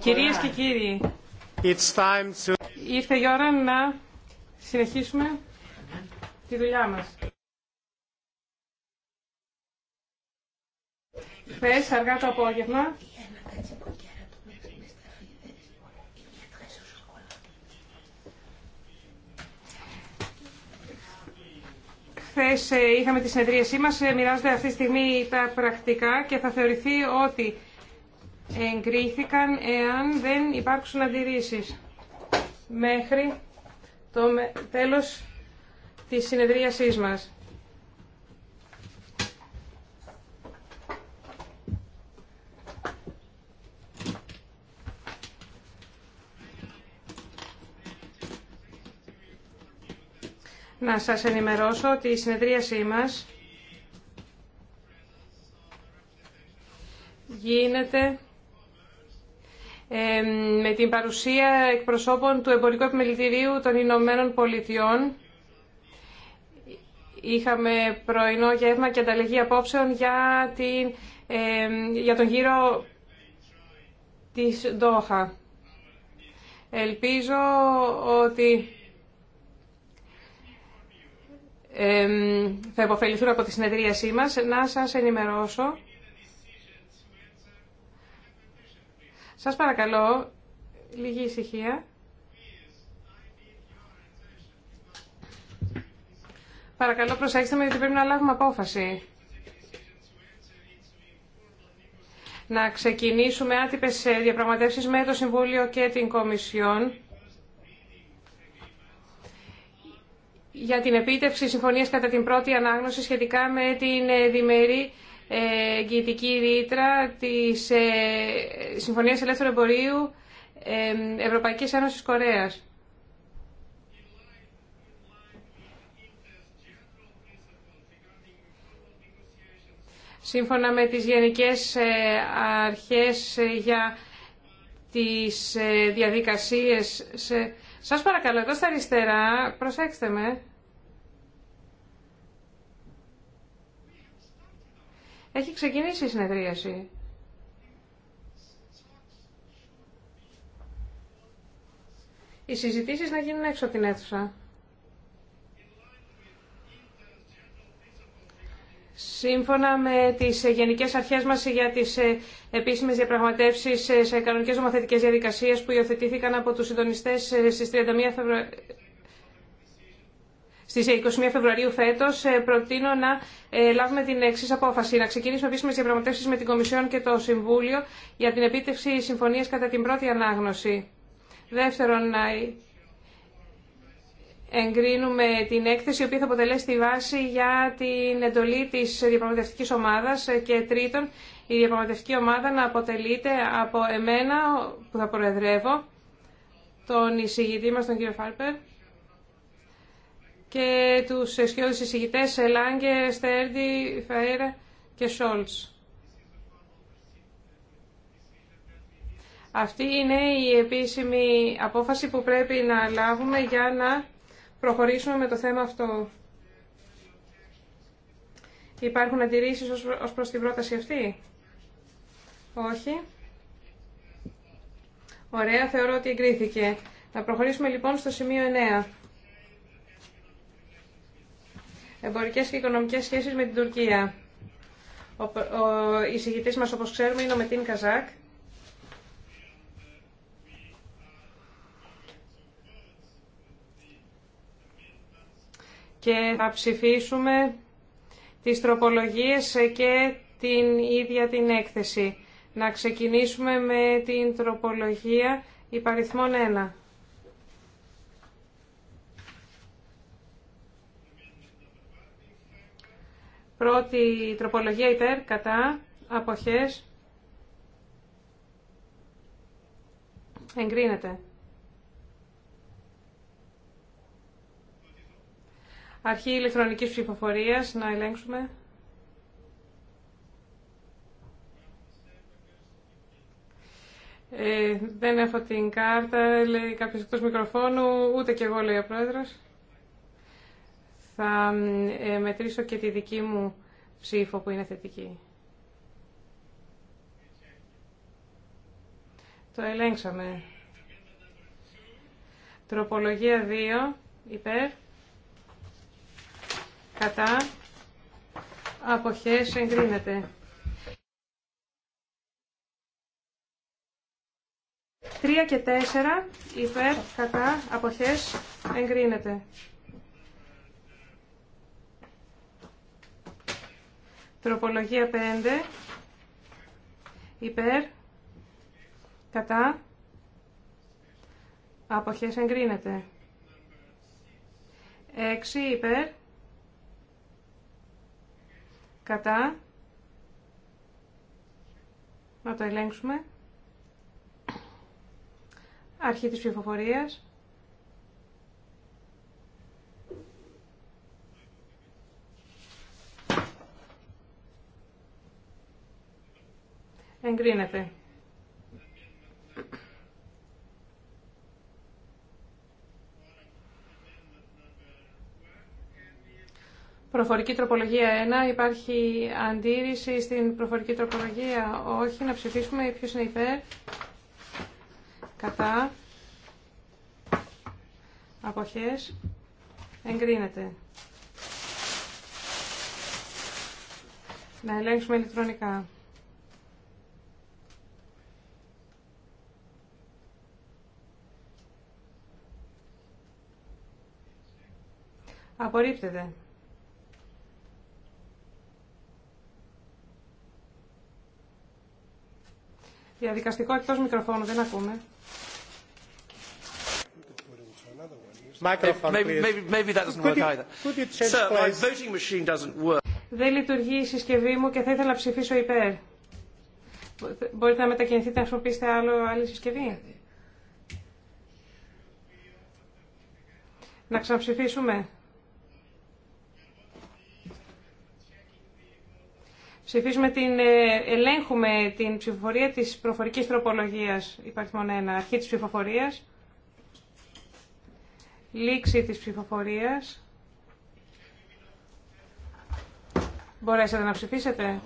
Κυρίες και κύριοι, ήρθε η ώρα να συνεχίσουμε τη δουλειά μας. Χθες αργά το απόγευμα, Ε, είχαμε τη συνεδρίασή μα, ε, μοιράζονται αυτή τη στιγμή τα πρακτικά και θα θεωρηθεί ότι εγκρίθηκαν εάν δεν υπάρξουν αντιρρήσει μέχρι το τέλος της συνεδρίασή μας. να σας ενημερώσω ότι η συνεδρίασή μας γίνεται με την παρουσία εκπροσώπων του Εμπορικού Επιμελητηρίου των Ηνωμένων Πολιτειών. Είχαμε πρωινό γεύμα και ανταλλαγή απόψεων για, την, για τον γύρο της Ντόχα. Ελπίζω ότι θα υποφεληθούν από τη συνεδρίασή μας, να σας ενημερώσω. Σας παρακαλώ, λίγη ησυχία. Παρακαλώ προσέξτε με γιατί πρέπει να λάβουμε απόφαση. Να ξεκινήσουμε άτυπες ε, διαπραγματεύσεις με το Συμβούλιο και την Κομισιόν για την επίτευξη συμφωνίας κατά την πρώτη ανάγνωση σχετικά με την ε, διμερή ε, εγγυητική ρήτρα της ε, Συμφωνίας Ελεύθερου Εμπορίου Ευρωπαϊκής Ένωση Κορέα. Σύμφωνα με τις γενικές αρχές για τις διαδικασίες... Σας παρακαλώ, εδώ στα αριστερά, προσέξτε με. Έχει ξεκινήσει η συνεδρίαση. Οι συζητήσεις να γίνουν έξω από την αίθουσα. Σύμφωνα με τις γενικές αρχές μας για τις ε, επίσημες διαπραγματεύσεις ε, σε κανονικές νομοθετικές διαδικασίες που υιοθετήθηκαν από τους συντονιστές ε, στις 31 Στι 21 ε, Φεβρουαρίου φέτο ε, προτείνω να ε, λάβουμε την εξή απόφαση. Να ξεκινήσουμε επίσημε διαπραγματεύσει με την Κομισιόν και το Συμβούλιο για την επίτευξη συμφωνία κατά την πρώτη ανάγνωση. Δεύτερον, να εγκρίνουμε την έκθεση, η οποία θα αποτελέσει τη βάση για την εντολή τη διαπραγματεύτική ομάδα και τρίτον, η διαπραγματευτική ομάδα να αποτελείται από εμένα, που θα προεδρεύω, τον εισηγητή μας, τον κύριο Φάλπερ και τους σχεδόν εισηγητές Λάγκε, Στέρντι, Φαέρα και Σόλτς. Αυτή είναι η επίσημη απόφαση που πρέπει να λάβουμε για να προχωρήσουμε με το θέμα αυτό. Υπάρχουν αντιρρήσεις ως προς την πρόταση αυτή. Όχι. Ωραία, θεωρώ ότι εγκρίθηκε. Να προχωρήσουμε λοιπόν στο σημείο 9. Εμπορικέ και οικονομικές σχέσεις με την Τουρκία. Ο, ο εισηγητής μας, όπως ξέρουμε, είναι ο Μετίν Καζάκ. Και θα ψηφίσουμε τις τροπολογίες και την ίδια την έκθεση. Να ξεκινήσουμε με την τροπολογία υπαριθμών 1. Πρώτη τροπολογία υπέρ, κατά, αποχές, εγκρίνεται. Αρχή ηλεκτρονικής ψηφοφορίας, να ελέγξουμε. Ε, δεν έχω την κάρτα, λέει κάποιος εκτός μικροφώνου, ούτε και εγώ λέει ο πρόεδρος θα ε, μετρήσω και τη δική μου ψήφο που είναι θετική. Το ελέγξαμε. Τροπολογία 2, υπέρ, κατά, αποχές εγκρίνεται. 3 και 4, υπέρ, κατά, αποχές εγκρίνεται. Τροπολογία 5. Υπέρ. Κατά. Αποχές εγκρίνεται. 6. Υπέρ. Κατά. Να το ελέγξουμε. Αρχή της ψηφοφορίας. Εγκρίνεται. Προφορική τροπολογία 1. Υπάρχει αντίρρηση στην προφορική τροπολογία. Όχι. Να ψηφίσουμε. Ποιος είναι υπέρ. Κατά. Αποχές. Εγκρίνεται. Να ελέγξουμε ηλεκτρονικά. Απορρίπτεται. Διαδικαστικό εκτός μικροφώνου, δεν ακούμε. Δεν λειτουργεί η συσκευή μου και θα ήθελα να ψηφίσω υπέρ. Μπορείτε να μετακινηθείτε να χρησιμοποιήσετε άλλο, άλλη συσκευή. Να ξαναψηφίσουμε. Ψηφίζουμε την, ε, ελέγχουμε την ψηφοφορία της προφορικής τροπολογίας, υπάρχει μόνο ένα, αρχή της ψηφοφορίας, λήξη της ψηφοφορίας. Μπορέσατε να ψηφίσετε,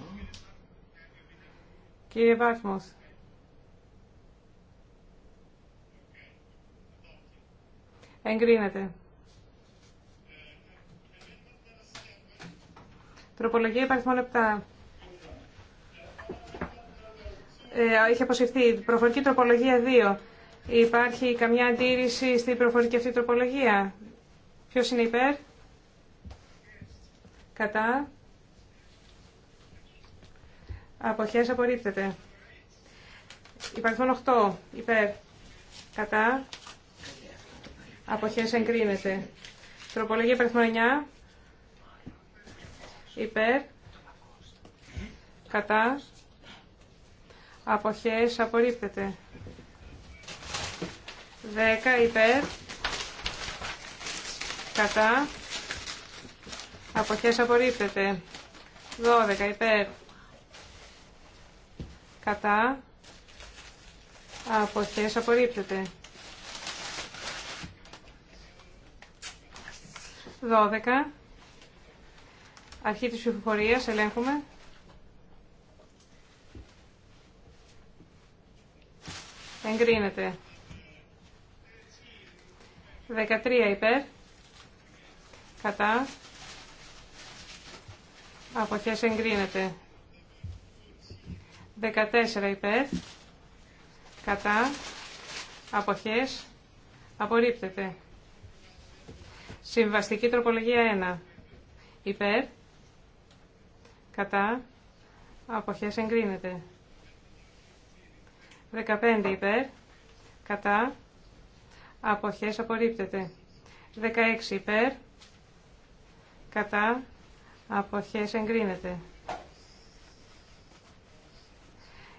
κύριε Βάρτμουθ. Εγκρίνεται. Τροπολογία υπαριθμών 7. Ε, έχει αποσυρθεί. Προφορική τροπολογία 2. Υπάρχει καμιά αντίρρηση στην προφορική αυτή τροπολογία. Ποιος είναι υπέρ. Κατά. Αποχές απορρίπτεται. Υπάρχουν 8. Υπέρ. Κατά. Αποχές εγκρίνεται. Τροπολογία υπέρ 9. Υπέρ. Κατά χέρι απορρίπτεται 10 υπέρ κατά χέρι απορρίπτεται 12 υπέρ κατά χέρι απορρίπτεται 12 αρχή της ψηφοφορίας ελέγχουμε Εγκρίνεται. 13 υπέρ. Κατά. Αποχές εγκρίνεται. 14 υπέρ. Κατά. Αποχές. Απορρίπτεται. Συμβαστική τροπολογία 1. Υπέρ. Κατά. Αποχές εγκρίνεται. 15 υπέρ, κατά, αποχές απορρίπτεται. 16 υπέρ, κατά, αποχές εγκρίνεται.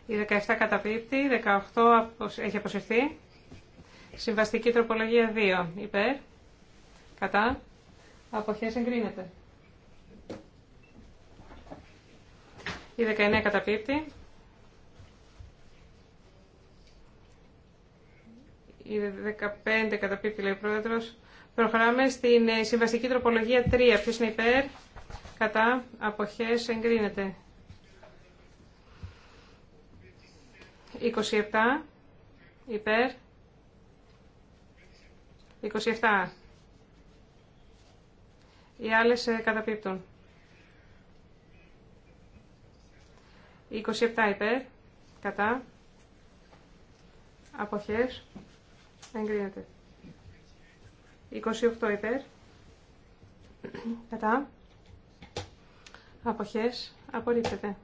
Η 17 καταπίπτει, 18 έχει αποσυρθεί. Συμβαστική τροπολογία 2 υπέρ, κατά, αποχές εγκρίνεται. Η 19 καταπίπτει. Η 15 καταπίπτει, λέει ο πρόεδρο. Προχωράμε στην ε, συμβαστική τροπολογία 3. Ποιο είναι υπέρ, κατά, αποχέ, εγκρίνεται. 27 υπέρ. 27. Οι άλλες ε, καταπίπτουν. 27 υπέρ, κατά, αποχές, Εγκρίνεται. 28 υπέρ. Κατά. Αποχές. Απορρίπτεται.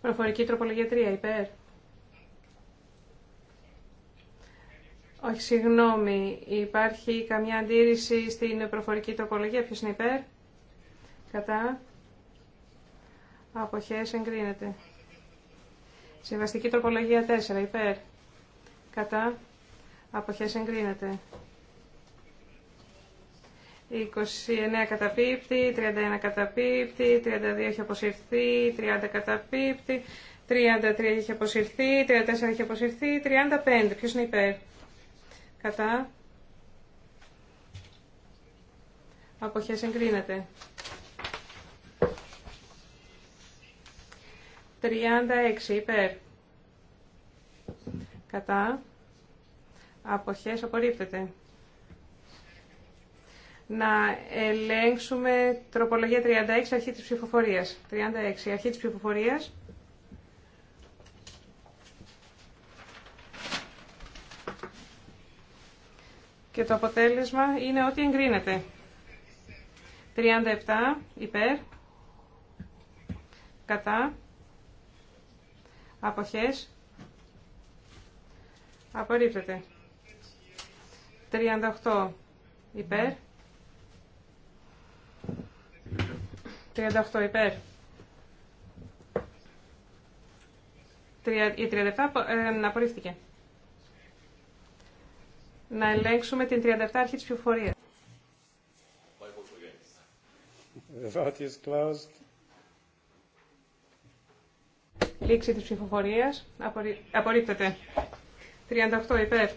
Προφορική τροπολογία 3 υπέρ. Όχι, συγγνώμη. Υπάρχει καμιά αντίρρηση στην προφορική τροπολογία. Ποιος είναι υπέρ. Κατά. Αποχές εγκρίνεται. Συμβαστική τροπολογία 4 υπέρ κατά ποιες εγκρίνεται. 29 καταπίπτη, 31 καταπίπτει, 32 έχει αποσυρθεί, 30 καταπίπτει, 33 έχει αποσυρθεί, 34 έχει αποσυρθεί, 35. Ποιος είναι υπέρ. Κατά. Αποχές εγκρίνεται. 36 υπέρ κατά, αποχές απορρίπτεται. Να ελέγξουμε τροπολογία 36, αρχή της ψηφοφορίας. 36, αρχή της ψηφοφορίας. Και το αποτέλεσμα είναι ότι εγκρίνεται. 37 υπέρ, κατά, αποχές, Απορρίπτεται. 38 υπέρ. 38 υπέρ. Η 37 ε, απορρίφθηκε. Να ελέγξουμε την 37 αρχή της πληροφορίας. Λήξη της ψηφοφορίας. Απορρίπτεται. 38 υπέρ.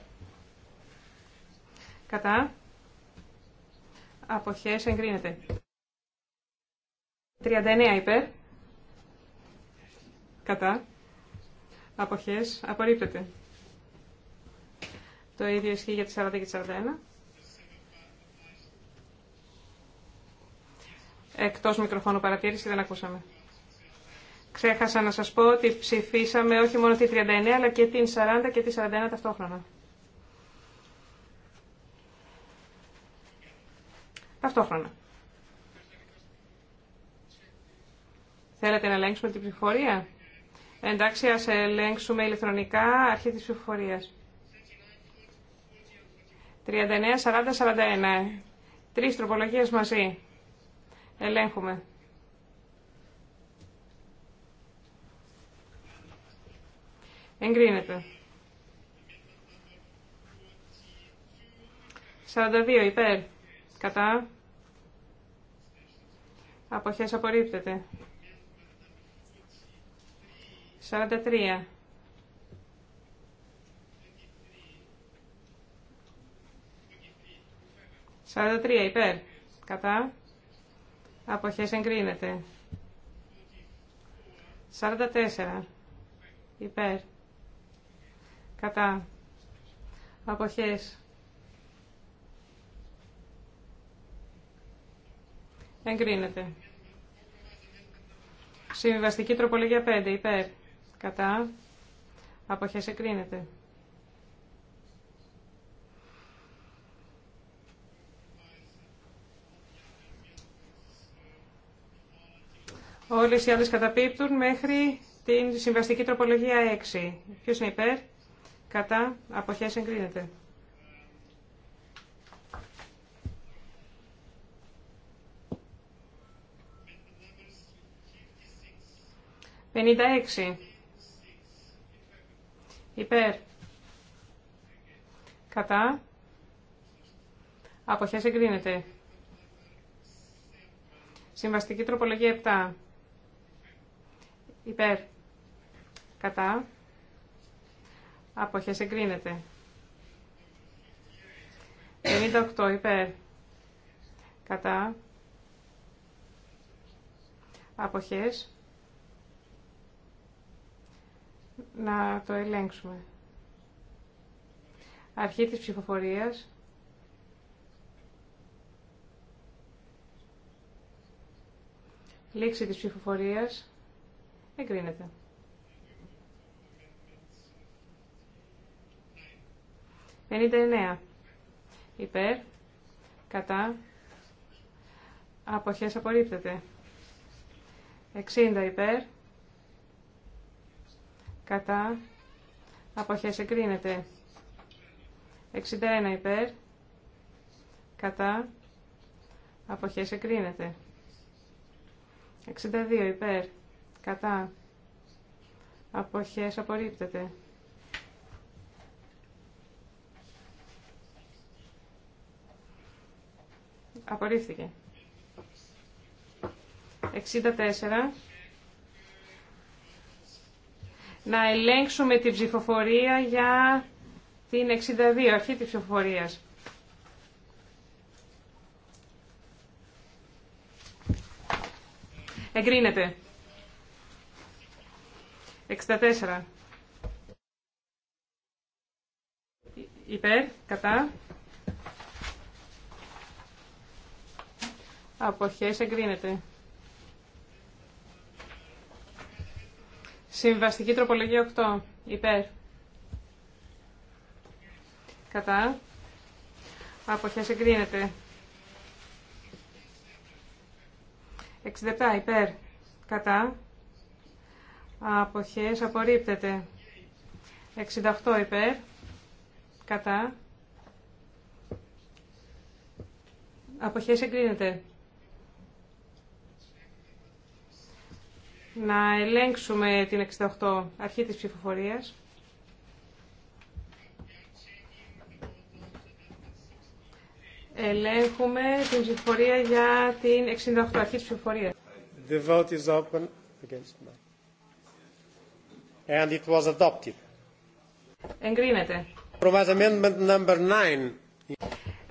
Κατά. Αποχές εγκρίνεται. 39 υπέρ. Κατά. Αποχές απορρίπτεται. Το ίδιο ισχύει για τις 40 και 41. Εκτός μικροφώνου παρατήρηση δεν ακούσαμε. Ξέχασα να σας πω ότι ψηφίσαμε όχι μόνο τη 39 αλλά και την 40 και τη 41 ταυτόχρονα. Ταυτόχρονα. Θέλετε να ελέγξουμε την ψηφοφορία. Εντάξει, ας ελέγξουμε ηλεκτρονικά αρχή της ψηφοφορίας. 39, 40, 41. Τρεις τροπολογίες μαζί. Ελέγχουμε. Εγκρίνεται. 42 υπέρ. Κατά. Αποχές απορρίπτεται. 43. 43. υπέρ. Κατά. Αποχές εγκρίνεται. 44. Υπέρ κατά αποχές εγκρίνεται. Συμβιβαστική τροπολογία 5 υπέρ κατά αποχές εγκρίνεται. Όλες οι άλλες καταπίπτουν μέχρι την συμβαστική τροπολογία 6. Ποιος είναι υπέρ, Κατά αποχές εγκρίνεται. Πενήντα έξι. Υπέρ. Κατά. Αποχές εγκρίνεται. Συμβαστική τροπολογία 7. Υπέρ. Κατά. Αποχές εγκρίνεται. 58 υπέρ. Κατά. Αποχές. Να το ελέγξουμε. Αρχή της ψηφοφορίας. Λήξη της ψηφοφορίας. Εγκρίνεται. 59. Υπέρ. Κατά. Αποχές απορρίπτεται. 60 υπέρ. Κατά. Αποχές εκρίνεται. 61 υπέρ. Κατά. Αποχές εκρίνεται. 62 υπέρ. Κατά. Αποχές απορρίπτεται. Απορρίφθηκε. 64. Να ελέγξουμε την ψηφοφορία για την 62, αρχή της ψηφοφορίας. Εγκρίνεται. 64. Υπέρ, κατά, χέρι εγκρίνεται. Συμβαστική τροπολογία 8. Υπέρ. Κατά. χέρι εγκρίνεται. 67. Υπέρ. Κατά. χέρι απορρίπτεται. 68. Υπέρ. Κατά. χέρι εγκρίνεται. να ελέγξουμε την 68 αρχή της ψηφοφορίας. Ελέγχουμε την ψηφοφορία για την 68 αρχή της ψηφοφορίας. The And it was adopted. Εγκρίνεται. Amendment number 9.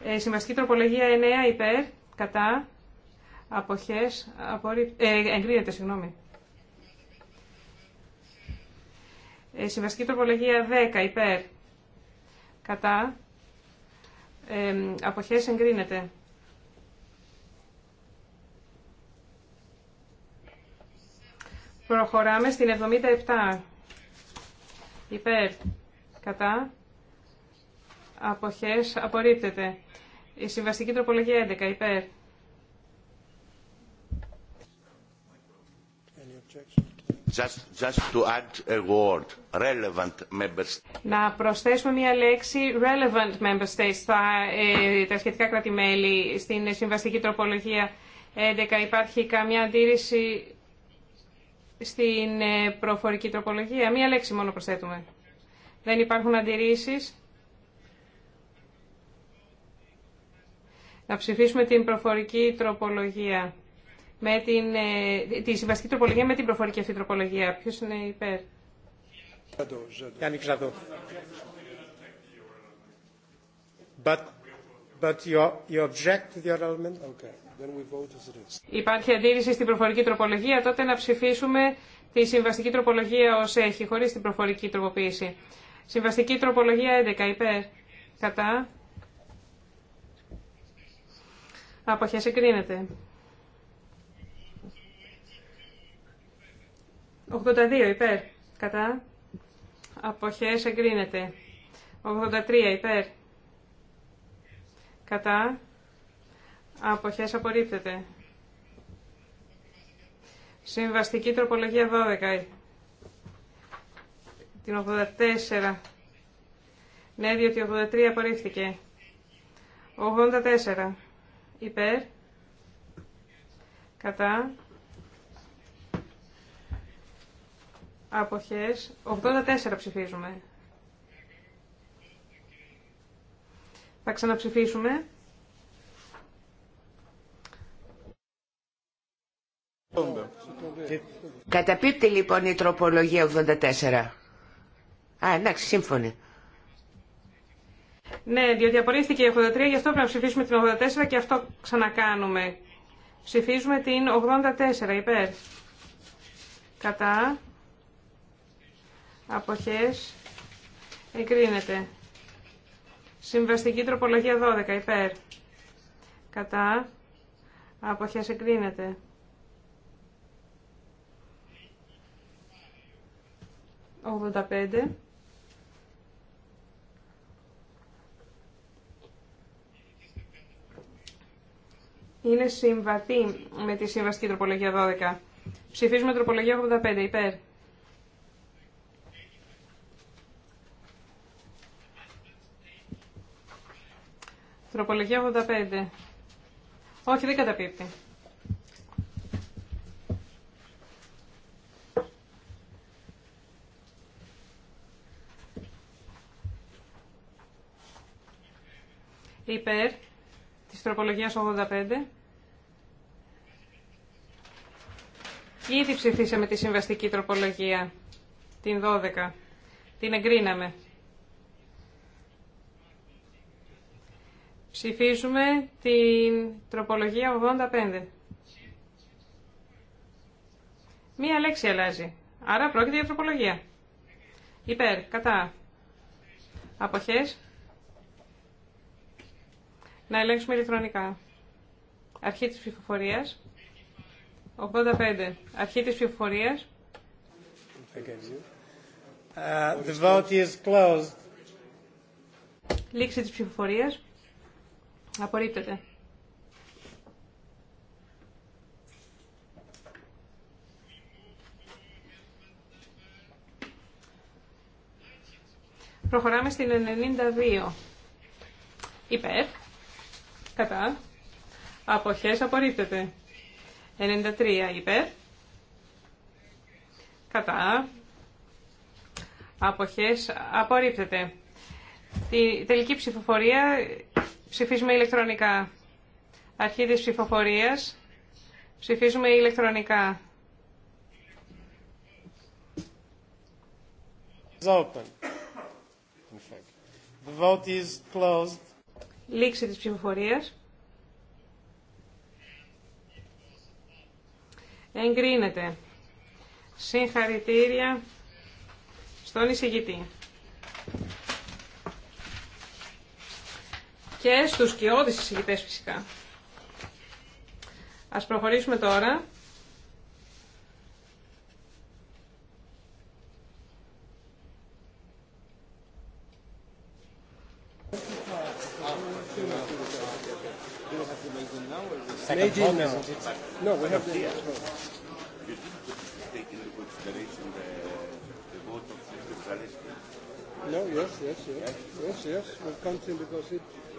Ε, συμβαστική τροπολογία 9 υπέρ, κατά, αποχές, ε, εγκρίνεται, συγγνώμη. Ε, συμβαστική τροπολογία 10 υπέρ. Κατά. Ε, αποχές εγκρίνεται. Προχωράμε στην 77. Υπέρ. Κατά. Αποχές απορρίπτεται. Η συμβαστική τροπολογία 11. Υπέρ. Να προσθέσουμε μια λέξη relevant member states, ε, τα, σχετικά κράτη-μέλη στην συμβαστική τροπολογία 11. Υπάρχει καμιά αντίρρηση στην ε, προφορική τροπολογία. Μία λέξη μόνο προσθέτουμε. Δεν υπάρχουν αντιρρήσεις. Να ψηφίσουμε την προφορική τροπολογία με την, ε, τη συμβαστική τροπολογία με την προφορική αυτή τροπολογία. Ποιος είναι υπέρ. Γιάννη But, but you, you object the amendment? Okay. Then we vote as it is. Υπάρχει αντίρρηση στην προφορική τροπολογία, τότε να ψηφίσουμε τη συμβαστική τροπολογία ως έχει, χωρίς την προφορική τροποποίηση. Συμβαστική τροπολογία 11, υπέρ. Κατά. Αποχές εγκρίνεται. 82 υπέρ. Κατά. Αποχές εγκρίνεται. 83 υπέρ. Κατά. Αποχές απορρίπτεται. Συμβαστική τροπολογία 12. Την 84. Ναι, διότι 83 απορρίφθηκε. 84. Υπέρ. Κατά. Αποχές. 84 ψηφίζουμε. Θα ξαναψηφίσουμε. Καταπίπτει λοιπόν η τροπολογία 84. Α, εντάξει, σύμφωνοι. Ναι, διότι απορρίφθηκε η 83, γι' αυτό πρέπει να ψηφίσουμε την 84 και αυτό ξανακάνουμε. Ψηφίζουμε την 84, υπέρ. Κατά αποχές εγκρίνεται. Συμβαστική τροπολογία 12 υπέρ. Κατά αποχές εγκρίνεται. 85. Είναι συμβατή με τη συμβαστική τροπολογία 12. Ψηφίζουμε τροπολογία 85 υπέρ. Τροπολογία 85. Όχι, δεν καταπίπτει. Υπέρ της τροπολογίας 85. Ήδη ψηφίσαμε τη συμβαστική τροπολογία, την 12. Την εγκρίναμε. Ψηφίζουμε την τροπολογία 85. Μία λέξη αλλάζει. Άρα πρόκειται για τροπολογία. Υπέρ, κατά. Αποχές. Να ελέγξουμε ηλεκτρονικά. Αρχή της ψηφοφορίας. 85. Αρχή της ψηφοφορίας. Uh, the vote Λήξη της ψηφοφορίας. Απορρίπτεται. Προχωράμε στην 92. Υπέρ. Κατά. Αποχές απορρίπτεται. 93. Υπέρ. Κατά. Αποχές απορρίπτεται. Τη τελική ψηφοφορία Ψηφίζουμε ηλεκτρονικά. Αρχή της ψηφοφορίας. Ψηφίζουμε ηλεκτρονικά. Open. The vote is closed. Λήξη της ψηφοφορίας. Εγκρίνεται. Συγχαρητήρια στον εισηγητή. και στους κοιόδεις εισηγητές φυσικά. Ας προχωρήσουμε τώρα.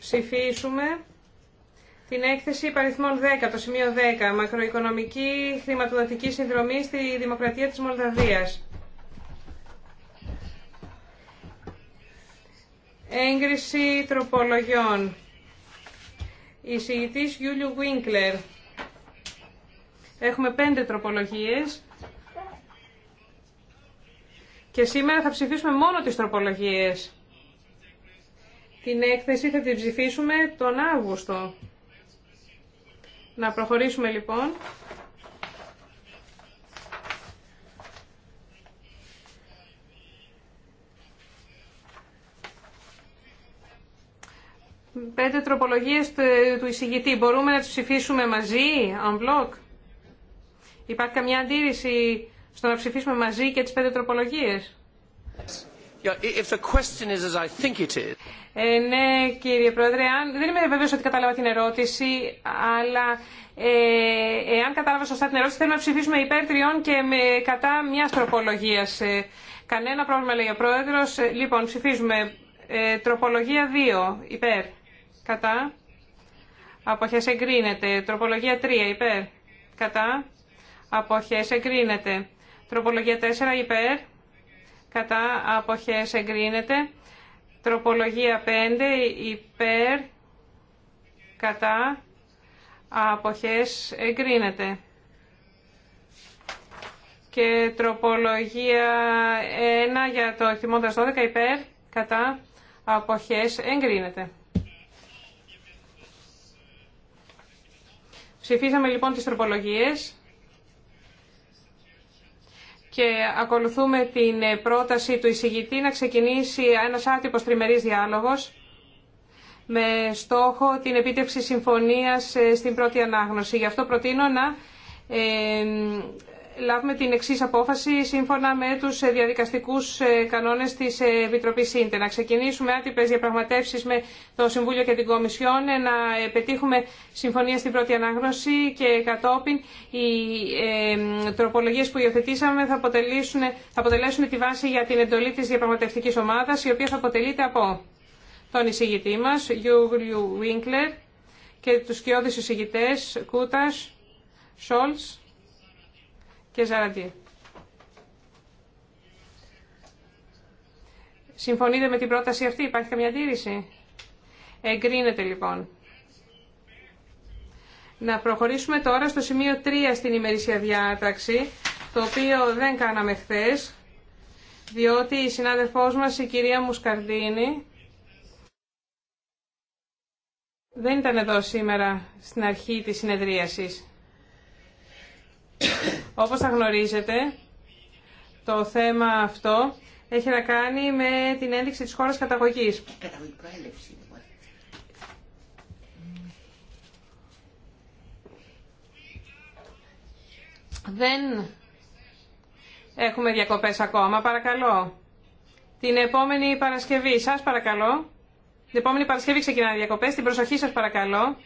ψηφίσουμε την έκθεση υπαριθμών 10, το σημείο 10, μακροοικονομική χρηματοδοτική συνδρομή στη Δημοκρατία της Μολδαβίας. Έγκριση τροπολογιών. Η συγητής Γιούλιου Βίνκλερ. Έχουμε πέντε τροπολογίες. Και σήμερα θα ψηφίσουμε μόνο τις τροπολογίες. Την έκθεση θα την ψηφίσουμε τον Αύγουστο. Να προχωρήσουμε λοιπόν. Πέντε τροπολογίες του εισηγητή. Μπορούμε να τις ψηφίσουμε μαζί, on block? Υπάρχει καμιά αντίρρηση στο να ψηφίσουμε μαζί και τις πέντε τροπολογίες. If the question is as I think it is... Ε, ναι, κύριε Πρόεδρε, αν... δεν είμαι βέβαιος ότι κατάλαβα την ερώτηση, αλλά ε, εάν κατάλαβα σωστά την ερώτηση, θέλουμε να ψηφίσουμε υπέρ τριών και με, κατά μια τροπολογία. Ε, κανένα πρόβλημα, λέει ο Πρόεδρος. Ε, λοιπόν, ψηφίζουμε ε, τροπολογία 2, υπέρ, κατά. Αποχές εγκρίνεται. Τροπολογία 3, υπέρ, κατά. Αποχές εγκρίνεται. Τροπολογία 4, υπέρ κατά αποχές εγκρίνεται. Τροπολογία 5 υπέρ κατά αποχές εγκρίνεται. Και τροπολογία 1 για το εκτιμώντας 12 υπέρ κατά αποχές εγκρίνεται. Ψηφίσαμε λοιπόν τις τροπολογίες και ακολουθούμε την ε, πρόταση του εισηγητή να ξεκινήσει ένας άτυπος τριμερής διάλογος με στόχο την επίτευξη συμφωνίας ε, στην πρώτη ανάγνωση. Γι' αυτό προτείνω να ε, λάβουμε την εξή απόφαση σύμφωνα με του ε, διαδικαστικού ε, κανόνε τη ε, Επιτροπή ΣΥΝΤΕ. Να ξεκινήσουμε άτυπε διαπραγματεύσει με το Συμβούλιο και την Κομισιόν, να πετύχουμε συμφωνία στην πρώτη ανάγνωση και κατόπιν οι τροπολογίε που υιοθετήσαμε θα, αποτελέσουν, τη βάση για την εντολή τη διαπραγματεύτική ομάδα, η οποία θα αποτελείται από τον εισηγητή μα, Γιούγλιου Βίνκλερ, και του κοιόδη εισηγητέ, Κούτα, Σόλτ και Ζαραντή. Συμφωνείτε με την πρόταση αυτή, υπάρχει καμία αντίρρηση. Εγκρίνεται λοιπόν. Να προχωρήσουμε τώρα στο σημείο 3 στην ημερήσια διάταξη, το οποίο δεν κάναμε χθες, διότι η συνάδελφός μας, η κυρία Μουσκαρδίνη, δεν ήταν εδώ σήμερα στην αρχή της συνεδρίασης. Όπως θα γνωρίζετε, το θέμα αυτό έχει να κάνει με την ένδειξη της χώρας καταγωγής. Καταγωγή λοιπόν. Δεν έχουμε διακοπές ακόμα, παρακαλώ. Την επόμενη Παρασκευή, σας παρακαλώ. Την επόμενη Παρασκευή ξεκινάνε διακοπές, την προσοχή σας παρακαλώ.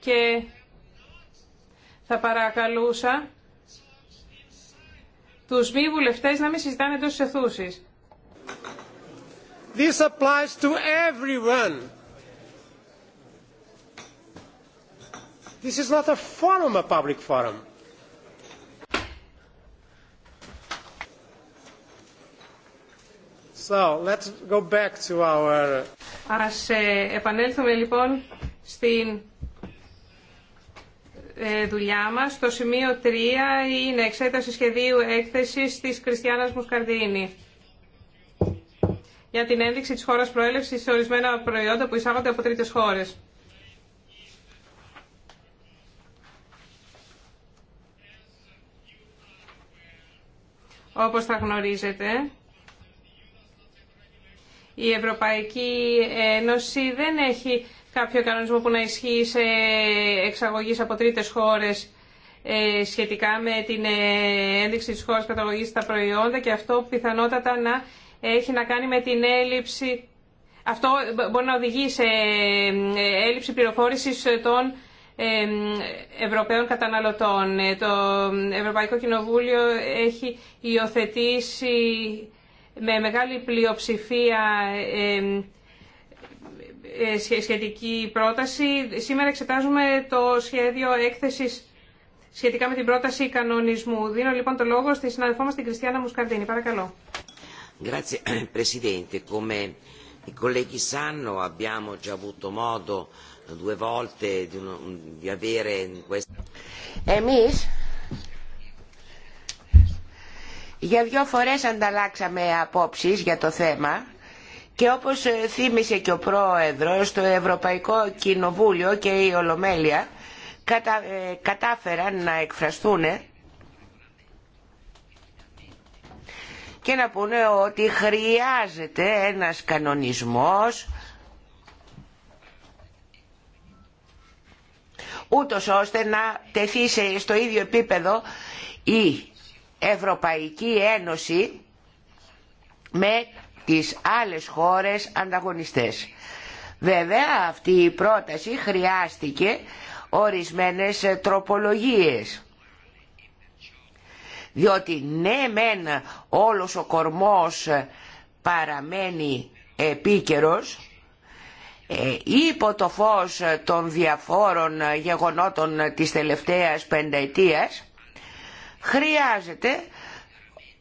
Και θα παρακαλούσα τους μη βουλευτές να μην συζητάνε τόσες αιθούσεις. This applies to everyone. This is not a forum, a public forum. So, let's go back to our... Ας ε, επανέλθουμε λοιπόν στην ε, δουλειά μας. Το σημείο 3 είναι εξέταση σχεδίου έκθεσης της Κριστιάνας Μουσκαρδίνη για την ένδειξη της χώρας προέλευσης σε ορισμένα προϊόντα που εισάγονται από τρίτες χώρες. Όπως θα γνωρίζετε, η Ευρωπαϊκή Ένωση δεν έχει κάποιο κανονισμό που να ισχύει σε εξαγωγής από τρίτες χώρες ε, σχετικά με την ε, ένδειξη της χώρας καταγωγή στα προϊόντα και αυτό πιθανότατα να έχει να κάνει με την έλλειψη αυτό μπορεί να οδηγεί σε ε, έλλειψη πληροφόρησης των Ευρωπαίων καταναλωτών. Το Ευρωπαϊκό Κοινοβούλιο έχει υιοθετήσει με μεγάλη πλειοψηφία ε, σχετική πρόταση. Σήμερα εξετάζουμε το σχέδιο έκθεσης σχετικά με την πρόταση κανονισμού. Δίνω λοιπόν το λόγο στη συναδελφό μας την Κριστιάνα Μουσκαρδίνη. Παρακαλώ. Grazie Presidente, come i colleghi sanno abbiamo già avuto modo due volte di, avere in Εμείς για δύο φορές ανταλλάξαμε απόψεις για το θέμα και όπως ε, θύμισε και ο Πρόεδρος, το Ευρωπαϊκό Κοινοβούλιο και η Ολομέλεια ε, κατάφεραν να εκφραστούν και να πούνε ότι χρειάζεται ένας κανονισμός ούτως ώστε να τεθεί στο ίδιο επίπεδο η Ευρωπαϊκή Ένωση με τις άλλες χώρες ανταγωνιστές. Βέβαια αυτή η πρόταση χρειάστηκε ορισμένες τροπολογίες. Διότι ναι μεν όλος ο κορμός παραμένει επίκαιρος, ε, υπό το φως των διαφόρων γεγονότων της τελευταίας πενταετίας, χρειάζεται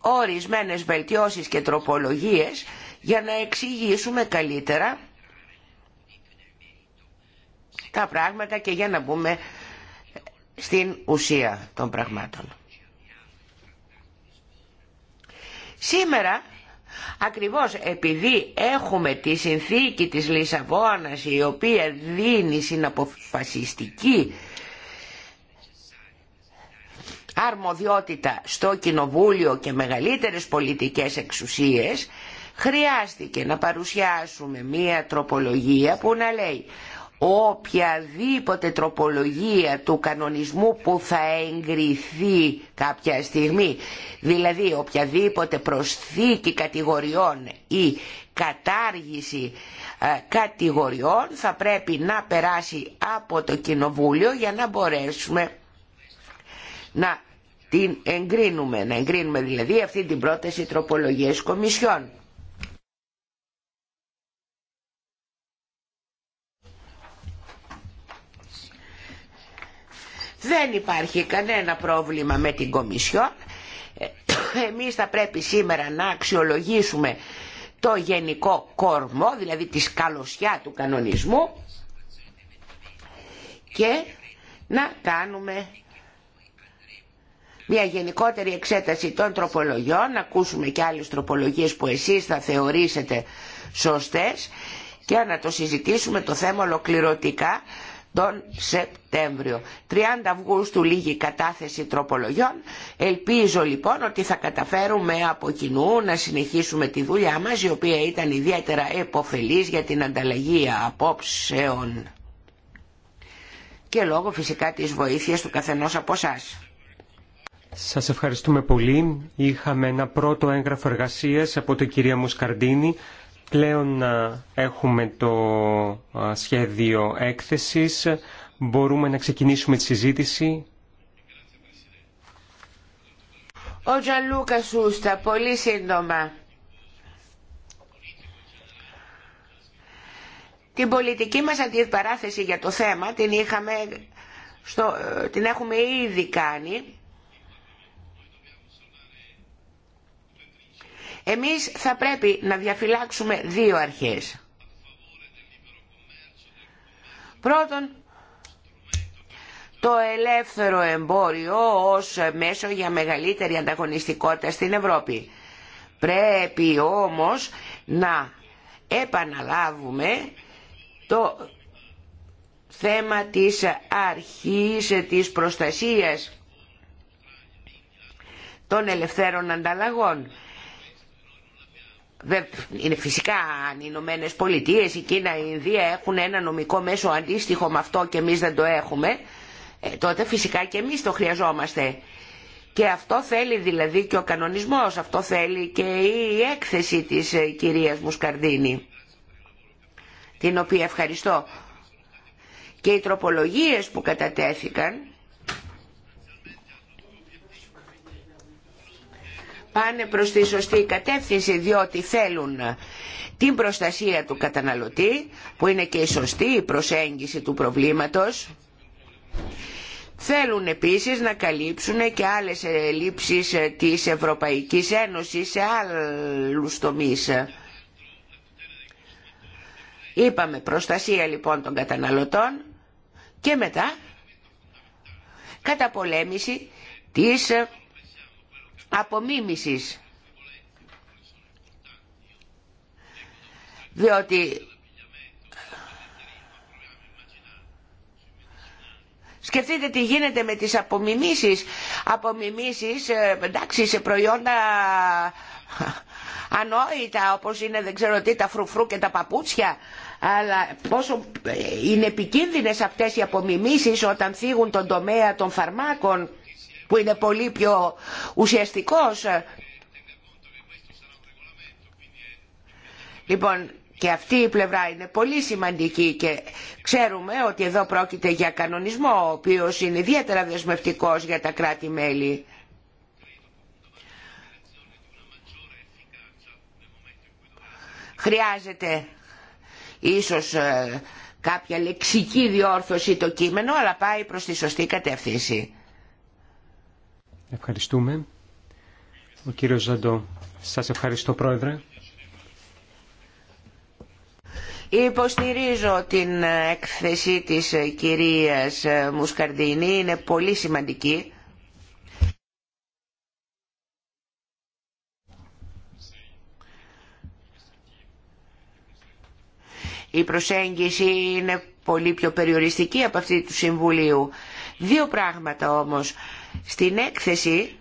ορισμένες βελτιώσεις και τροπολογίες για να εξηγήσουμε καλύτερα τα πράγματα και για να μπούμε στην ουσία των πραγμάτων. Σήμερα, ακριβώς επειδή έχουμε τη συνθήκη της Λισαβόνας η οποία δίνει συναποφασιστική αρμοδιότητα στο Κοινοβούλιο και μεγαλύτερες πολιτικές εξουσίες, χρειάστηκε να παρουσιάσουμε μία τροπολογία που να λέει οποιαδήποτε τροπολογία του κανονισμού που θα εγκριθεί κάποια στιγμή, δηλαδή οποιαδήποτε προσθήκη κατηγοριών ή κατάργηση ε, κατηγοριών θα πρέπει να περάσει από το Κοινοβούλιο για να μπορέσουμε να την εγκρίνουμε, να εγκρίνουμε δηλαδή αυτή την πρόταση τροπολογίας κομισιών. Δεν υπάρχει κανένα πρόβλημα με την Κομισιόν. Ε, εμείς θα πρέπει σήμερα να αξιολογήσουμε το γενικό κορμό, δηλαδή τη σκαλωσιά του κανονισμού και να κάνουμε μια γενικότερη εξέταση των τροπολογιών, να ακούσουμε και άλλες τροπολογίες που εσείς θα θεωρήσετε σωστές και να το συζητήσουμε το θέμα ολοκληρωτικά τον Σεπτέμβριο. 30 Αυγούστου λίγη κατάθεση τροπολογιών. Ελπίζω λοιπόν ότι θα καταφέρουμε από κοινού να συνεχίσουμε τη δουλειά μας η οποία ήταν ιδιαίτερα επωφελής για την ανταλλαγή απόψεων και λόγω φυσικά της βοήθειας του καθενός από εσάς. Σας ευχαριστούμε πολύ. Είχαμε ένα πρώτο έγγραφο εργασίας από την κυρία Μουσκαρντίνη. Πλέον ε, έχουμε το ε, σχέδιο έκθεσης. Μπορούμε να ξεκινήσουμε τη συζήτηση. Ο Τζανλούκα Σούστα, πολύ σύντομα. Την πολιτική μας αντιπαράθεση για το θέμα την, είχαμε στο, ε, την έχουμε ήδη κάνει Εμείς θα πρέπει να διαφυλάξουμε δύο αρχές. Πρώτον, το ελεύθερο εμπόριο ως μέσο για μεγαλύτερη ανταγωνιστικότητα στην Ευρώπη. Πρέπει όμως να επαναλάβουμε το θέμα της αρχής της προστασίας των ελευθέρων ανταλλαγών είναι φυσικά αν οι Ηνωμένε Πολιτείε, η Κίνα, η Ινδία έχουν ένα νομικό μέσο αντίστοιχο με αυτό και εμείς δεν το έχουμε, ε, τότε φυσικά και εμείς το χρειαζόμαστε. Και αυτό θέλει δηλαδή και ο κανονισμός, αυτό θέλει και η έκθεση της ε, κυρίας Μουσκαρδίνη, την οποία ευχαριστώ. Και οι τροπολογίες που κατατέθηκαν πάνε προς τη σωστή κατεύθυνση διότι θέλουν την προστασία του καταναλωτή που είναι και η σωστή προσέγγιση του προβλήματος Θέλουν επίσης να καλύψουν και άλλες ελλείψεις της Ευρωπαϊκής Ένωσης σε άλλους τομείς. Είπαμε προστασία λοιπόν των καταναλωτών και μετά καταπολέμηση της απομίμησης. Διότι Σκεφτείτε τι γίνεται με τις απομιμήσεις, απομιμήσεις ε, εντάξει σε προϊόντα ανόητα όπως είναι δεν ξέρω τι τα φρουφρού και τα παπούτσια αλλά πόσο είναι επικίνδυνες αυτές οι απομιμήσεις όταν φύγουν τον τομέα των φαρμάκων που είναι πολύ πιο ουσιαστικός. Λοιπόν, και αυτή η πλευρά είναι πολύ σημαντική και ξέρουμε ότι εδώ πρόκειται για κανονισμό, ο οποίος είναι ιδιαίτερα δεσμευτικός για τα κράτη-μέλη. Χρειάζεται ίσως ε, κάποια λεξική διόρθωση το κείμενο, αλλά πάει προς τη σωστή κατεύθυνση. Ευχαριστούμε. Ο κύριος Ζαντό. Σας ευχαριστώ πρόεδρε. Υποστηρίζω την έκθεση της κυρίας Μουσκαρδίνη. Είναι πολύ σημαντική. Η προσέγγιση είναι πολύ πιο περιοριστική από αυτή του Συμβουλίου. Δύο πράγματα όμως στην έκθεση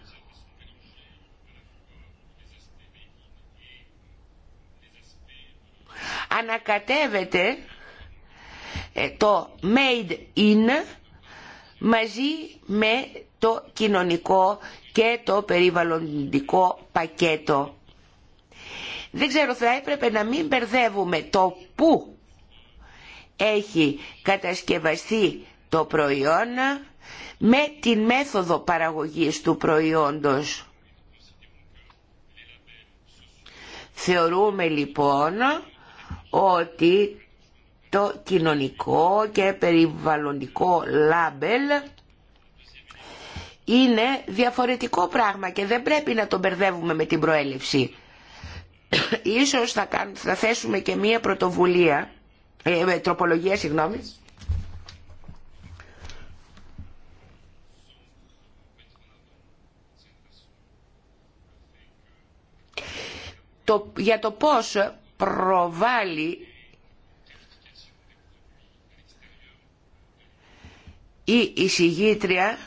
ανακατεύεται ε, το made in μαζί με το κοινωνικό και το περιβαλλοντικό πακέτο. Δεν ξέρω, θα έπρεπε να μην μπερδεύουμε το πού έχει κατασκευαστεί το προϊόν με την μέθοδο παραγωγής του προϊόντος. Θεωρούμε λοιπόν ότι το κοινωνικό και περιβαλλοντικό λάμπελ είναι διαφορετικό πράγμα και δεν πρέπει να το μπερδεύουμε με την προέλευση. Ίσως θα, θέσουμε και μία πρωτοβουλία, ε, τροπολογία συγγνώμη, για το πώς προβάλλει η εισηγήτρια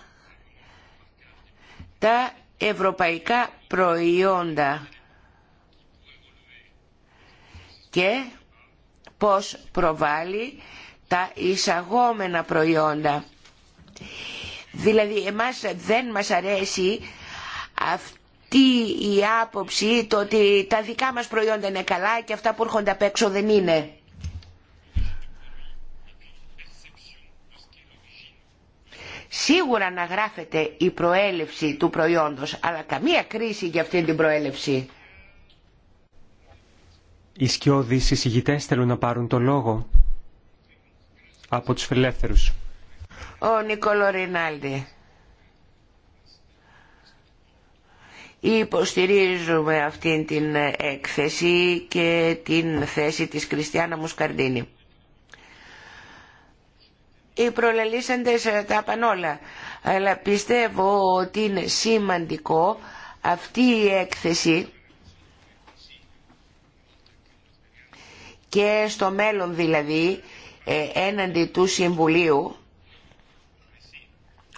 τα ευρωπαϊκά προϊόντα και πώς προβάλλει τα εισαγόμενα προϊόντα. Δηλαδή εμάς δεν μας αρέσει αυτό. Τι η άποψη το ότι τα δικά μας προϊόντα είναι καλά και αυτά που έρχονται απ' έξω δεν είναι. Σίγουρα να γράφεται η προέλευση του προϊόντος, αλλά καμία κρίση για αυτή την προέλευση. Οι σκιώδεις εισηγητές θέλουν να πάρουν το λόγο από τους φιλελεύθερους. Ο Νικόλο Ρινάλντι. Υποστηρίζουμε αυτήν την έκθεση και την θέση της Κριστιάνα Μουσκαρδίνη. Οι προλαλήσαντες τα πανόλα αλλά πιστεύω ότι είναι σημαντικό αυτή η έκθεση και στο μέλλον δηλαδή ε, έναντι του Συμβουλίου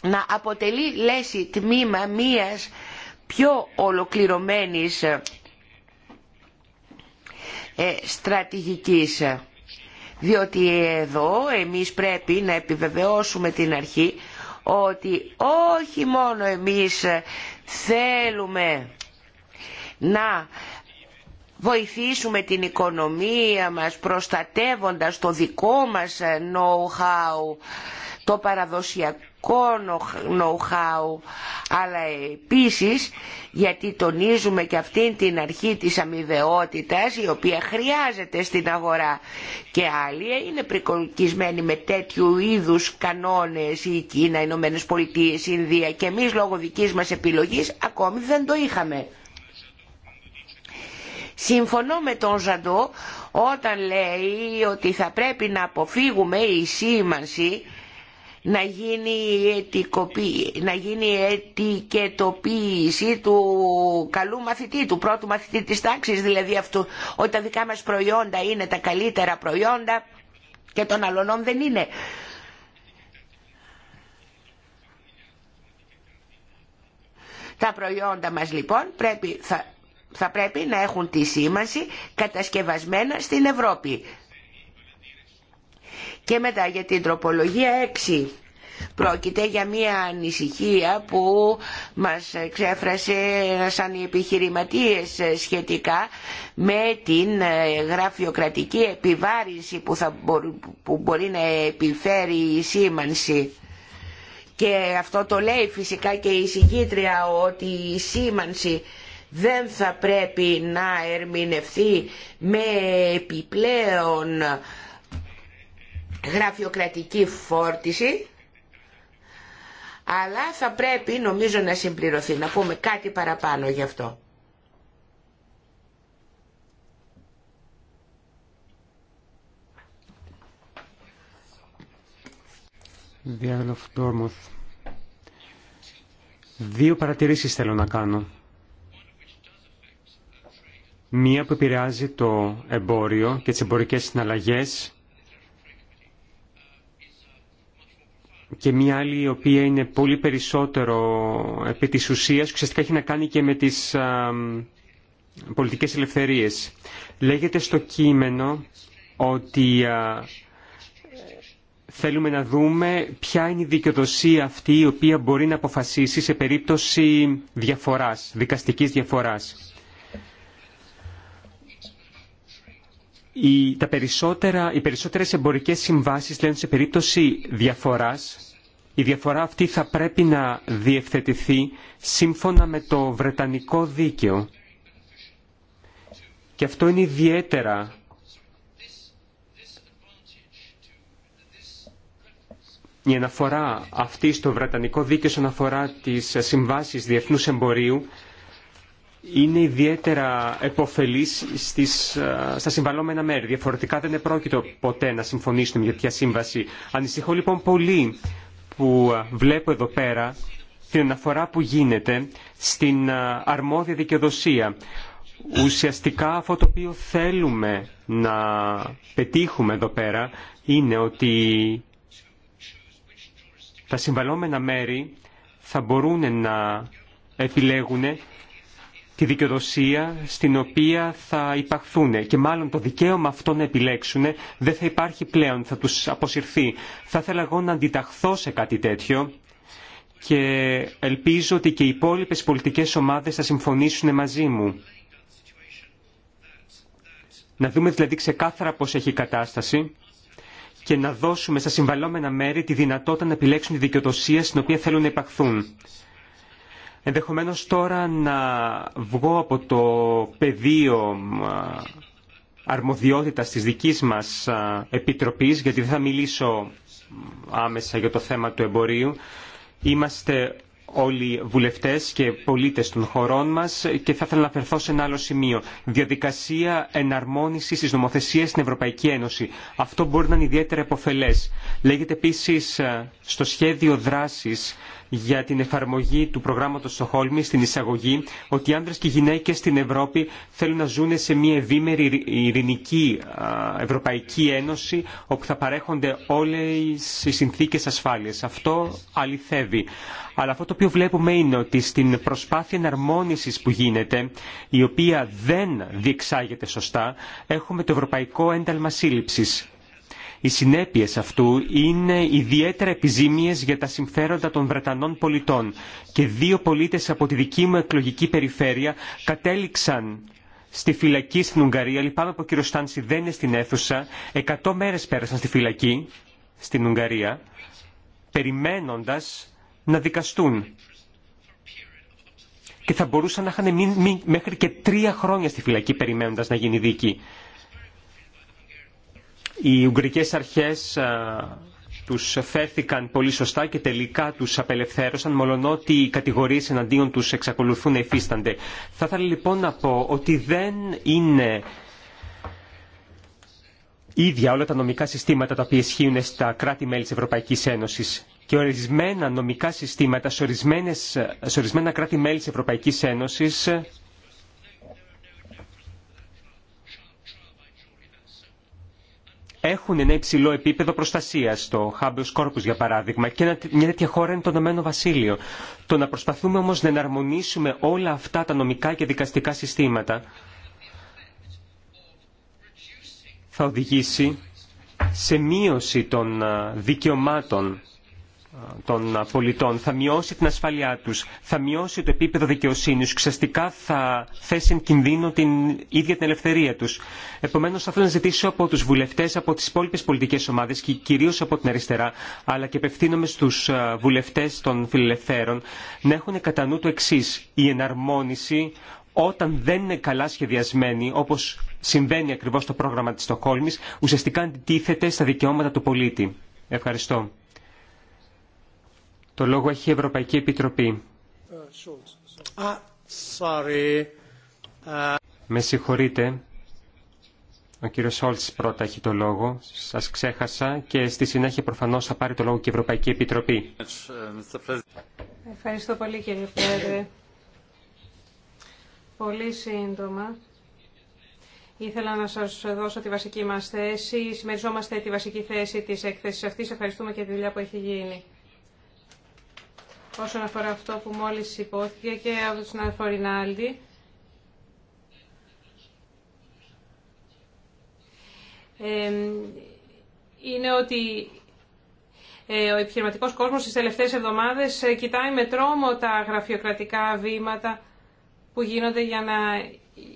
να αποτελεί λέση τμήμα μίας πιο ολοκληρωμένης ε, ε, στρατηγικής. Διότι εδώ εμείς πρέπει να επιβεβαιώσουμε την αρχή ότι όχι μόνο εμείς ε, θέλουμε να βοηθήσουμε την οικονομία μας προστατεύοντας το δικό μας know-how το παραδοσιακό know-how, αλλά επίσης γιατί τονίζουμε και αυτήν την αρχή της αμοιβαιότητας η οποία χρειάζεται στην αγορά και άλλοι είναι πρικολικισμένοι με τέτοιου είδους κανόνες η Κίνα, οι Ηνωμένε Πολιτείε, η Ινδία και εμείς λόγω δικής μας επιλογής ακόμη δεν το είχαμε. Συμφωνώ με τον Ζαντό όταν λέει ότι θα πρέπει να αποφύγουμε η σήμανση να γίνει η, να γίνει η ετικετοποίηση του καλού μαθητή, του πρώτου μαθητή της τάξης, δηλαδή αυτού, ότι τα δικά μας προϊόντα είναι τα καλύτερα προϊόντα και των αλλωνών δεν είναι. Τα προϊόντα μας λοιπόν θα, θα πρέπει να έχουν τη σήμανση κατασκευασμένα στην Ευρώπη. Και μετά για την τροπολογία 6. Πρόκειται για μια ανησυχία που μας εξέφρασε σαν οι επιχειρηματίες σχετικά με την ε, γραφειοκρατική επιβάρυνση που, θα μπορεί, να επιφέρει η σήμανση. Και αυτό το λέει φυσικά και η συγκήτρια ότι η σήμανση δεν θα πρέπει να ερμηνευθεί με επιπλέον γραφειοκρατική φόρτιση αλλά θα πρέπει νομίζω να συμπληρωθεί, να πούμε κάτι παραπάνω γι' αυτό. Δύο παρατηρήσεις θέλω να κάνω. Μία που επηρεάζει το εμπόριο και τις εμπορικές συναλλαγές και μια άλλη η οποία είναι πολύ περισσότερο επί της ουσίας, ουσιαστικά έχει να κάνει και με τις α, πολιτικές ελευθερίες. Λέγεται στο κείμενο ότι θέλουμε να δούμε ποια είναι η δικαιοδοσία αυτή η οποία μπορεί να αποφασίσει σε περίπτωση διαφοράς, δικαστικής διαφοράς. οι, τα περισσότερα, οι περισσότερες εμπορικές συμβάσεις λένε σε περίπτωση διαφοράς η διαφορά αυτή θα πρέπει να διευθετηθεί σύμφωνα με το Βρετανικό δίκαιο. Και αυτό είναι ιδιαίτερα η αναφορά αυτή στο Βρετανικό δίκαιο όσον αφορά τις συμβάσεις διεθνούς εμπορίου είναι ιδιαίτερα επωφελής στις, στα συμβαλώμενα μέρη. Διαφορετικά δεν επρόκειτο ποτέ να συμφωνήσουμε για ποια σύμβαση. Ανησυχώ λοιπόν πολύ που βλέπω εδώ πέρα την αναφορά που γίνεται στην αρμόδια δικαιοδοσία. Ουσιαστικά αυτό το οποίο θέλουμε να πετύχουμε εδώ πέρα είναι ότι τα συμβαλώμενα μέρη θα μπορούν να επιλέγουν τη δικαιοδοσία στην οποία θα υπαχθούν και μάλλον το δικαίωμα αυτό να επιλέξουν δεν θα υπάρχει πλέον, θα τους αποσυρθεί. Θα ήθελα εγώ να αντιταχθώ σε κάτι τέτοιο και ελπίζω ότι και οι υπόλοιπες πολιτικές ομάδες θα συμφωνήσουν μαζί μου. Να δούμε δηλαδή ξεκάθαρα πώς έχει η κατάσταση και να δώσουμε στα συμβαλόμενα μέρη τη δυνατότητα να επιλέξουν τη δικαιοδοσία στην οποία θέλουν να υπαχθούν. Ενδεχομένως τώρα να βγω από το πεδίο αρμοδιότητας της δικής μας επιτροπής, γιατί δεν θα μιλήσω άμεσα για το θέμα του εμπορίου. Είμαστε όλοι βουλευτές και πολίτες των χωρών μας και θα ήθελα να αφαιρθώ σε ένα άλλο σημείο. Διαδικασία εναρμόνισης της νομοθεσίας στην Ευρωπαϊκή Ένωση. Αυτό μπορεί να είναι ιδιαίτερα επωφελές. Λέγεται επίσης στο σχέδιο δράσης για την εφαρμογή του προγράμματος Στοχόλμη στην εισαγωγή ότι οι άνδρες και οι γυναίκες στην Ευρώπη θέλουν να ζουν σε μια ευήμερη ειρηνική Ευρωπαϊκή Ένωση όπου θα παρέχονται όλες οι συνθήκες ασφάλειας. Αυτό αληθεύει. Αλλά αυτό το οποίο βλέπουμε είναι ότι στην προσπάθεια εναρμόνισης που γίνεται, η οποία δεν διεξάγεται σωστά, έχουμε το Ευρωπαϊκό Ένταλμα Σύλληψης οι συνέπειες αυτού είναι ιδιαίτερα επιζήμιες για τα συμφέροντα των Βρετανών πολιτών και δύο πολίτες από τη δική μου εκλογική περιφέρεια κατέληξαν στη φυλακή στην Ουγγαρία. Λυπάμαι που ο κύριο Στάνση δεν είναι στην αίθουσα. Εκατό μέρες πέρασαν στη φυλακή στην Ουγγαρία περιμένοντας να δικαστούν και θα μπορούσαν να είχαν μέχρι και τρία χρόνια στη φυλακή περιμένοντας να γίνει δίκη. Οι Ουγγρικές αρχές τους φέρθηκαν πολύ σωστά και τελικά τους απελευθέρωσαν, μολονότι οι κατηγορίες εναντίον τους εξακολουθούν να υφίστανται. Θα ήθελα λοιπόν να πω ότι δεν είναι ίδια όλα τα νομικά συστήματα τα οποία ισχύουν στα κράτη-μέλη της Ευρωπαϊκής Ένωσης και ορισμένα νομικά συστήματα σε, σε ορισμένα κράτη-μέλη της Ευρωπαϊκής Ένωσης έχουν ένα υψηλό επίπεδο προστασία, το habeas corpus για παράδειγμα, και μια τέτοια χώρα είναι το Ηνωμένο Βασίλειο. Το να προσπαθούμε όμω να εναρμονίσουμε όλα αυτά τα νομικά και δικαστικά συστήματα θα οδηγήσει σε μείωση των δικαιωμάτων των πολιτών, θα μειώσει την ασφαλειά τους, θα μειώσει το επίπεδο δικαιοσύνης, ουσιαστικά θα θέσει εν κινδύνο την ίδια την ελευθερία τους. Επομένως θα θέλω να ζητήσω από τους βουλευτές, από τις υπόλοιπες πολιτικές ομάδες και κυρίως από την αριστερά, αλλά και απευθύνομαι στους ε, βουλευτές των φιλελευθέρων, να έχουν κατά νου το εξή η εναρμόνιση όταν δεν είναι καλά σχεδιασμένη, όπως συμβαίνει ακριβώς το πρόγραμμα της Στοκόλμης, ουσιαστικά αντιτίθεται στα δικαιώματα του πολίτη. Ευχαριστώ. Το λόγο έχει η Ευρωπαϊκή Επιτροπή. Ε, με συγχωρείτε. Ο κύριο Σόλτ πρώτα έχει το λόγο. Σα ξέχασα και στη συνέχεια προφανώ θα πάρει το λόγο και η Ευρωπαϊκή Επιτροπή. Ευχαριστώ πολύ κύριε Πρόεδρε. Πολύ σύντομα. Ήθελα να σας δώσω τη βασική μας θέση. Συμμεριζόμαστε τη βασική θέση της έκθεσης αυτής. Ευχαριστούμε και τη δουλειά που έχει γίνει όσον αφορά αυτό που μόλις υπόθηκε και από τον συνάδελφο Ρινάλντι. είναι ότι ε, ο επιχειρηματικός κόσμος στις τελευταίες εβδομάδες ε, κοιτάει με τρόμο τα γραφειοκρατικά βήματα που γίνονται για να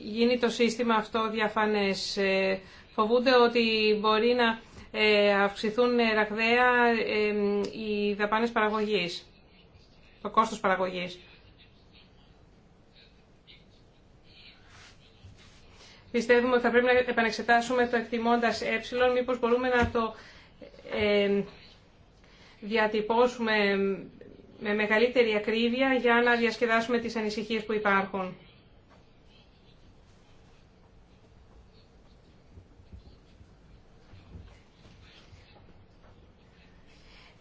γίνει το σύστημα αυτό διαφανές. Ε, φοβούνται ότι μπορεί να αυξηθούν ραγδαία οι δαπάνες παραγωγής το κόστος παραγωγής. Πιστεύουμε ότι θα πρέπει να επανεξετάσουμε το εκτιμώντας ε, μήπως μπορούμε να το ε, διατυπώσουμε με μεγαλύτερη ακρίβεια για να διασκεδάσουμε τις ανησυχίες που υπάρχουν.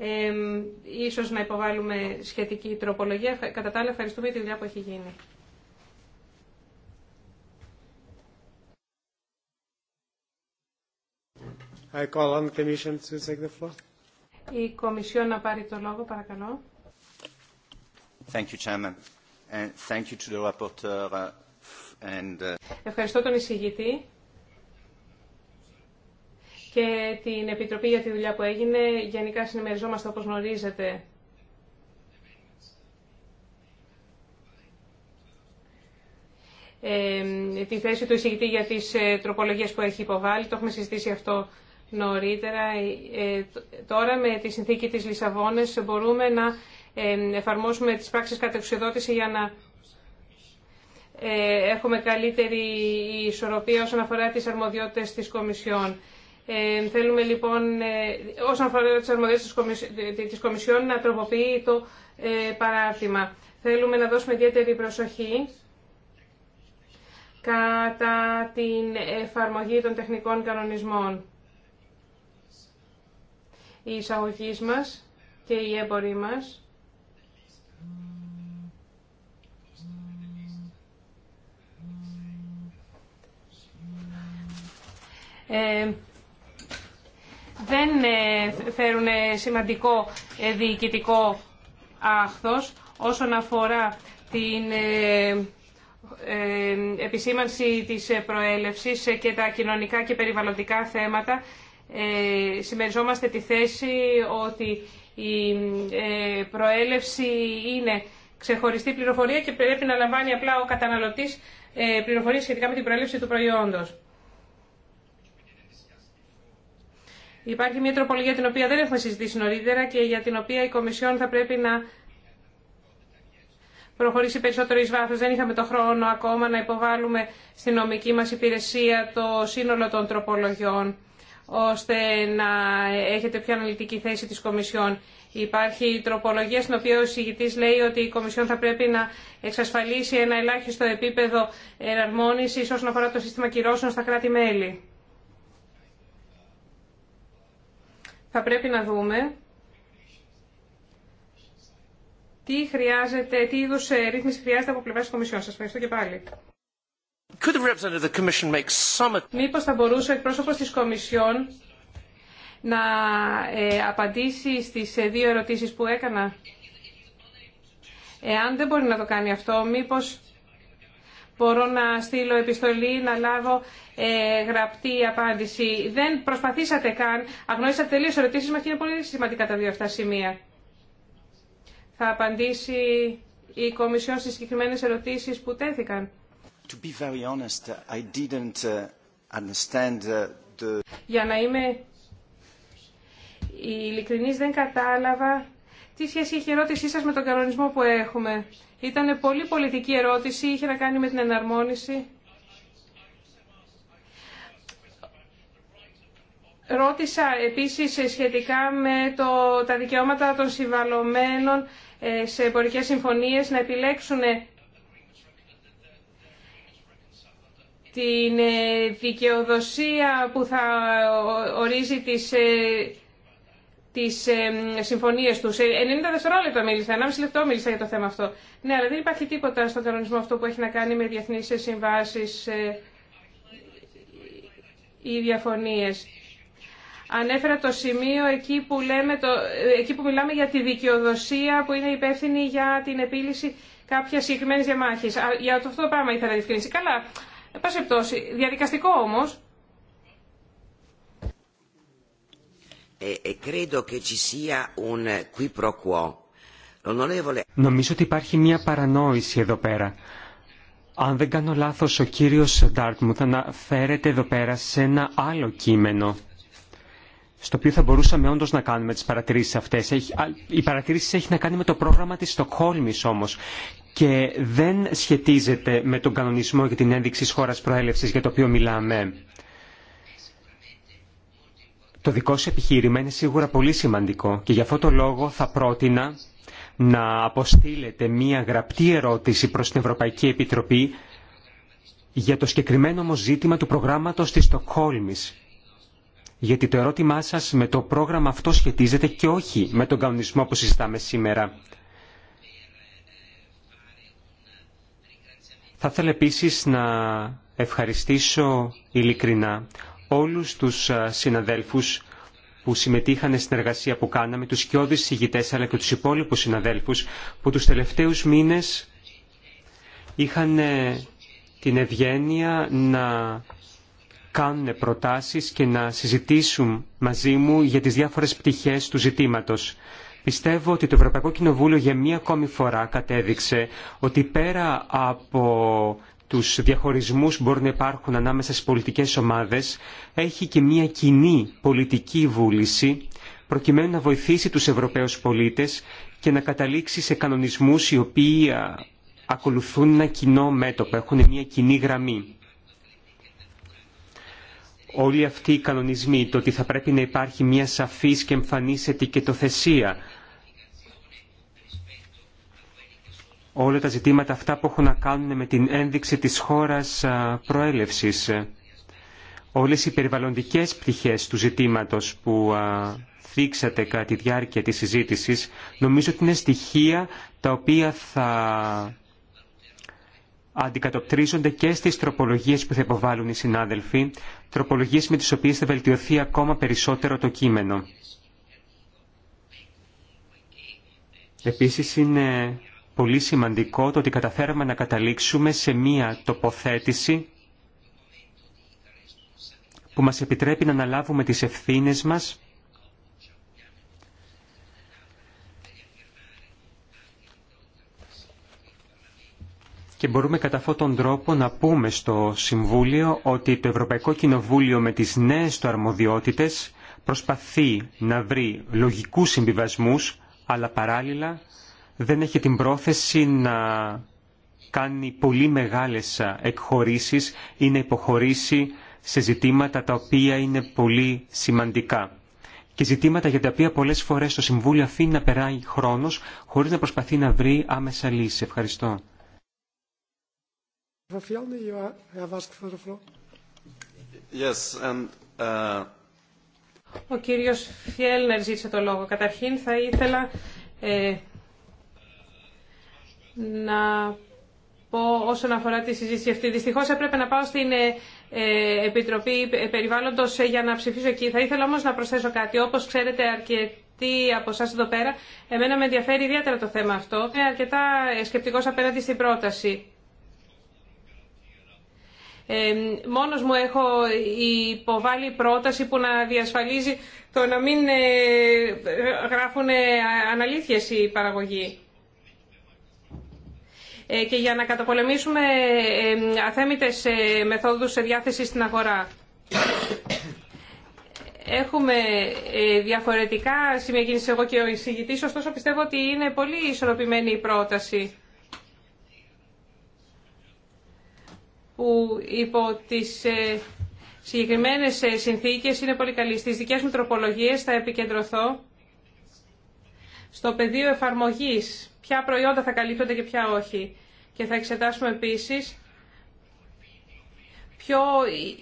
ε, ίσως να υποβάλουμε σχετική τροπολογία. Κατά τα άλλα, ευχαριστούμε τη δουλειά που έχει γίνει. I call on commission to take the floor. Η Κομισιόν να πάρει το λόγο, παρακαλώ. Thank you, Chairman. And thank you to the rapporteur uh, and... Uh, Ευχαριστώ τον εισηγητή και την Επιτροπή για τη δουλειά που έγινε. Γενικά συνεμεριζόμαστε όπως γνωρίζετε. Ε, τη θέση του εισηγητή για τις ε, τροπολογίες που έχει υποβάλει. Το έχουμε συζητήσει αυτό νωρίτερα. Ε, ε, τώρα με τη συνθήκη της Λισαβόνες μπορούμε να εφαρμόσουμε τις πράξεις κατεξουδότηση για να έχουμε καλύτερη ισορροπία όσον αφορά τις αρμοδιότητες της Κομισιόν θέλουμε λοιπόν, ε, όσον αφορά τι αρμοδίε ε, της Κομισιόν, να τροποποιεί το ε, παράρτημα. Θέλουμε να δώσουμε ιδιαίτερη προσοχή κατά την εφαρμογή των τεχνικών κανονισμών. Οι εισαγωγή μας και η έμποροι μας δεν ε, φέρουν ε, σημαντικό ε, διοικητικό άχθος όσον αφορά την επισήμανση της προέλευσης και τα κοινωνικά και περιβαλλοντικά θέματα. Συμμεριζόμαστε τη θέση ότι η προέλευση είναι ξεχωριστή πληροφορία και πρέπει να λαμβάνει απλά ο καταναλωτής πληροφορία σχετικά με την προέλευση του προϊόντος. Υπάρχει μια τροπολογία την οποία δεν έχουμε συζητήσει νωρίτερα και για την οποία η Κομισιόν θα πρέπει να προχωρήσει περισσότερο εις βάθος. Δεν είχαμε το χρόνο ακόμα να υποβάλουμε στην νομική μας υπηρεσία το σύνολο των τροπολογιών ώστε να έχετε πιο αναλυτική θέση της Κομισιόν. Υπάρχει τροπολογία στην οποία ο συγητής λέει ότι η Κομισιόν θα πρέπει να εξασφαλίσει ένα ελάχιστο επίπεδο εναρμόνισης όσον αφορά το σύστημα κυρώσεων στα κράτη-μέλη. θα πρέπει να δούμε τι χρειάζεται, τι είδους ε, ρύθμιση χρειάζεται από πλευράς της Κομισιόν. Σας ευχαριστώ και πάλι. Μήπως θα μπορούσε ο εκπρόσωπος της Κομισιόν να ε, απαντήσει στις ε, δύο ερωτήσεις που έκανα. Εάν δεν μπορεί να το κάνει αυτό, μήπως μπορώ να στείλω επιστολή, να λάβω ε, γραπτή απάντηση. Δεν προσπαθήσατε καν, αγνώρισατε τελείως ερωτήσεις μας και είναι πολύ σημαντικά τα δύο αυτά σημεία. Θα απαντήσει η Κομισιόν στις συγκεκριμένες ερωτήσεις που τέθηκαν. honest, uh, uh, the... Για να είμαι ειλικρινής δεν κατάλαβα τι σχέση έχει η ερώτησή σα με τον κανονισμό που έχουμε. Ήταν πολύ πολιτική ερώτηση, είχε να κάνει με την εναρμόνιση. Ρώτησα επίσης σχετικά με το, τα δικαιώματα των συμβαλωμένων ε, σε εμπορικές συμφωνίες να επιλέξουν ε, την ε, δικαιοδοσία που θα ορίζει τις τις συμφωνίε του. 90 ε, δευτερόλεπτα μίλησα, 1,5 λεπτό μίλησα για το θέμα αυτό. Ναι, αλλά δεν υπάρχει τίποτα στον κανονισμό αυτό που έχει να κάνει με διεθνείς συμβάσεις ε, ή διαφωνίε. Ανέφερα το σημείο εκεί που, λέμε το, ε, εκεί που μιλάμε για τη δικαιοδοσία που είναι υπεύθυνη για την επίλυση κάποια συγκεκριμένη διαμάχη. Για αυτό το πράγμα ήθελα να διευκρινίσω Καλά, πτώση διαδικαστικό όμω. Νομίζω ότι υπάρχει μια παρανόηση εδώ πέρα. Αν δεν κάνω λάθος, ο κύριος θα αναφέρεται εδώ πέρα σε ένα άλλο κείμενο, στο οποίο θα μπορούσαμε όντω να κάνουμε τι παρατηρήσει αυτέ. η παρατηρήση έχει να κάνει με το πρόγραμμα τη Στοκχόλμη όμω, και δεν σχετίζεται με τον κανονισμό για την ένδειξη χώρα προέλευση για το οποίο μιλάμε. Το δικό σου επιχείρημα είναι σίγουρα πολύ σημαντικό και γι' αυτό το λόγο θα πρότεινα να αποστείλετε μία γραπτή ερώτηση προς την Ευρωπαϊκή Επιτροπή για το συγκεκριμένο όμως ζήτημα του προγράμματος της Στοκχόλμης. Γιατί το ερώτημά σας με το πρόγραμμα αυτό σχετίζεται και όχι με τον κανονισμό που συζητάμε σήμερα. Θα ήθελα επίσης να ευχαριστήσω ειλικρινά όλους τους συναδέλφους που συμμετείχαν στην εργασία που κάναμε, τους σκιώδεις συγητές αλλά και τους υπόλοιπους συναδέλφους που τους τελευταίους μήνες είχαν ε, την ευγένεια να κάνουν προτάσεις και να συζητήσουν μαζί μου για τις διάφορες πτυχές του ζητήματος. Πιστεύω ότι το Ευρωπαϊκό Κοινοβούλιο για μία ακόμη φορά κατέδειξε ότι πέρα από τους διαχωρισμούς που μπορούν να υπάρχουν ανάμεσα στις πολιτικές ομάδες, έχει και μια κοινή πολιτική βούληση προκειμένου να βοηθήσει τους Ευρωπαίους πολίτες και να καταλήξει σε κανονισμούς οι οποίοι ακολουθούν ένα κοινό μέτωπο, έχουν μια κοινή γραμμή. Όλοι αυτοί οι κανονισμοί, το ότι θα πρέπει να υπάρχει μια σαφής και εμφανής ετικετοθεσία, όλα τα ζητήματα αυτά που έχουν να κάνουν με την ένδειξη της χώρας προέλευσης. Όλες οι περιβαλλοντικές πτυχές του ζητήματος που θίξατε κατά τη διάρκεια της συζήτησης, νομίζω ότι είναι στοιχεία τα οποία θα αντικατοπτρίζονται και στις τροπολογίες που θα υποβάλουν οι συνάδελφοι, τροπολογίες με τις οποίες θα βελτιωθεί ακόμα περισσότερο το κείμενο. Επίσης είναι πολύ σημαντικό το ότι καταφέραμε να καταλήξουμε σε μία τοποθέτηση που μας επιτρέπει να αναλάβουμε τις ευθύνες μας και μπορούμε κατά αυτόν τον τρόπο να πούμε στο Συμβούλιο ότι το Ευρωπαϊκό Κοινοβούλιο με τις νέες του αρμοδιότητες προσπαθεί να βρει λογικούς συμβιβασμούς αλλά παράλληλα δεν έχει την πρόθεση να κάνει πολύ μεγάλες εκχωρήσεις ή να υποχωρήσει σε ζητήματα τα οποία είναι πολύ σημαντικά και ζητήματα για τα οποία πολλές φορές το Συμβούλιο αφήνει να περάει χρόνος χωρίς να προσπαθεί να βρει άμεσα λύση. Ευχαριστώ. Yes, and, uh, Ο κύριος Φιέλνερ ζήτησε το λόγο. Καταρχήν θα ήθελα ε, να πω όσον αφορά τη συζήτηση αυτή. Δυστυχώς έπρεπε να πάω στην ε, ε, Επιτροπή Περιβάλλοντος ε, για να ψηφίσω εκεί. Θα ήθελα όμως να προσθέσω κάτι. Όπως ξέρετε αρκετοί από εσά εδώ πέρα, εμένα με ενδιαφέρει ιδιαίτερα το θέμα αυτό. Είμαι αρκετά σκεπτικός απέναντι στην πρόταση. Ε, μόνος μου έχω υποβάλει πρόταση που να διασφαλίζει το να μην γράφουν αναλήθειες οι παραγωγοί. Ε, και για να καταπολεμήσουμε ε, ε, αθέμητες μεθόδους διάθεση στην αγορά. Έχουμε διαφορετικά σημεία κίνηση εγώ και ο εισηγητής, ωστόσο πιστεύω ότι είναι πολύ ισορροπημένη η πρόταση που υπό τις συγκεκριμένες συνθήκες είναι πολύ καλή. Στις δικές μου τροπολογίες θα επικεντρωθώ στο πεδίο εφαρμογής, ποια προϊόντα θα καλύπτονται και ποια όχι. Και θα εξετάσουμε επίσης ποιο,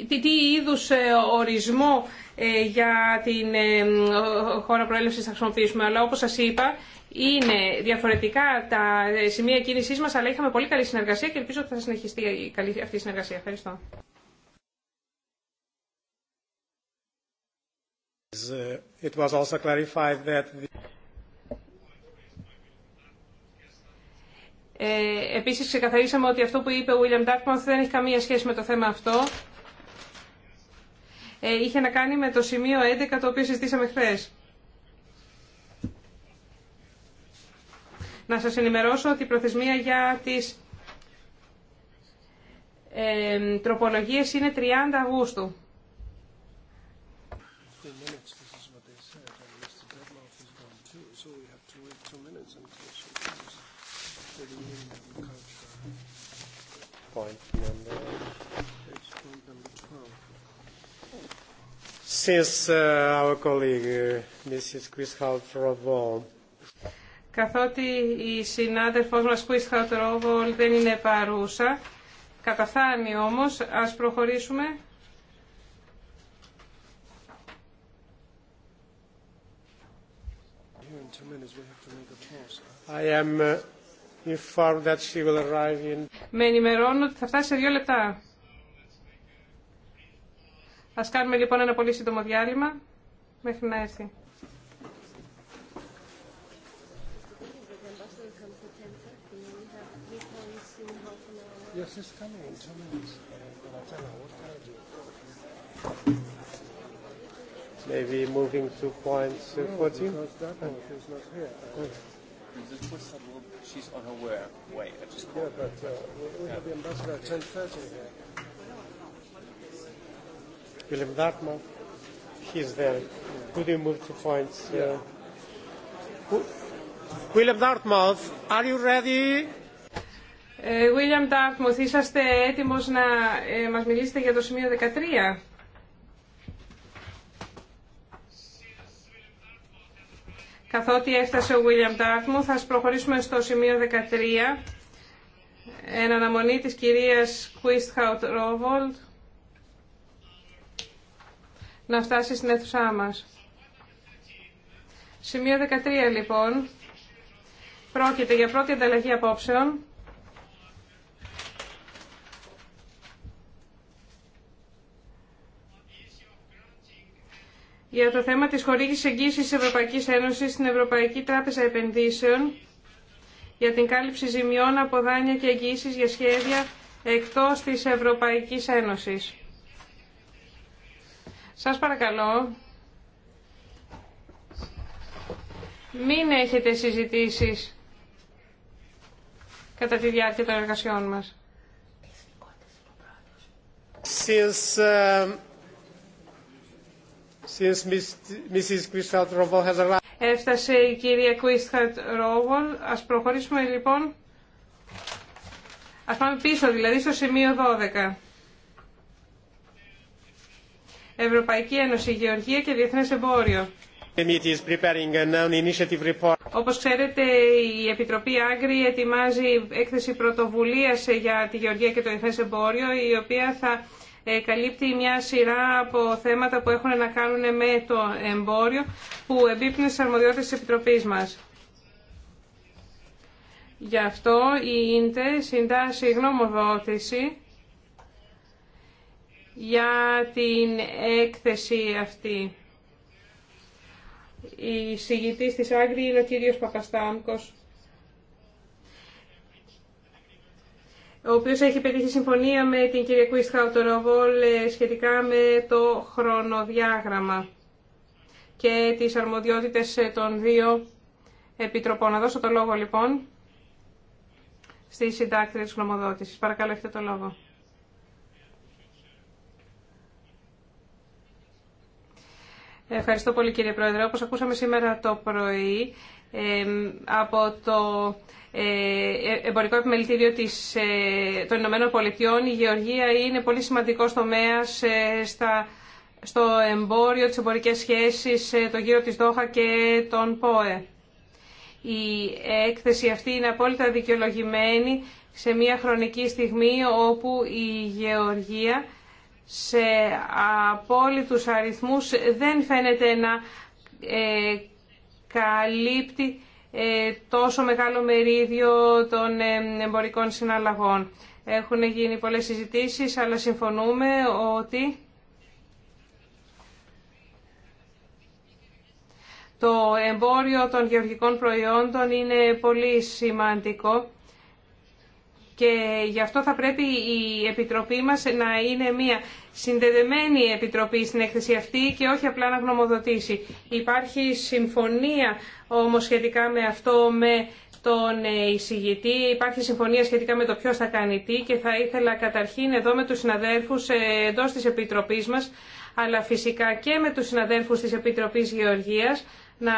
τι, είδου ε, ορισμό ε, για την ε, χώρα προέλευσης θα χρησιμοποιήσουμε. Αλλά όπως σας είπα, είναι διαφορετικά τα σημεία κίνησής μας, αλλά είχαμε πολύ καλή συνεργασία και ελπίζω ότι θα συνεχιστεί αυτή η συνεργασία. Ευχαριστώ. It was also clarified that Ε, επίσης ξεκαθαρίσαμε ότι αυτό που είπε ο William Dartmouth δεν έχει καμία σχέση με το θέμα αυτό. Ε, είχε να κάνει με το σημείο 11 το οποίο συζητήσαμε χθε. Να σας ενημερώσω ότι η προθεσμία για τις ε, τροπολογίες είναι 30 Αυγούστου. Since uh, uh, Καθότι η συνάδελφός μας Κουίσχαουτ Ρόβολ δεν είναι παρούσα, καταφθάνει όμως, ας προχωρήσουμε. Με ενημερώνω ότι θα φτάσει σε δύο λεπτά. Ας κάνουμε λοιπόν ένα πολύ σύντομο διάλειμμα μέχρι να έρθει. Maybe moving to point 14? because that one is not here. She's on her way. Wait, I just called. yeah, but uh, we, we have the ambassador at 10.30 here. Willem Dartmouth. He's there. Could you move to Uh, William Dartmouth, are you ready? Ε, William Dartmouth, είσαστε έτοιμος να ε, μας μιλήσετε για το σημείο 13. Καθότι έφτασε ο William Dartmouth, θα προχωρήσουμε στο σημείο 13, εν αναμονή της κυρίας Κουίστχαουτ Ρόβολτ, να φτάσει στην αίθουσά μας. Σημείο 13 λοιπόν. Πρόκειται για πρώτη ανταλλαγή απόψεων. για το θέμα της χορήγησης εγγύησης της Ευρωπαϊκής Ένωσης στην Ευρωπαϊκή Τράπεζα Επενδύσεων για την κάλυψη ζημιών από δάνεια και εγγύησης για σχέδια εκτός της Ευρωπαϊκής Ένωσης. Σας παρακαλώ, μην έχετε συζητήσεις κατά τη διάρκεια των εργασιών μας. Since, um, Has arrived. Έφτασε η κυρία Κουίστχαρτ Ρόβολ. Ας προχωρήσουμε λοιπόν. Ας πάμε πίσω, δηλαδή στο σημείο 12. Ευρωπαϊκή Ένωση, Γεωργία και Διεθνές Εμπόριο. Όπω ξέρετε, η Επιτροπή Άγκρη ετοιμάζει έκθεση πρωτοβουλία για τη Γεωργία και το Διεθνές Εμπόριο, η οποία θα ε, καλύπτει μια σειρά από θέματα που έχουν να κάνουν με το εμπόριο, που εμπίπτουν στι αρμοδιότητες της Επιτροπής μας. Γι' αυτό η ΙΝΤΕ συντάσσει γνωμοδότηση για την έκθεση αυτή. Η συγητής της Άγκρη είναι ο κύριος Παπαστάμκος, ο οποίος έχει πετύχει συμφωνία με την κυρία Οτοροβόλ ε, σχετικά με το χρονοδιάγραμμα και τις αρμοδιότητες ε, των δύο επιτροπών. Να δώσω το λόγο λοιπόν στη συντάκτρια της γνωμοδότησης. Παρακαλώ, έχετε το λόγο. Ευχαριστώ πολύ κύριε Πρόεδρε. Όπως ακούσαμε σήμερα το πρωί από το ε, εμπορικό επιμελητήριο της, ε, των Ηνωμένων Πολιτειών, η γεωργία είναι πολύ σημαντικός τομέας ε, στα, στο εμπόριο, τις εμπορικές σχέσεις, το γύρο της Δόχα και τον ΠΟΕ. Η έκθεση αυτή είναι απόλυτα δικαιολογημένη σε μια χρονική στιγμή όπου η γεωργία σε απόλυτους αριθμούς δεν φαίνεται να ε, καλύπτει ε, τόσο μεγάλο μερίδιο των ε, εμπορικών συναλλαγών. Έχουν γίνει πολλές συζητήσεις, αλλά συμφωνούμε ότι το εμπόριο των γεωργικών προϊόντων είναι πολύ σημαντικό και γι' αυτό θα πρέπει η Επιτροπή μας να είναι μια συνδεδεμένη Επιτροπή στην έκθεση αυτή και όχι απλά να γνωμοδοτήσει. Υπάρχει συμφωνία όμως σχετικά με αυτό με τον εισηγητή. Υπάρχει συμφωνία σχετικά με το ποιο θα κάνει τι και θα ήθελα καταρχήν εδώ με τους συναδέλφους ε, εντό της Επιτροπής μας αλλά φυσικά και με τους συναδέλφους της Επιτροπής Γεωργίας να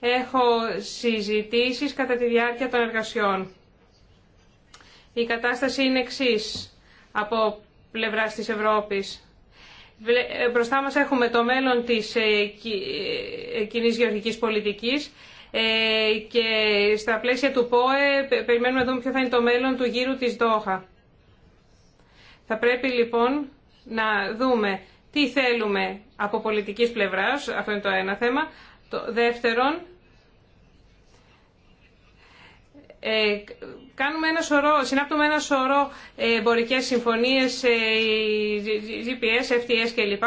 έχω συζητήσεις κατά τη διάρκεια των εργασιών. Η κατάσταση είναι εξή από πλευράς της Ευρώπης. Ε, μπροστά μας έχουμε το μέλλον της ε, ε, κοινή γεωργικής πολιτικής και στα πλαίσια του ΠΟΕ περιμένουμε να δούμε ποιο θα είναι το μέλλον του γύρου της Δόχα. Θα πρέπει λοιπόν να δούμε τι θέλουμε από πολιτικής πλευράς, αυτό είναι το ένα θέμα. Το δεύτερον, Ε, κάνουμε ένα σωρό, συνάπτουμε ένα σωρό ε, εμπορικές συμφωνίες, ε, GPS, FTS κλπ,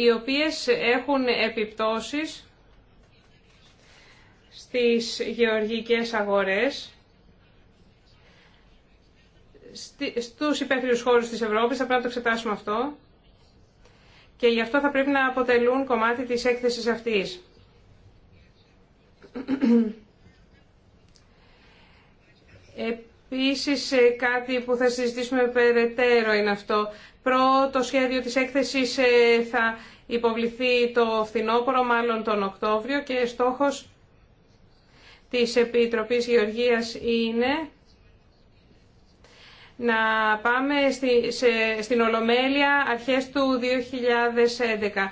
οι οποίες έχουν επιπτώσεις στις γεωργικές αγορές, στους υπεύθυνους χώρους της Ευρώπης, θα πρέπει να το εξετάσουμε αυτό και γι' αυτό θα πρέπει να αποτελούν κομμάτι της έκθεσης αυτής. Επίσης ε, κάτι που θα συζητήσουμε περαιτέρω είναι αυτό. Πρώτο σχέδιο της έκθεσης ε, θα υποβληθεί το φθινόπωρο, μάλλον τον Οκτώβριο και στόχος της Επιτροπής Γεωργίας είναι να πάμε στην Ολομέλεια αρχές του 2011.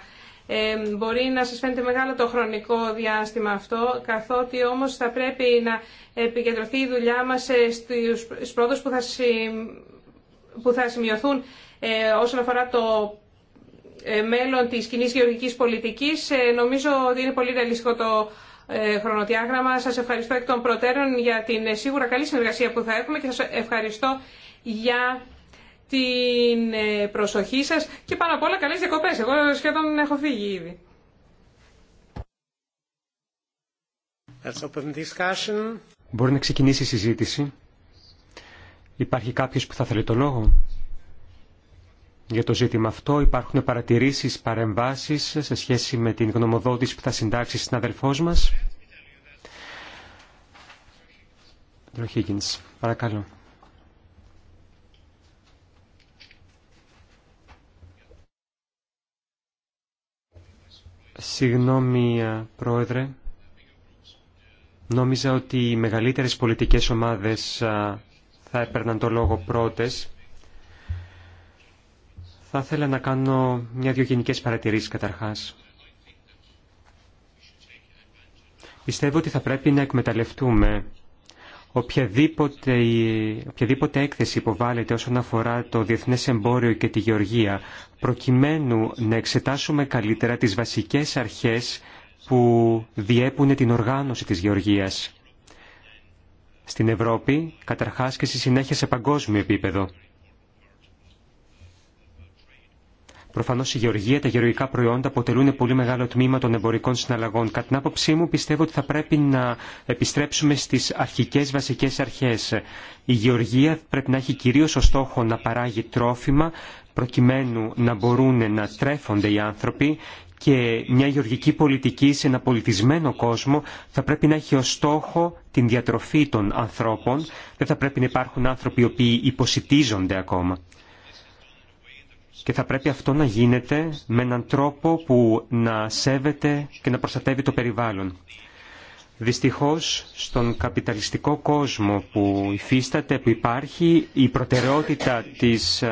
Ε, μπορεί να σας φαίνεται μεγάλο το χρονικό διάστημα αυτό, καθότι όμως θα πρέπει να επικεντρωθεί η δουλειά μας ε, στους πρώτους που θα, συ, που θα σημειωθούν ε, όσον αφορά το ε, μέλλον της κοινή γεωργικής πολιτικής. νομίζω ότι είναι πολύ ρεαλιστικό το χρονοδιάγραμμα. Σας ευχαριστώ εκ των προτέρων για την σίγουρα καλή συνεργασία που θα έχουμε και σας ευχαριστώ για την ε, προσοχή σας και πάνω απ' όλα καλές διακοπές. Εγώ σχεδόν έχω φύγει ήδη. Μπορεί να ξεκινήσει η συζήτηση. Υπάρχει κάποιος που θα θέλει το λόγο. Για το ζήτημα αυτό υπάρχουν παρατηρήσεις, παρεμβάσεις σε σχέση με την γνωμοδότηση που θα συντάξει στην αδελφός μας. Παρακαλώ. Συγγνώμη, Πρόεδρε. Νόμιζα ότι οι μεγαλύτερες πολιτικές ομάδες θα έπαιρναν το λόγο πρώτες. Θα ήθελα να κάνω μια-δυο γενικές παρατηρήσεις καταρχάς. Πιστεύω ότι θα πρέπει να εκμεταλλευτούμε Οποιαδήποτε, οποιαδήποτε έκθεση υποβάλλεται όσον αφορά το διεθνές εμπόριο και τη γεωργία, προκειμένου να εξετάσουμε καλύτερα τις βασικές αρχές που διέπουν την οργάνωση της γεωργίας. Στην Ευρώπη, καταρχάς και στη συνέχεια σε παγκόσμιο επίπεδο. Προφανώ η γεωργία, τα γεωργικά προϊόντα αποτελούν πολύ μεγάλο τμήμα των εμπορικών συναλλαγών. Κατά την άποψή μου πιστεύω ότι θα πρέπει να επιστρέψουμε στι αρχικέ βασικέ αρχέ. Η γεωργία πρέπει να έχει κυρίω ω στόχο να παράγει τρόφιμα προκειμένου να μπορούν να τρέφονται οι άνθρωποι και μια γεωργική πολιτική σε ένα πολιτισμένο κόσμο θα πρέπει να έχει ως στόχο την διατροφή των ανθρώπων. Δεν θα πρέπει να υπάρχουν άνθρωποι οι οποίοι υποσυτίζονται ακόμα και θα πρέπει αυτό να γίνεται με έναν τρόπο που να σέβεται και να προστατεύει το περιβάλλον. Δυστυχώς στον καπιταλιστικό κόσμο που υφίσταται, που υπάρχει, η προτεραιότητα της α,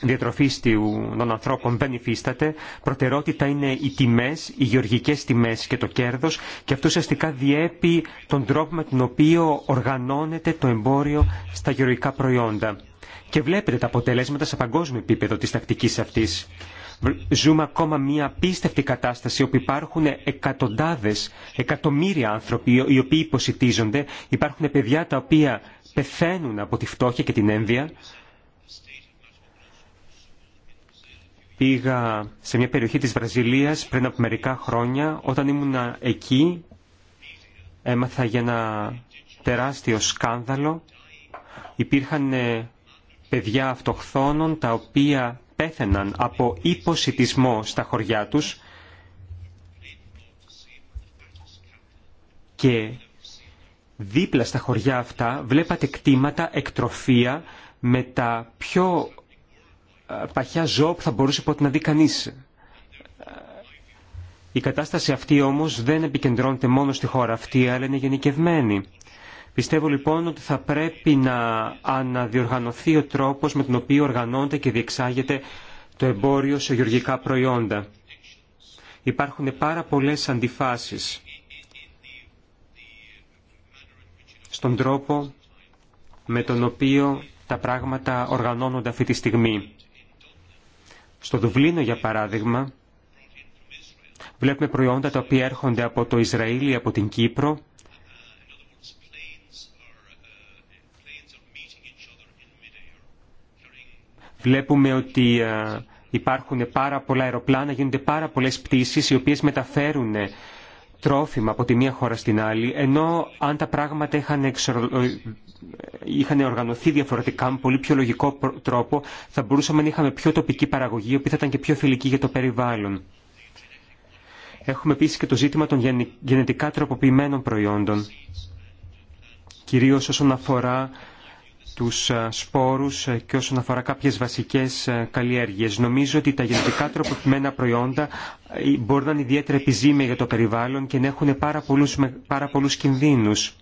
διατροφής των ανθρώπων δεν υφίσταται. Προτεραιότητα είναι οι τιμές, οι γεωργικές τιμές και το κέρδος και αυτό ουσιαστικά διέπει τον τρόπο με τον οποίο οργανώνεται το εμπόριο στα γεωργικά προϊόντα. Και βλέπετε τα αποτελέσματα σε παγκόσμιο επίπεδο της τακτικής αυτής. Ζούμε ακόμα μια απίστευτη κατάσταση όπου υπάρχουν εκατοντάδες, εκατομμύρια άνθρωποι οι οποίοι υποσυτίζονται, υπάρχουν παιδιά τα οποία πεθαίνουν από τη φτώχεια και την ένδυα. Πήγα σε μια περιοχή της Βραζιλίας πριν από μερικά χρόνια. Όταν ήμουν εκεί έμαθα για ένα τεράστιο σκάνδαλο. Υπήρχαν ε, παιδιά αυτοχθόνων τα οποία πέθαιναν από υποσιτισμό στα χωριά τους και δίπλα στα χωριά αυτά βλέπατε κτήματα, εκτροφία με τα πιο ε, παχιά ζώα που θα μπορούσε ποτέ να δει κανείς. Η κατάσταση αυτή όμως δεν επικεντρώνεται μόνο στη χώρα αυτή, αλλά είναι γενικευμένη. Πιστεύω λοιπόν ότι θα πρέπει να αναδιοργανωθεί ο τρόπος με τον οποίο οργανώνεται και διεξάγεται το εμπόριο σε γεωργικά προϊόντα. Υπάρχουν πάρα πολλές αντιφάσεις στον τρόπο με τον οποίο τα πράγματα οργανώνονται αυτή τη στιγμή. Στο Δουβλίνο, για παράδειγμα, βλέπουμε προϊόντα τα οποία έρχονται από το Ισραήλ ή από την Κύπρο, Βλέπουμε ότι ε, υπάρχουν πάρα πολλά αεροπλάνα, γίνονται πάρα πολλές πτήσεις οι οποίες μεταφέρουν ε, τρόφιμα από τη μία χώρα στην άλλη, ενώ αν τα πράγματα είχαν, ε, οργανωθεί διαφορετικά με πολύ πιο λογικό τρόπο, θα μπορούσαμε να είχαμε πιο τοπική παραγωγή, η οποία θα ήταν και πιο φιλική για το περιβάλλον. Έχουμε επίση και το ζήτημα των γενετικά τροποποιημένων προϊόντων, κυρίως όσον αφορά τους ε, σπόρους ε, και όσον αφορά κάποιες βασικές ε, καλλιέργειες. Νομίζω ότι τα γενετικά τροποποιημένα προϊόντα μπορούν να είναι ιδιαίτερα επιζήμια για το περιβάλλον και να έχουν πάρα πολλούς, πάρα κινδύνους.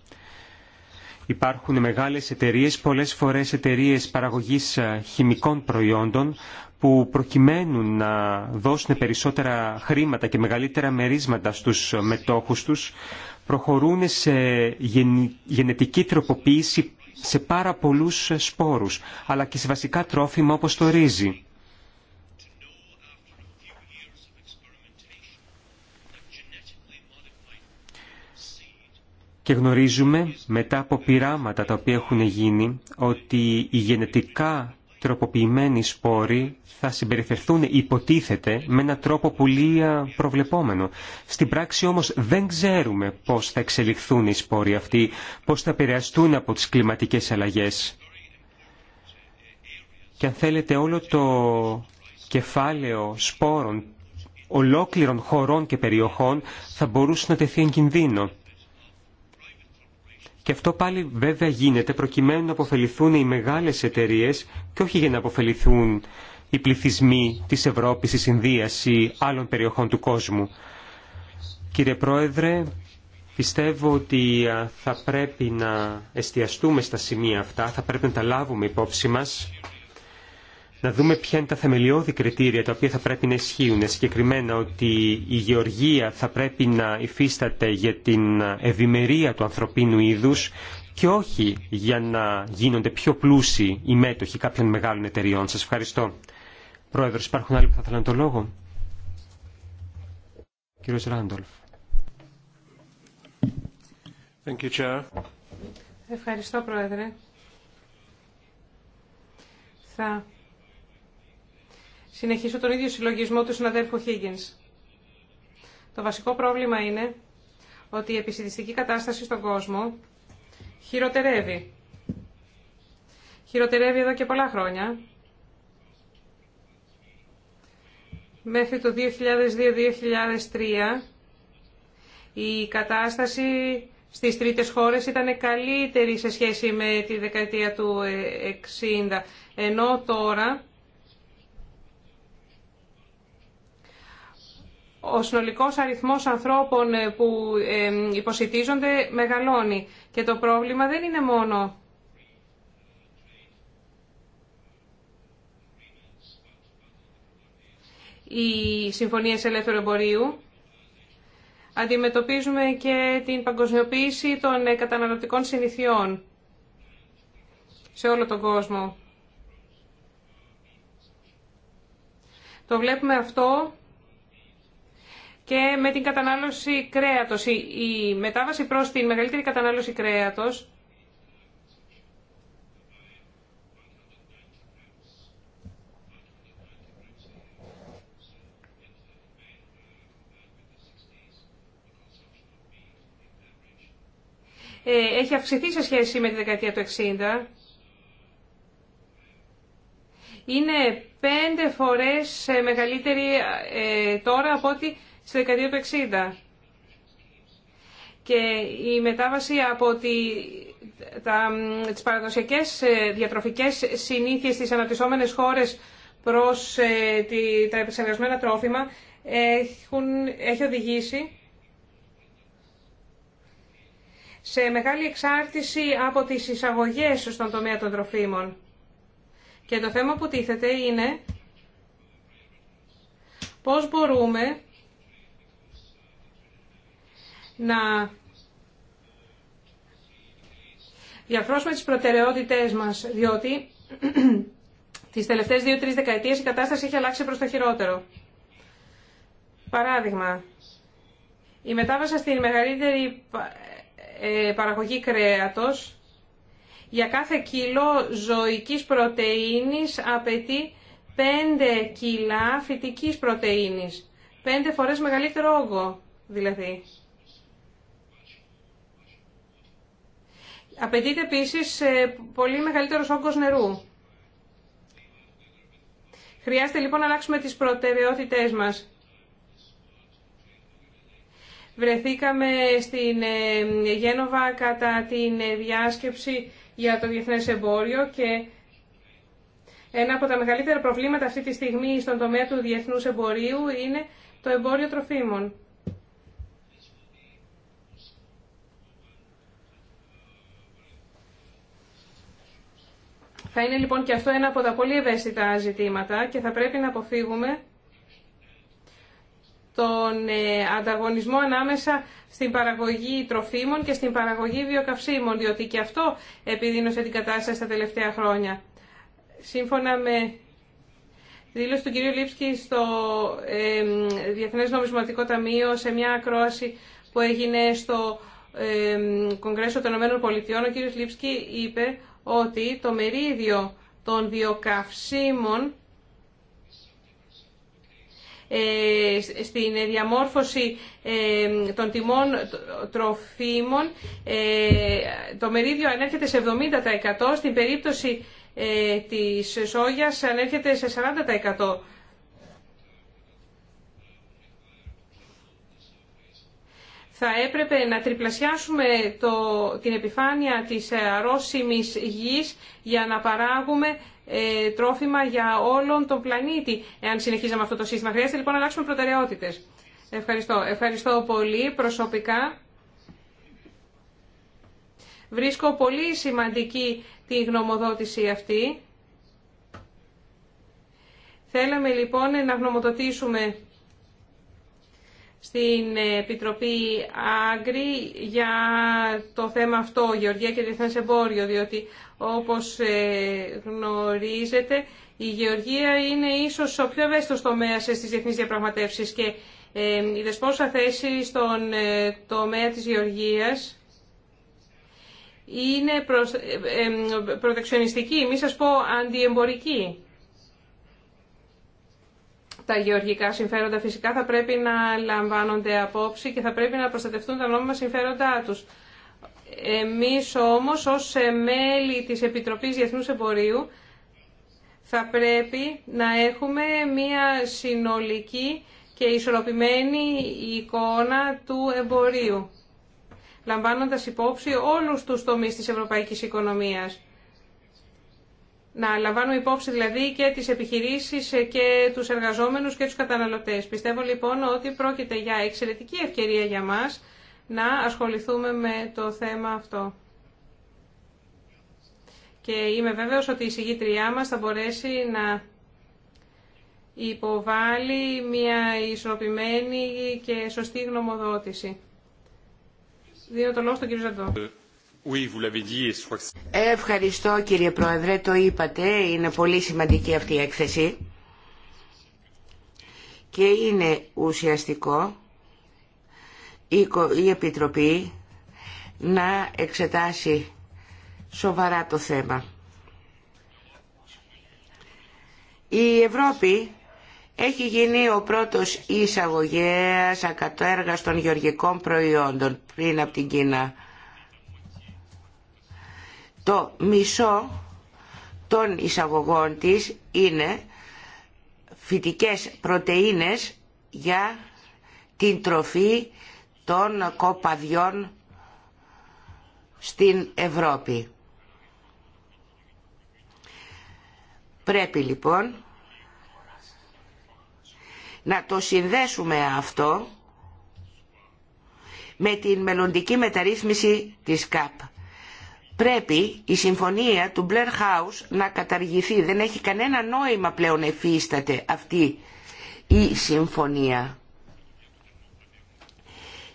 Υπάρχουν μεγάλες εταιρείες, πολλές φορές εταιρείες παραγωγής χημικών προϊόντων που προκειμένου να δώσουν περισσότερα χρήματα και μεγαλύτερα μερίσματα στους μετόχους τους προχωρούν σε γενετική τροποποίηση σε πάρα πολλούς σπόρους, αλλά και σε βασικά τρόφιμα όπως το ρύζι. Και γνωρίζουμε μετά από πειράματα τα οποία έχουν γίνει ότι η γενετικά τροποποιημένοι σπόροι θα συμπεριφερθούν υποτίθεται με έναν τρόπο πολύ προβλεπόμενο. Στην πράξη όμως δεν ξέρουμε πώς θα εξελιχθούν οι σπόροι αυτοί, πώς θα επηρεαστούν από τις κλιματικές αλλαγές. Και αν θέλετε όλο το κεφάλαιο σπόρων ολόκληρων χωρών και περιοχών θα μπορούσε να τεθεί εν κινδύνο. Και αυτό πάλι βέβαια γίνεται προκειμένου να αποφεληθούν οι μεγάλες εταιρείες και όχι για να αποφεληθούν οι πληθυσμοί της Ευρώπης, της Ινδίας ή άλλων περιοχών του κόσμου. Κύριε Πρόεδρε, πιστεύω ότι θα πρέπει να εστιαστούμε στα σημεία αυτά, θα πρέπει να τα λάβουμε υπόψη μας να δούμε ποια είναι τα θεμελιώδη κριτήρια τα οποία θα πρέπει να ισχύουν. Συγκεκριμένα ότι η γεωργία θα πρέπει να υφίσταται για την ευημερία του ανθρωπίνου είδους και όχι για να γίνονται πιο πλούσιοι οι μέτοχοι κάποιων μεγάλων εταιριών. Σας ευχαριστώ. Πρόεδρος, υπάρχουν άλλοι που θα θέλουν το λόγο. Κύριος Ράντολφ. Ευχαριστώ, Πρόεδρε. Θα συνεχίσω τον ίδιο συλλογισμό του συναδέλφου Higgins. Το βασικό πρόβλημα είναι ότι η επιστημιστική κατάσταση στον κόσμο χειροτερεύει. Χειροτερεύει εδώ και πολλά χρόνια. Μέχρι το 2002-2003 η κατάσταση στις τρίτες χώρες ήταν καλύτερη σε σχέση με τη δεκαετία του 60, ενώ τώρα ο συνολικός αριθμός ανθρώπων ε, που ε, υποσυτίζονται μεγαλώνει. Και το πρόβλημα δεν είναι μόνο οι συμφωνίες ελεύθερου εμπορίου. Αντιμετωπίζουμε και την παγκοσμιοποίηση των ε, καταναλωτικών συνηθιών σε όλο τον κόσμο. Το βλέπουμε αυτό και με την κατανάλωση κρέατος. Η μετάβαση προς την μεγαλύτερη κατανάλωση κρέατος ε, έχει αυξηθεί σε σχέση με τη δεκαετία του 60. Είναι πέντε φορές ε, μεγαλύτερη ε, τώρα από ότι στη δεκαετία του Και η μετάβαση από τη, τα, τις παραδοσιακές ε, διατροφικές συνήθειες στις αναπτυσσόμενες χώρες προς ε, τη, τα επεξεργασμένα τρόφιμα έχουν, έχει οδηγήσει σε μεγάλη εξάρτηση από τις εισαγωγές στον τομέα των τροφίμων. Και το θέμα που τίθεται είναι πώς μπορούμε να διαφρόσουμε τις προτεραιότητές μας, διότι τις τελευταίες δύο-τρεις δεκαετίες η κατάσταση έχει αλλάξει προς το χειρότερο. Παράδειγμα, η μετάβαση στην μεγαλύτερη ε, παραγωγή κρέατος για κάθε κιλό ζωικής πρωτεΐνης απαιτεί 5 κιλά φυτικής πρωτεΐνης. 5 φορές μεγαλύτερο όγκο δηλαδή. Απαιτείται επίσης ε, πολύ μεγαλύτερο όγκος νερού. Χρειάζεται λοιπόν να αλλάξουμε τις προτεραιότητές μας. Βρεθήκαμε στην ε, Γένοβα κατά την ε, διάσκεψη για το διεθνές εμπόριο και ένα από τα μεγαλύτερα προβλήματα αυτή τη στιγμή στον τομέα του διεθνούς εμπορίου είναι το εμπόριο τροφίμων. Θα είναι λοιπόν και αυτό ένα από τα πολύ ευαίσθητα ζητήματα και θα πρέπει να αποφύγουμε τον ε, ανταγωνισμό ανάμεσα στην παραγωγή τροφίμων και στην παραγωγή βιοκαυσίμων, διότι και αυτό επιδίνωσε την κατάσταση στα τελευταία χρόνια. Σύμφωνα με δήλωση του κ. Λίψκη στο ε, Διεθνές Νομισματικό Ταμείο σε μια ακρόαση που έγινε στο ε, Κογκρέσο των Ηνωμένων ο κ. Λίψκη είπε ότι το μερίδιο των βιοκαυσίμων ε, στην διαμόρφωση ε, των τιμών τροφίμων ε, το μερίδιο ανέρχεται σε 70%, στην περίπτωση της σόγιας ανέρχεται σε 40%. θα έπρεπε να τριπλασιάσουμε το, την επιφάνεια της ε, αρρώσιμης γης για να παράγουμε ε, τρόφιμα για όλον τον πλανήτη, εάν συνεχίζαμε αυτό το σύστημα. Χρειάζεται λοιπόν να αλλάξουμε προτεραιότητες. Ευχαριστώ. Ευχαριστώ πολύ προσωπικά. Βρίσκω πολύ σημαντική τη γνωμοδότηση αυτή. Θέλαμε λοιπόν να γνωμοδοτήσουμε στην Επιτροπή Άγκρη για το θέμα αυτό, Γεωργία και Διεθνές Εμπόριο, διότι όπως ε, γνωρίζετε η Γεωργία είναι ίσως ο πιο ευαίσθητος τομέας στις διεθνείς διαπραγματεύσεις και ε, η δεσπόσα θέση στον ε, τομέα της Γεωργίας είναι προ... προτεξιονιστική, μη σας πω αντιεμπορική τα γεωργικά συμφέροντα φυσικά θα πρέπει να λαμβάνονται απόψη και θα πρέπει να προστατευτούν τα νόμιμα συμφέροντά τους. Εμείς όμως ως μέλη της Επιτροπής Διεθνούς Εμπορίου θα πρέπει να έχουμε μία συνολική και ισορροπημένη εικόνα του εμπορίου, λαμβάνοντας υπόψη όλους τους τομείς της ευρωπαϊκής οικονομίας να λαμβάνουμε υπόψη δηλαδή και τις επιχειρήσεις ε, και τους εργαζόμενους και τους καταναλωτές. Πιστεύω λοιπόν ότι πρόκειται για εξαιρετική ευκαιρία για μας να ασχοληθούμε με το θέμα αυτό. Και είμαι βέβαιος ότι η συγγήτριά μας θα μπορέσει να υποβάλει μια ισορροπημένη και σωστή γνωμοδότηση. Δίνω το λόγο στον κύριο Ζαντώ. Ευχαριστώ κύριε Πρόεδρε, το είπατε, είναι πολύ σημαντική αυτή η έκθεση και είναι ουσιαστικό η Επιτροπή να εξετάσει σοβαρά το θέμα. Η Ευρώπη έχει γίνει ο πρώτος εισαγωγέας ακατέργαστων των γεωργικών προϊόντων πριν από την Κίνα το μισό των εισαγωγών της είναι φυτικές πρωτεΐνες για την τροφή των κοπαδιών στην Ευρώπη. Πρέπει λοιπόν να το συνδέσουμε αυτό με την μελλοντική μεταρρύθμιση της ΚΑΠ πρέπει η συμφωνία του Blair House να καταργηθεί. Δεν έχει κανένα νόημα πλέον εφίσταται αυτή η συμφωνία.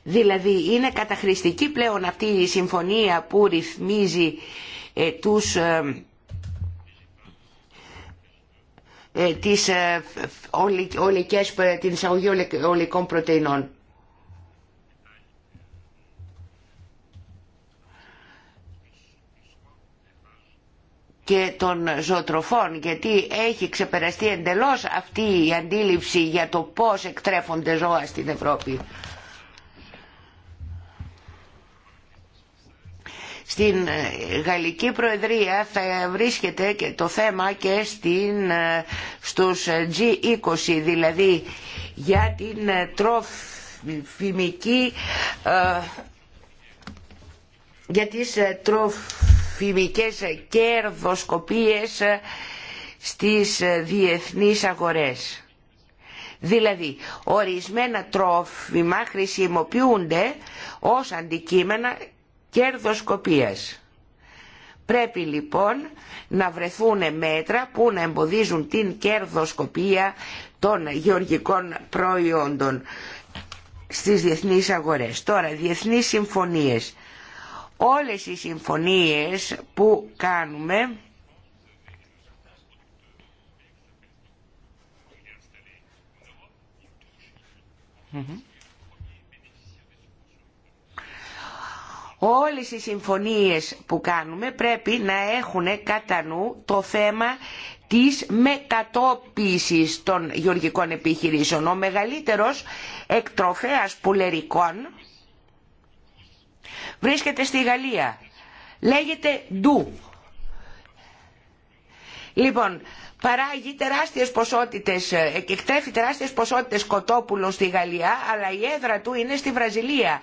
Δηλαδή είναι καταχρηστική πλέον αυτή η συμφωνία που ρυθμίζει ε, τους, ε, ε, τις, ε, ε, την εισαγωγή ολικών πρωτεϊνών. και των ζωοτροφών γιατί έχει ξεπεραστεί εντελώς αυτή η αντίληψη για το πώς εκτρέφονται ζώα στην Ευρώπη. Στην ε, Γαλλική Προεδρία θα βρίσκεται και το θέμα και στην, ε, στους ε, G20 δηλαδή για την τροφιμική για τις τροφ φημικές κερδοσκοπίες στις διεθνείς αγορές. Δηλαδή, ορισμένα τρόφιμα χρησιμοποιούνται ως αντικείμενα κερδοσκοπίας. Πρέπει λοιπόν να βρεθούν μέτρα που να εμποδίζουν την κερδοσκοπία των γεωργικών προϊόντων στις διεθνείς αγορές. Τώρα, διεθνείς συμφωνίες όλες οι συμφωνίες που κάνουμε Όλες οι συμφωνίες που κάνουμε πρέπει να έχουν κατά νου το θέμα της μετατόπισης των γεωργικών επιχειρήσεων. Ο μεγαλύτερος εκτροφέας πουλερικών βρίσκεται στη Γαλλία. Λέγεται ντου. Λοιπόν, παράγει τεράστιες ποσότητες, ε, εκτρέφει τεράστιες ποσότητες κοτόπουλο στη Γαλλία, αλλά η έδρα του είναι στη Βραζιλία.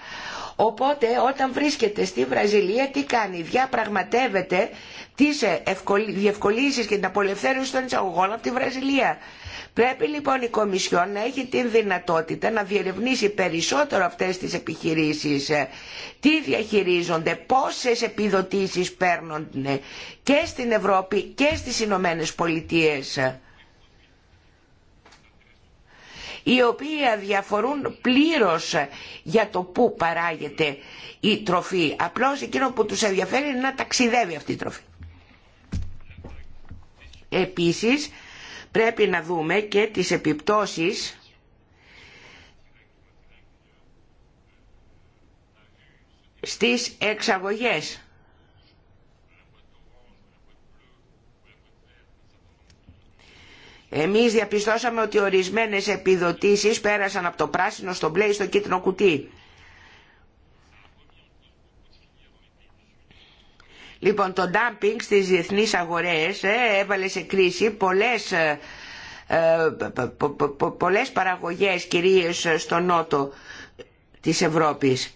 Οπότε όταν βρίσκεται στη Βραζιλία τι κάνει, διαπραγματεύεται τις ε, διευκολύνσεις και την απολευθέρωση των εισαγωγών από τη Βραζιλία. Πρέπει λοιπόν η Κομισιόν να έχει την δυνατότητα να διερευνήσει περισσότερο αυτές τις επιχειρήσεις, ε, τι διαχειρίζονται, πόσες επιδοτήσεις παίρνουν ε, και στην Ευρώπη και στις Ηνωμένε Πολιτείες ε, οι οποίοι διαφορούν πλήρως για το πού παράγεται η τροφή. Απλώς εκείνο που τους ενδιαφέρει είναι να ταξιδεύει αυτή η τροφή. Επίσης, πρέπει να δούμε και τις επιπτώσεις στις εξαγωγές. Εμείς διαπιστώσαμε ότι ορισμένες επιδοτήσεις πέρασαν από το πράσινο στο μπλε ή στο κίτρινο κουτί. Λοιπόν, το dumping στις διεθνείς αγορές ε, έβαλε σε κρίση πολλές, ε, ε, πολλές παραγωγές, κυρίως στο νότο της Ευρώπης.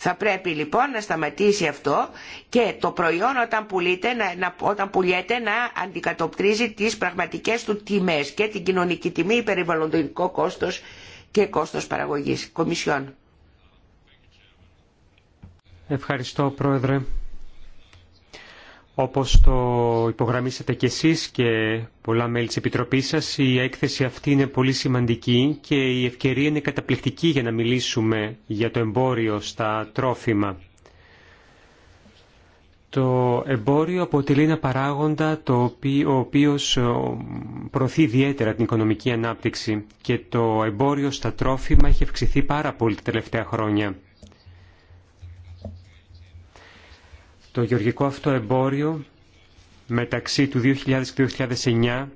Θα πρέπει λοιπόν να σταματήσει αυτό και το προϊόν όταν, πουλείται, να, όταν πουλιέται να αντικατοπτρίζει τις πραγματικές του τιμές και την κοινωνική τιμή, περιβαλλοντικό κόστος και κόστος παραγωγής. Κομισιόν. Ευχαριστώ, Πρόεδρε. Όπως το υπογραμμίσατε κι εσείς και πολλά μέλη της Επιτροπής σας, η έκθεση αυτή είναι πολύ σημαντική και η ευκαιρία είναι καταπληκτική για να μιλήσουμε για το εμπόριο στα τρόφιμα. Το εμπόριο αποτελεί ένα παράγοντα το οποίο, ο οποίος ε, προωθεί ιδιαίτερα την οικονομική ανάπτυξη και το εμπόριο στα τρόφιμα έχει αυξηθεί πάρα πολύ τα τελευταία χρόνια. Το γεωργικό αυτό εμπόριο μεταξύ του 2000 και του 2009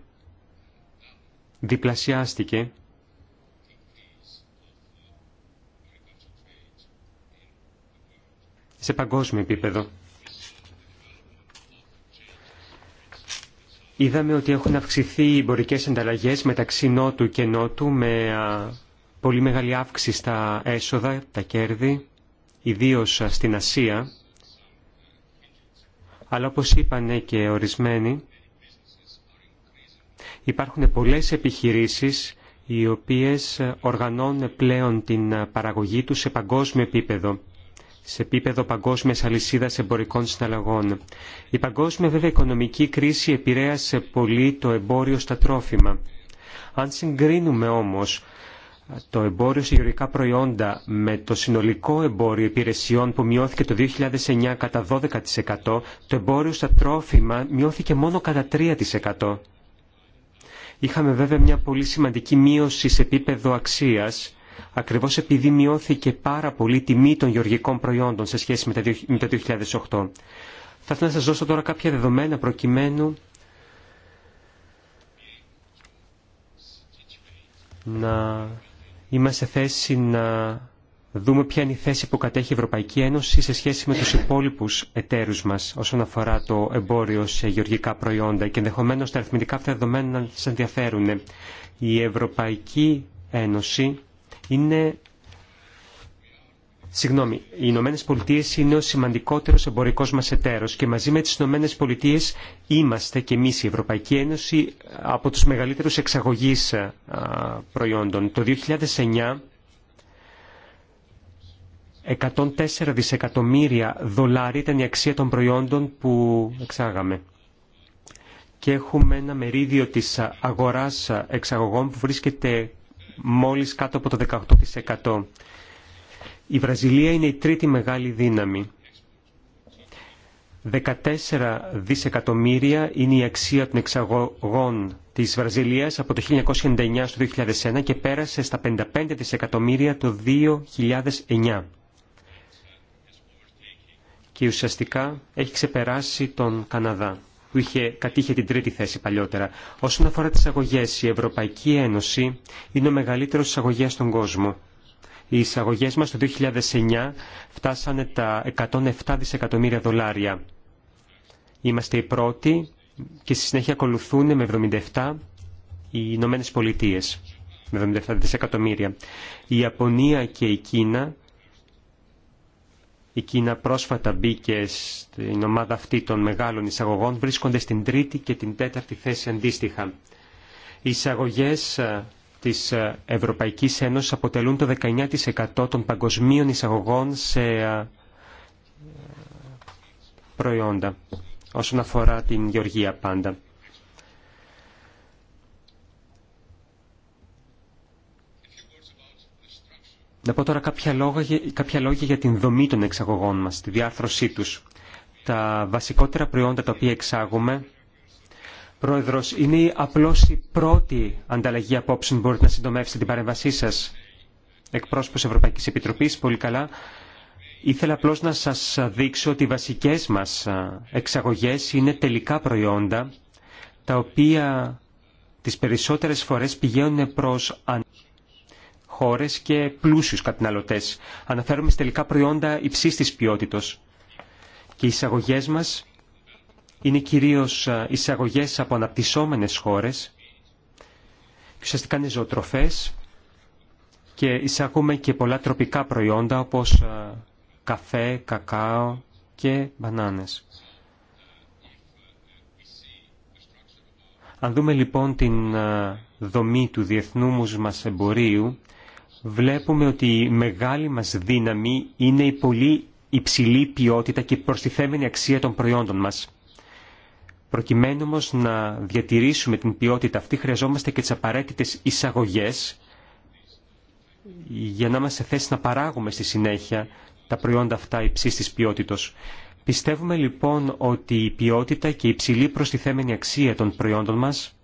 διπλασιάστηκε σε παγκόσμιο επίπεδο. Είδαμε ότι έχουν αυξηθεί οι εμπορικές ανταλλαγές μεταξύ Νότου και Νότου με πολύ μεγάλη αύξηση στα έσοδα, τα κέρδη, ιδίως στην Ασία. Αλλά όπως είπαν και ορισμένοι, υπάρχουν πολλές επιχειρήσεις οι οποίες οργανώνουν πλέον την παραγωγή τους σε παγκόσμιο επίπεδο σε επίπεδο παγκόσμιας αλυσίδας εμπορικών συναλλαγών. Η παγκόσμια βέβαια οικονομική κρίση επηρέασε πολύ το εμπόριο στα τρόφιμα. Αν συγκρίνουμε όμως το εμπόριο σε γεωργικά προϊόντα με το συνολικό εμπόριο υπηρεσιών που μειώθηκε το 2009 κατά 12%, το εμπόριο στα τρόφιμα μειώθηκε μόνο κατά 3%. Είχαμε βέβαια μια πολύ σημαντική μείωση σε επίπεδο αξίας, ακριβώς επειδή μειώθηκε πάρα πολύ η τιμή των γεωργικών προϊόντων σε σχέση με το 2008. Θα ήθελα να σας δώσω τώρα κάποια δεδομένα προκειμένου να είμαστε θέση να δούμε ποια είναι η θέση που κατέχει η Ευρωπαϊκή Ένωση σε σχέση με τους υπόλοιπους εταίρους μας όσον αφορά το εμπόριο σε γεωργικά προϊόντα και ενδεχομένως τα αριθμητικά αυτά δεδομένα να σας ενδιαφέρουν. Η Ευρωπαϊκή Ένωση είναι Συγγνώμη, οι Ηνωμένε Πολιτείε είναι ο σημαντικότερο εμπορικό μα εταίρο και μαζί με τι Ηνωμένε Πολιτείε είμαστε και εμεί η Ευρωπαϊκή Ένωση από του μεγαλύτερου εξαγωγεί ε, προϊόντων. Το 2009 104 δισεκατομμύρια δολάρια ήταν η αξία των προϊόντων που εξάγαμε. Και έχουμε ένα μερίδιο τη αγοράς εξαγωγών που βρίσκεται μόλις κάτω από το 18%. Η Βραζιλία είναι η τρίτη μεγάλη δύναμη. 14 δισεκατομμύρια είναι η αξία των εξαγωγών της Βραζιλίας από το 1999 στο 2001 και πέρασε στα 55 δισεκατομμύρια το 2009. Και ουσιαστικά έχει ξεπεράσει τον Καναδά που είχε κατήχε την τρίτη θέση παλιότερα. Όσον αφορά τις αγωγές, η Ευρωπαϊκή Ένωση είναι ο μεγαλύτερος εισαγωγέας στον κόσμο. Οι εισαγωγέ μας το 2009 φτάσανε τα 107 δισεκατομμύρια δολάρια. Είμαστε οι πρώτοι και στη συνέχεια ακολουθούν με 77 οι Ηνωμένε Πολιτείε με 77 δισεκατομμύρια. Η Ιαπωνία και η Κίνα η Κίνα πρόσφατα μπήκε στην ομάδα αυτή των μεγάλων εισαγωγών, βρίσκονται στην τρίτη και την τέταρτη θέση αντίστοιχα. Οι εισαγωγές της ε, Ευρωπαϊκής Ένωσης αποτελούν το 19% των παγκοσμίων εισαγωγών σε ε, προϊόντα όσον αφορά την γεωργία πάντα. Να πω τώρα κάποια λόγια, κάποια λόγια για την δομή των εξαγωγών μας, τη διάρθρωσή τους. Τα βασικότερα προϊόντα τα οποία εξάγουμε Πρόεδρος, είναι απλώς η πρώτη ανταλλαγή απόψεων που μπορείτε να συντομεύσετε την παρέμβασή σας. Εκπρόσωπος Ευρωπαϊκής Επιτροπής, πολύ καλά. Ήθελα απλώς να σας δείξω ότι οι βασικές μας εξαγωγές είναι τελικά προϊόντα, τα οποία τις περισσότερες φορές πηγαίνουν προς χώρες και πλούσιους καταναλωτές. Αναφέρομαι τελικά προϊόντα της ποιότητος. Και οι εισαγωγές μας είναι κυρίως εισαγωγές από αναπτυσσόμενες χώρες και ουσιαστικά είναι ζωοτροφές και εισάγουμε και πολλά τροπικά προϊόντα όπως καφέ, κακάο και μπανάνες. Αν δούμε λοιπόν την δομή του διεθνού μας εμπορίου, βλέπουμε ότι η μεγάλη μας δύναμη είναι η πολύ υψηλή ποιότητα και προστιθέμενη αξία των προϊόντων μας. Προκειμένου όμω να διατηρήσουμε την ποιότητα αυτή χρειαζόμαστε και τι απαραίτητες εισαγωγέ για να είμαστε θέσει να παράγουμε στη συνέχεια τα προϊόντα αυτά υψή τη ποιότητος. Πιστεύουμε λοιπόν ότι η ποιότητα και η υψηλή προστιθέμενη αξία των προϊόντων μας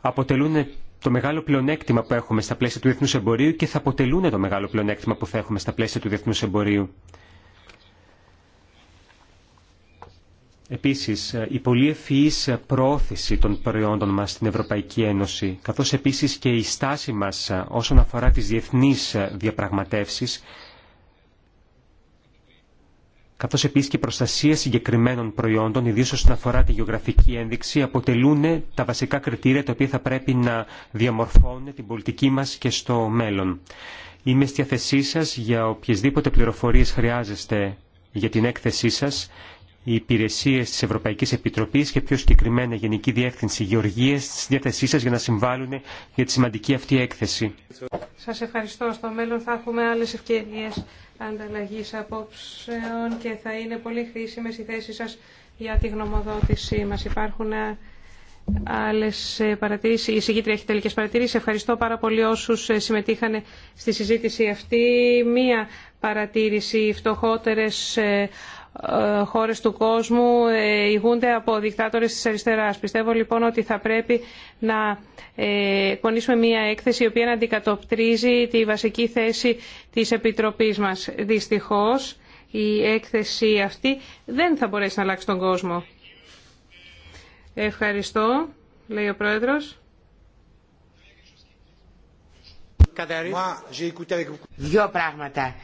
αποτελούν το μεγάλο πλεονέκτημα που έχουμε στα πλαίσια του διεθνούς εμπορίου και θα αποτελούν το μεγάλο πλεονέκτημα που θα έχουμε στα πλαίσια του διεθνούς εμπορίου. Επίσης, η πολύ ευφυής προώθηση των προϊόντων μας στην Ευρωπαϊκή Ένωση, καθώς επίσης και η στάση μας όσον αφορά τις διεθνείς διαπραγματεύσεις, καθώς επίσης και η προστασία συγκεκριμένων προϊόντων, ιδίως όσον αφορά τη γεωγραφική ένδειξη, αποτελούν τα βασικά κριτήρια τα οποία θα πρέπει να διαμορφώνουν την πολιτική μας και στο μέλλον. Είμαι στη διαθεσή σας για οποιασδήποτε πληροφορίες χρειάζεστε για την έκθεσή σας οι υπηρεσίε τη Ευρωπαϊκή Επιτροπή και πιο συγκεκριμένα η Γενική Διεύθυνση γεωργίε στη διάθεσή σα για να συμβάλλουν για τη σημαντική αυτή έκθεση. Σα ευχαριστώ. Στο μέλλον θα έχουμε άλλε ευκαιρίε ανταλλαγή απόψεων και θα είναι πολύ χρήσιμε οι θέσεις σα για τη γνωμοδότησή Μα. Υπάρχουν ε, άλλε παρατηρήσει. Η συγκήτρια έχει τελικέ παρατηρήσει. Ευχαριστώ πάρα πολύ όσου ε, συμμετείχαν στη συζήτηση αυτή. Μία παρατήρηση. Οι φτωχότερε ε, ε, χώρες του κόσμου ε, ηγούνται από δικτάτορες της αριστεράς. Πιστεύω λοιπόν ότι θα πρέπει να ε, κονίσουμε μια έκθεση η οποία να αντικατοπτρίζει τη βασική θέση της Επιτροπής μας. Δυστυχώς η έκθεση αυτή δεν θα μπορέσει να αλλάξει τον κόσμο. Ευχαριστώ, λέει ο Πρόεδρος. Δύο πράγματα.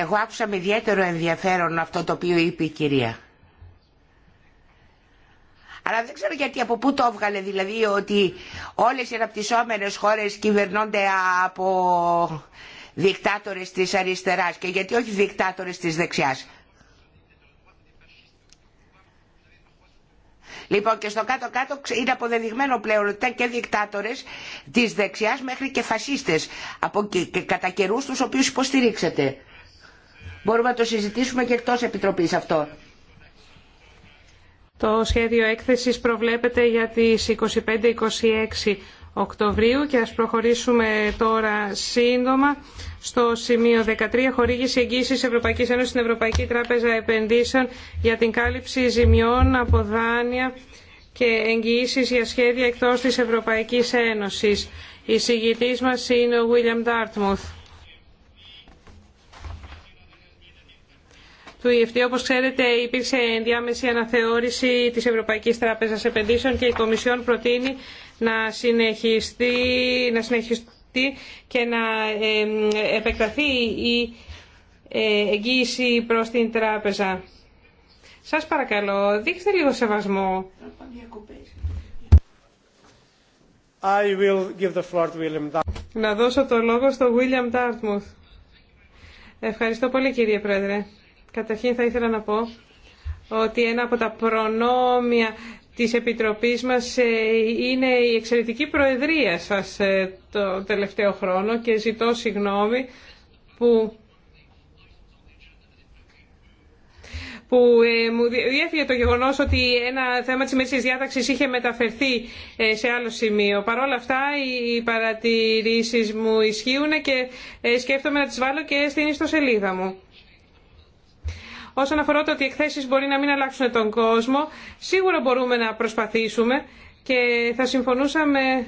Εγώ άκουσα με ιδιαίτερο ενδιαφέρον αυτό το οποίο είπε η κυρία. Αλλά δεν ξέρω γιατί από πού το έβγαλε δηλαδή ότι όλες οι αναπτυσσόμενες χώρες κυβερνώνται από δικτάτορες της αριστεράς και γιατί όχι δικτάτορες της δεξιάς. Λοιπόν και στο κάτω-κάτω είναι αποδεδειγμένο πλέον ότι ήταν και δικτάτορες της δεξιάς μέχρι και φασίστες από, και κατά καιρούς τους οποίους υποστηρίξατε. Μπορούμε να το συζητήσουμε και εκτός Επιτροπής αυτό. Το σχέδιο έκθεσης προβλέπεται για τις 25-26 Οκτωβρίου και ας προχωρήσουμε τώρα σύντομα στο σημείο 13 χορήγηση εγγύησης Ευρωπαϊκής Ένωσης στην Ευρωπαϊκή Τράπεζα Επενδύσεων για την κάλυψη ζημιών από δάνεια και εγγυήσεις για σχέδια εκτός της Ευρωπαϊκής Ένωσης. Η συγγητής μας είναι ο William Dartmouth. του EFT. Όπως ξέρετε υπήρξε ενδιάμεση αναθεώρηση της Ευρωπαϊκής Τράπεζας Επενδύσεων και η Κομισιόν προτείνει να συνεχιστεί, να συνεχιστεί και να επεκταθεί η ε, εγγύηση προς την τράπεζα. Σας παρακαλώ, δείξτε λίγο σεβασμό. I will give the floor to να δώσω το λόγο στο William Dartmouth. Ευχαριστώ πολύ κύριε Πρόεδρε. Καταρχήν θα ήθελα να πω ότι ένα από τα προνόμια της Επιτροπής μας ε, είναι η εξαιρετική προεδρία σας ε, το τελευταίο χρόνο και ζητώ συγγνώμη που, που ε, μου διέφυγε το γεγονός ότι ένα θέμα της μέσης διάταξης είχε μεταφερθεί σε άλλο σημείο. Παρ' όλα αυτά οι παρατηρήσεις μου ισχύουν και σκέφτομαι να τις βάλω και στην ιστοσελίδα μου. Όσον αφορά το ότι οι εκθέσει μπορεί να μην αλλάξουν τον κόσμο, σίγουρα μπορούμε να προσπαθήσουμε και θα συμφωνούσα με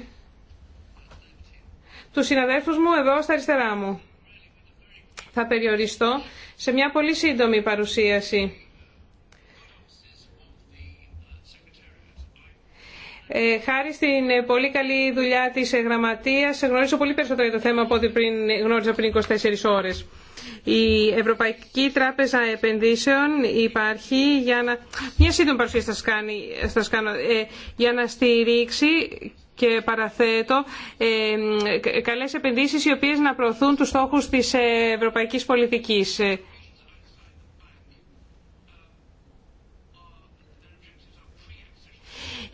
του συναδέλφου μου εδώ στα αριστερά μου. Θα περιοριστώ σε μια πολύ σύντομη παρουσίαση. Ε, χάρη στην πολύ καλή δουλειά της γραμματείας γνωρίζω πολύ περισσότερο για το θέμα από ό,τι πριν, γνώριζα πριν 24 ώρες. Η Ευρωπαϊκή Τράπεζα Επενδύσεων υπάρχει για να... Μια σύντομη παρουσίαση θα ε, για να στηρίξει και παραθέτω ε, καλές επενδύσεις οι οποίες να προωθούν τους στόχους της ευρωπαϊκής πολιτικής. Ε,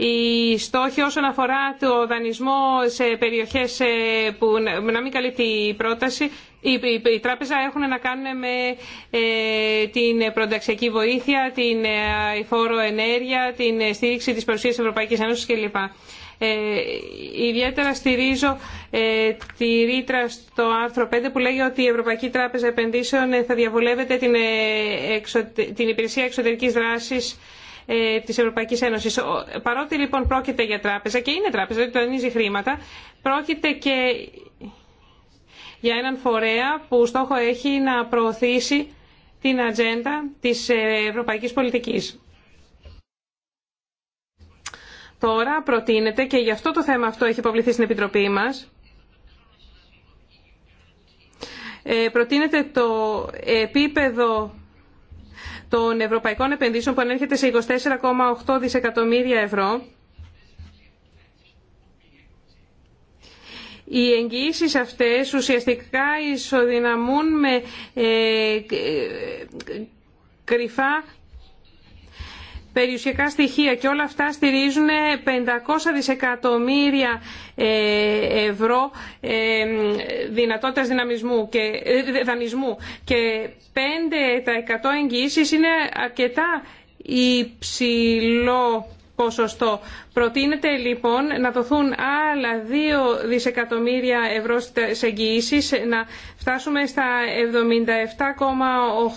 οι στόχοι όσον αφορά το δανεισμό σε περιοχές ε, που να μην καλύπτει η πρόταση οι τράπεζα έχουν να κάνουν με ε, την προνταξιακή βοήθεια, την ε, φόρο ενέργεια, την στήριξη της παρουσίας της Ευρωπαϊκής Ένωσης κλπ. Ε, ιδιαίτερα στηρίζω τη ρήτρα στο άρθρο 5 που λέγει ότι η Ευρωπαϊκή Τράπεζα Επενδύσεων θα διαβολεύεται την, την υπηρεσία εξωτερικής δράσης ε, της Ευρωπαϊκής Ένωσης. Παρότι λοιπόν πρόκειται για τράπεζα και είναι τράπεζα, δηλαδή τονίζει χρήματα, πρόκειται και για έναν φορέα που στόχο έχει να προωθήσει την ατζέντα της ε, ευρωπαϊκής πολιτικής. Τώρα προτείνεται και γι' αυτό το θέμα αυτό έχει υποβληθεί στην Επιτροπή μας. Ε, προτείνεται το επίπεδο των ευρωπαϊκών επενδύσεων που ανέρχεται σε 24,8 δισεκατομμύρια ευρώ. Οι εγγυήσει αυτές ουσιαστικά ισοδυναμούν με ε, ε, κρυφά περιουσιακά στοιχεία και όλα αυτά στηρίζουν 500 δισεκατομμύρια ε, ευρώ ε, δυνατότητας δυναμισμού και, ε, δανεισμού και 5% εγγυήσεις είναι αρκετά υψηλό ποσοστό. Προτείνεται λοιπόν να δοθούν άλλα 2 δισεκατομμύρια ευρώ σε εγγυήσεις, να φτάσουμε στα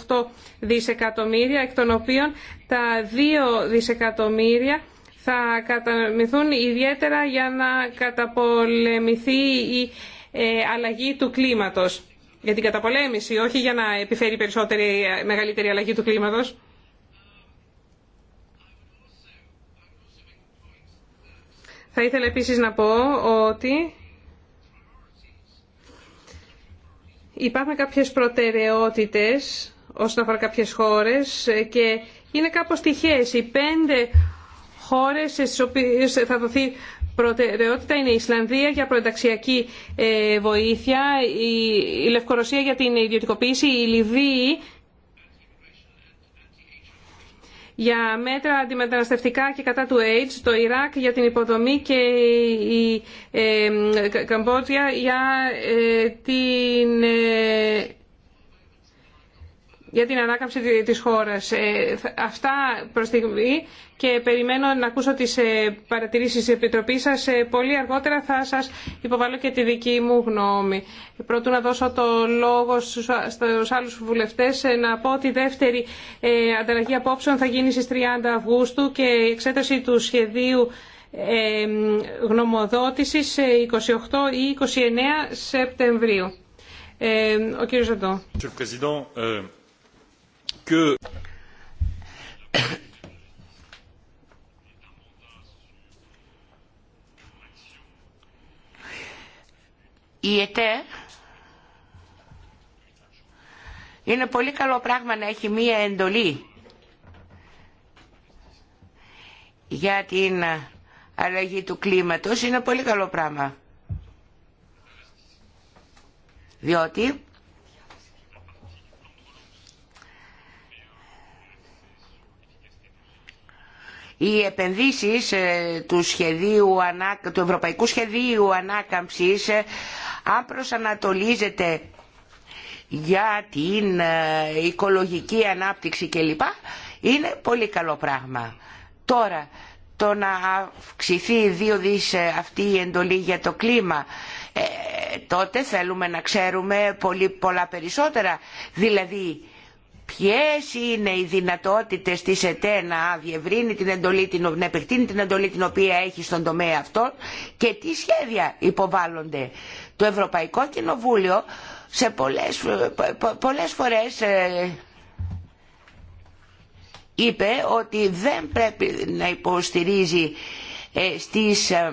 77,8 δισεκατομμύρια, εκ των οποίων τα 2 δισεκατομμύρια θα καταμεθούν ιδιαίτερα για να καταπολεμηθεί η ε, αλλαγή του κλίματος. Για την καταπολέμηση, όχι για να επιφέρει περισσότερη, μεγαλύτερη αλλαγή του κλίματος. Θα ήθελα επίσης να πω ότι υπάρχουν κάποιες προτεραιότητες όσον αφορά κάποιες χώρες και είναι κάπως τυχαίες. Οι πέντε χώρες στις οποίες θα δοθεί προτεραιότητα είναι η Ισλανδία για προενταξιακή ε, βοήθεια, η Λευκορωσία για την ιδιωτικοποίηση, η Λιβύη για μέτρα αντιμεταναστευτικά και κατά του AIDS, το Ιράκ για την υποδομή και η ε, Καμπότζια για ε, την ε, για την ανάκαμψη της χώρας. Ε, αυτά προς στιγμή και περιμένω να ακούσω τις ε, παρατηρήσεις της Επιτροπής σας. Ε, πολύ αργότερα θα σας υποβάλω και τη δική μου γνώμη. Πρώτον, να δώσω το λόγο στους άλλους βουλευτές να πω ότι η δεύτερη ανταλλαγή απόψεων θα γίνει στις 30 Αυγούστου και η εξέταση του σχεδίου γνωμοδότησης 28 ή 29 Σεπτεμβρίου. Ο κύριος Ζαντώ que η ΕΤΕ είναι πολύ καλό πράγμα να έχει μία εντολή για την αλλαγή του κλίματος. Είναι πολύ καλό πράγμα. Διότι οι επενδύσεις ε, του, σχεδίου, του Ευρωπαϊκού Σχεδίου Ανάκαμψης ε, αν προσανατολίζεται για την ε, οικολογική ανάπτυξη κλπ. είναι πολύ καλό πράγμα. Τώρα, το να αυξηθεί δύο δις αυτή η εντολή για το κλίμα τότε θέλουμε να ξέρουμε πολύ, πολλά περισσότερα. Δηλαδή ποιες είναι οι δυνατότητες της ΕΤΕ να διευρύνει την εντολή, να επεκτείνει την εντολή την οποία έχει στον τομέα αυτό και τι σχέδια υποβάλλονται. Το Ευρωπαϊκό Κοινοβούλιο σε πολλές, πολλές φορές ε, είπε ότι δεν πρέπει να υποστηρίζει ε, στις ε,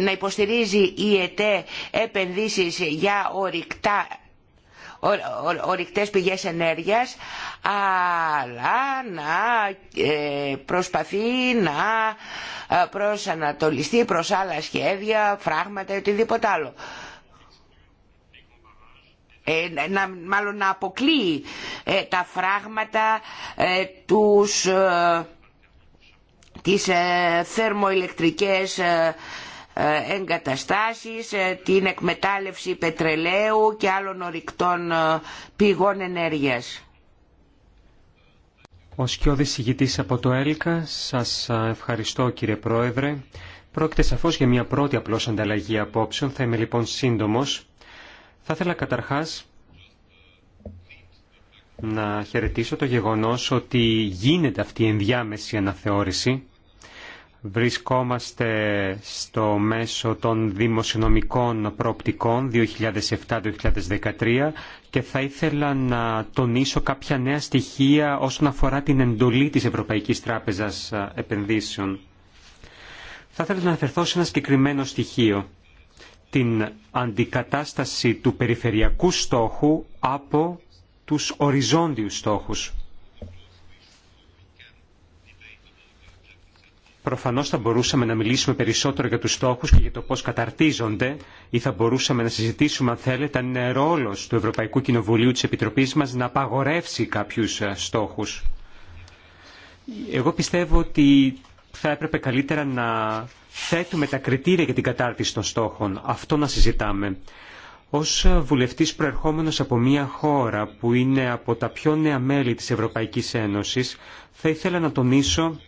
να υποστηρίζει η ΕΤΕ επενδύσεις για ορυκτά ορυκτές πηγές ενέργειας αλλά να ε, προσπαθεί να ε, προσανατολιστεί προς άλλα σχέδια, φράγματα ή οτιδήποτε άλλο. Ε, να, μάλλον να αποκλείει τα φράγματα ε, τους, τις θερμοηλεκτρικές ε, εγκαταστάσεις, ε, την εκμετάλλευση πετρελαίου και άλλων ορυκτών ε, πηγών ενέργειας. Ο Σκιώδης ηγητής από το ΕΛΚΑ, σας ευχαριστώ κύριε Πρόεδρε. Πρόκειται σαφώς για μια πρώτη απλώς ανταλλαγή απόψεων, θα είμαι λοιπόν σύντομος. Θα ήθελα καταρχάς να χαιρετήσω το γεγονός ότι γίνεται αυτή η ενδιάμεση αναθεώρηση Βρισκόμαστε στο μέσο των δημοσιονομικών προοπτικών 2007-2013 και θα ήθελα να τονίσω κάποια νέα στοιχεία όσον αφορά την εντολή της Ευρωπαϊκής Τράπεζας Επενδύσεων. Θα ήθελα να αναφερθώ σε ένα συγκεκριμένο στοιχείο. Την αντικατάσταση του περιφερειακού στόχου από τους οριζόντιους στόχους. Προφανώ θα μπορούσαμε να μιλήσουμε περισσότερο για του στόχου και για το πώ καταρτίζονται ή θα μπορούσαμε να συζητήσουμε αν θέλετε αν είναι ρόλο του Ευρωπαϊκού Κοινοβουλίου τη Επιτροπή μα να απαγορεύσει κάποιου ε, στόχου. Εγώ πιστεύω ότι θα έπρεπε καλύτερα να θέτουμε τα κριτήρια για την κατάρτιση των στόχων. Αυτό να συζητάμε. Ως βουλευτή προερχόμενο από μια χώρα που είναι από τα πιο νέα μέλη τη Ευρωπαϊκή Ένωση, θα ήθελα να τονίσω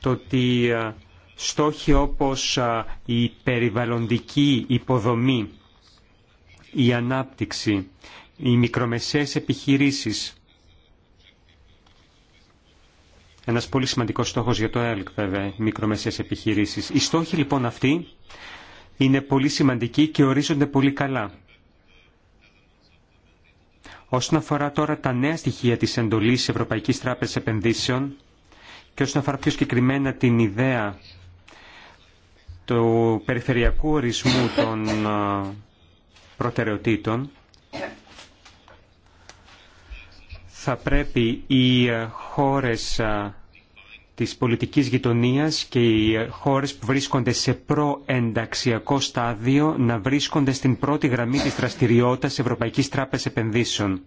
το ότι ε, στόχοι όπως ε, η περιβαλλοντική υποδομή, η ανάπτυξη, οι μικρομεσαίες επιχειρήσεις. Ένας πολύ σημαντικός στόχος για το ΕΛΚ βέβαια, οι μικρομεσαίες επιχειρήσεις. Οι στόχοι λοιπόν αυτοί είναι πολύ σημαντικοί και ορίζονται πολύ καλά. Όσον αφορά τώρα τα νέα στοιχεία της εντολής Ευρωπαϊκής Τράπεζας Επενδύσεων, και όσον αφορά πιο συγκεκριμένα την ιδέα του περιφερειακού ορισμού των ε, προτεραιοτήτων, θα πρέπει οι ε, χώρες ε, της πολιτικής γειτονίας και οι χώρες που βρίσκονται σε προενταξιακό στάδιο να βρίσκονται στην πρώτη γραμμή της δραστηριότητας Ευρωπαϊκής Τράπεζας Επενδύσεων.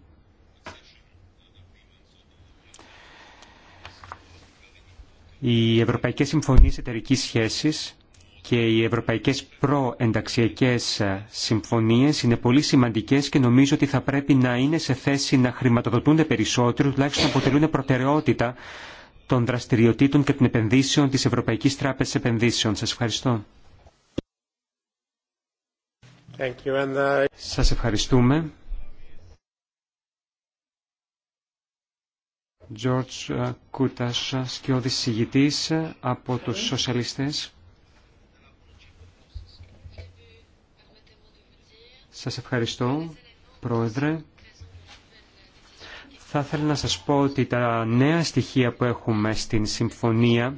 Οι Ευρωπαϊκές Συμφωνίες Εταιρικής Σχέσης και οι Ευρωπαϊκές Προενταξιακές Συμφωνίες είναι πολύ σημαντικές και νομίζω ότι θα πρέπει να είναι σε θέση να χρηματοδοτούνται περισσότερο, τουλάχιστον να αποτελούν προτεραιότητα των δραστηριοτήτων και των επενδύσεων της Ευρωπαϊκής Τράπεζας Επενδύσεων. Σας ευχαριστώ. Thank uh, Σας ευχαριστούμε. George ε, Κούτας, σκιώδης συγητής ε, από τους σοσιαλιστές. Σας ευχαριστώ, Πρόεδρε. Θα ήθελα να σας πω ότι τα νέα στοιχεία που έχουμε στην Συμφωνία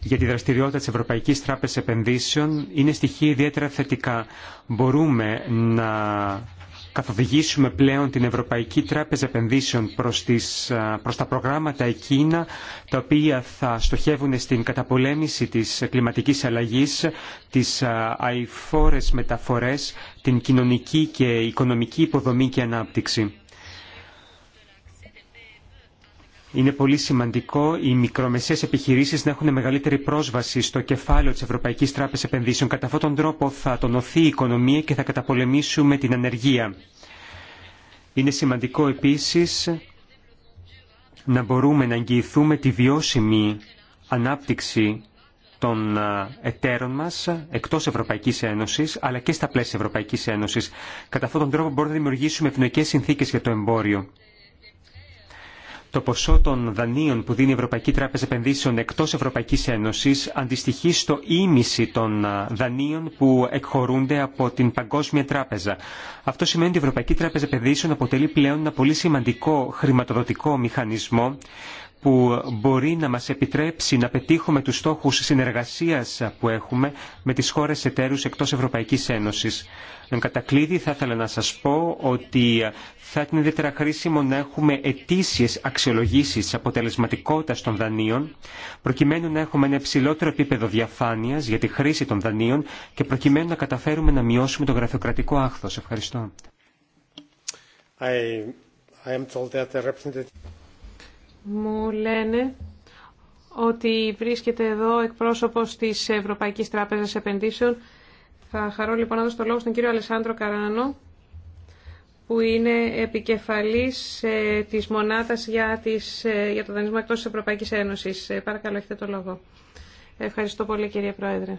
για τη δραστηριότητα της Ευρωπαϊκής Τράπεζας Επενδύσεων είναι στοιχεία ιδιαίτερα θετικά. Μπορούμε να καθοδηγήσουμε πλέον την Ευρωπαϊκή Τράπεζα Επενδύσεων προς, τις, τα προγράμματα εκείνα τα οποία θα στοχεύουν στην καταπολέμηση της κλιματικής αλλαγής, τις αηφόρες μεταφορές, την κοινωνική και οικονομική υποδομή και ανάπτυξη. Είναι πολύ σημαντικό οι μικρομεσαίες επιχειρήσεις να έχουν μεγαλύτερη πρόσβαση στο κεφάλαιο της Ευρωπαϊκής Τράπεζας Επενδύσεων. Κατά αυτόν τον τρόπο θα τονωθεί η οικονομία και θα καταπολεμήσουμε την ανεργία. Είναι σημαντικό επίσης να μπορούμε να εγγυηθούμε τη βιώσιμη ανάπτυξη των εταίρων μας εκτός Ευρωπαϊκής Ένωσης αλλά και στα πλαίσια Ευρωπαϊκής Ένωσης. Κατά αυτόν τον τρόπο μπορούμε να δημιουργήσουμε ευνοϊκές συνθήκες για το εμπόριο το ποσό των δανείων που δίνει η Ευρωπαϊκή Τράπεζα Επενδύσεων εκτό Ευρωπαϊκή Ένωση, αντιστοιχεί στο ίμιση των δανείων που εκχωρούνται από την Παγκόσμια Τράπεζα. Αυτό σημαίνει ότι η Ευρωπαϊκή Τράπεζα Επενδύσεων αποτελεί πλέον ένα πολύ σημαντικό χρηματοδοτικό μηχανισμό που μπορεί να μας επιτρέψει να πετύχουμε τους στόχους συνεργασίας που έχουμε με τις χώρες εταίρους εκτός Ευρωπαϊκής Ένωσης. Εν κατακλείδη θα ήθελα να σας πω ότι θα ήταν ιδιαίτερα χρήσιμο να έχουμε ετήσιες αξιολογήσεις τη αποτελεσματικότητας των δανείων, προκειμένου να έχουμε ένα υψηλότερο επίπεδο διαφάνειας για τη χρήση των δανείων και προκειμένου να καταφέρουμε να μειώσουμε το γραφειοκρατικό άχθος. Ευχαριστώ. Μου λένε ότι βρίσκεται εδώ εκπρόσωπος της Ευρωπαϊκής Τράπεζας Επενδύσεων. Θα χαρώ λοιπόν να δώσω το λόγο στον κύριο Αλεσάνδρο Καράνο που είναι επικεφαλής ε, της μονάδας για, τις, ε, για το δανεισμό εκτός της Ευρωπαϊκής Ένωσης. Ε, παρακαλώ, έχετε το λόγο. Ευχαριστώ πολύ, κύριε Πρόεδρε.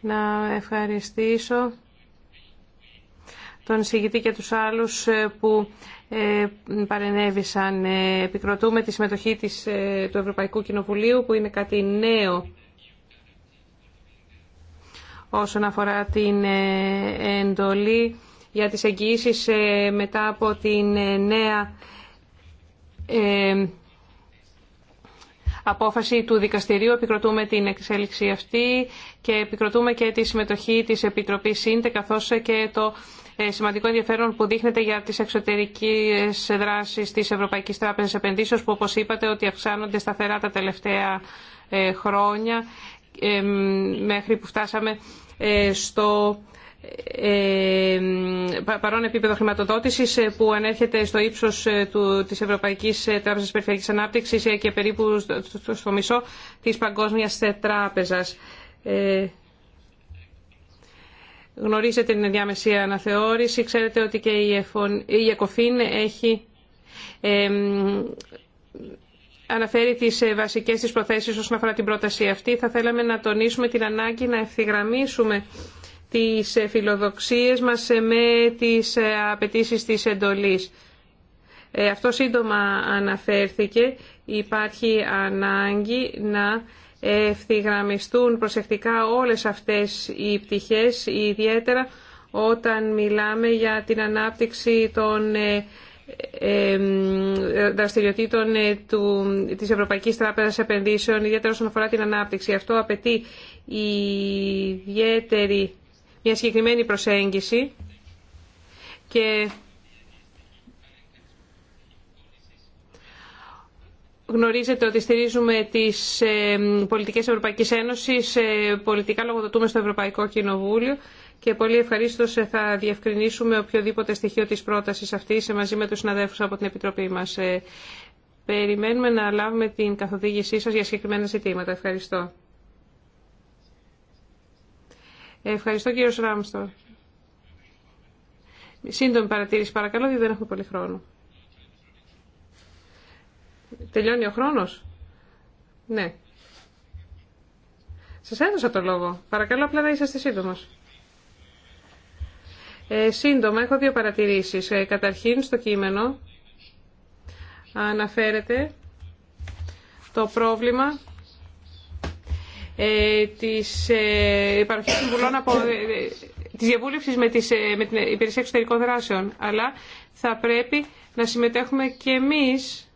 Να ευχαριστήσω τον συγητή και τους άλλους που παρενέβησαν. Επικροτούμε τη συμμετοχή της, του Ευρωπαϊκού Κοινοβουλίου που είναι κάτι νέο όσον αφορά την εντολή για τις εγγυήσεις ε, μετά από την ε, νέα ε, απόφαση του δικαστηρίου. Επικροτούμε την εξέλιξη αυτή και επικροτούμε και τη συμμετοχή της Επιτροπής ΣΥΝΤΕ καθώς και το σημαντικό ενδιαφέρον που δείχνεται για τις εξωτερικές δράσεις της Ευρωπαϊκής Τράπεζας Επενδύσεως που όπως είπατε ότι αυξάνονται σταθερά τα τελευταία χρόνια μέχρι που φτάσαμε στο ε, ε, παρόν επίπεδο χρηματοδότησης ε, που ανέρχεται στο ύψος του, της Ευρωπαϊκής Τράπεζας Περιφερειακής Ανάπτυξης και περίπου στο, μισό της Παγκόσμιας Τράπεζας. Γνωρίζετε την ενδιάμεση αναθεώρηση. Ξέρετε ότι και η ΕΚΟΦΗΝ έχει αναφέρει τις βασικές της προθέσεις όσον αφορά την πρόταση αυτή. Θα θέλαμε να τονίσουμε την ανάγκη να ευθυγραμμίσουμε τις φιλοδοξίες μας με τις απαιτήσει της εντολής. Ε, αυτό σύντομα αναφέρθηκε. Υπάρχει ανάγκη να ευθυγραμμιστούν προσεκτικά όλες αυτές οι πτυχές, ιδιαίτερα όταν μιλάμε για την ανάπτυξη των ε, ε, δραστηριοτήτων του, της Ευρωπαϊκής Τράπεζας Επενδύσεων, ιδιαίτερα όσον αφορά την ανάπτυξη. Αυτό απαιτεί ιδιαίτερη μια συγκεκριμένη προσέγγιση και γνωρίζετε ότι στηρίζουμε τις ε, πολιτικές Ευρωπαϊκής Ένωσης, ε, πολιτικά λογοδοτούμε στο Ευρωπαϊκό Κοινοβούλιο και πολύ ευχαρίστω ε, θα διευκρινίσουμε οποιοδήποτε στοιχείο της πρότασης αυτής μαζί με τους συναδέλφους από την Επιτροπή μας. Περιμένουμε να λάβουμε την καθοδήγησή σας για συγκεκριμένα ζητήματα. Ευχαριστώ. Ευχαριστώ κύριο Ράμστορ. Σύντομη παρατήρηση παρακαλώ, γιατί δεν έχουμε πολύ χρόνο. Τελειώνει ο χρόνος. Ναι. Σας έδωσα το λόγο. Παρακαλώ απλά να είσαστε σύντομος. Ε, σύντομα, έχω δύο παρατηρήσεις. Ε, καταρχήν, στο κείμενο αναφέρεται το πρόβλημα ε, της ε, παροχής συμβουλών από ε, της διαβούλευσης με, τις, με την Υπηρεσία Εξωτερικών Δράσεων. Αλλά θα πρέπει να συμμετέχουμε και εμείς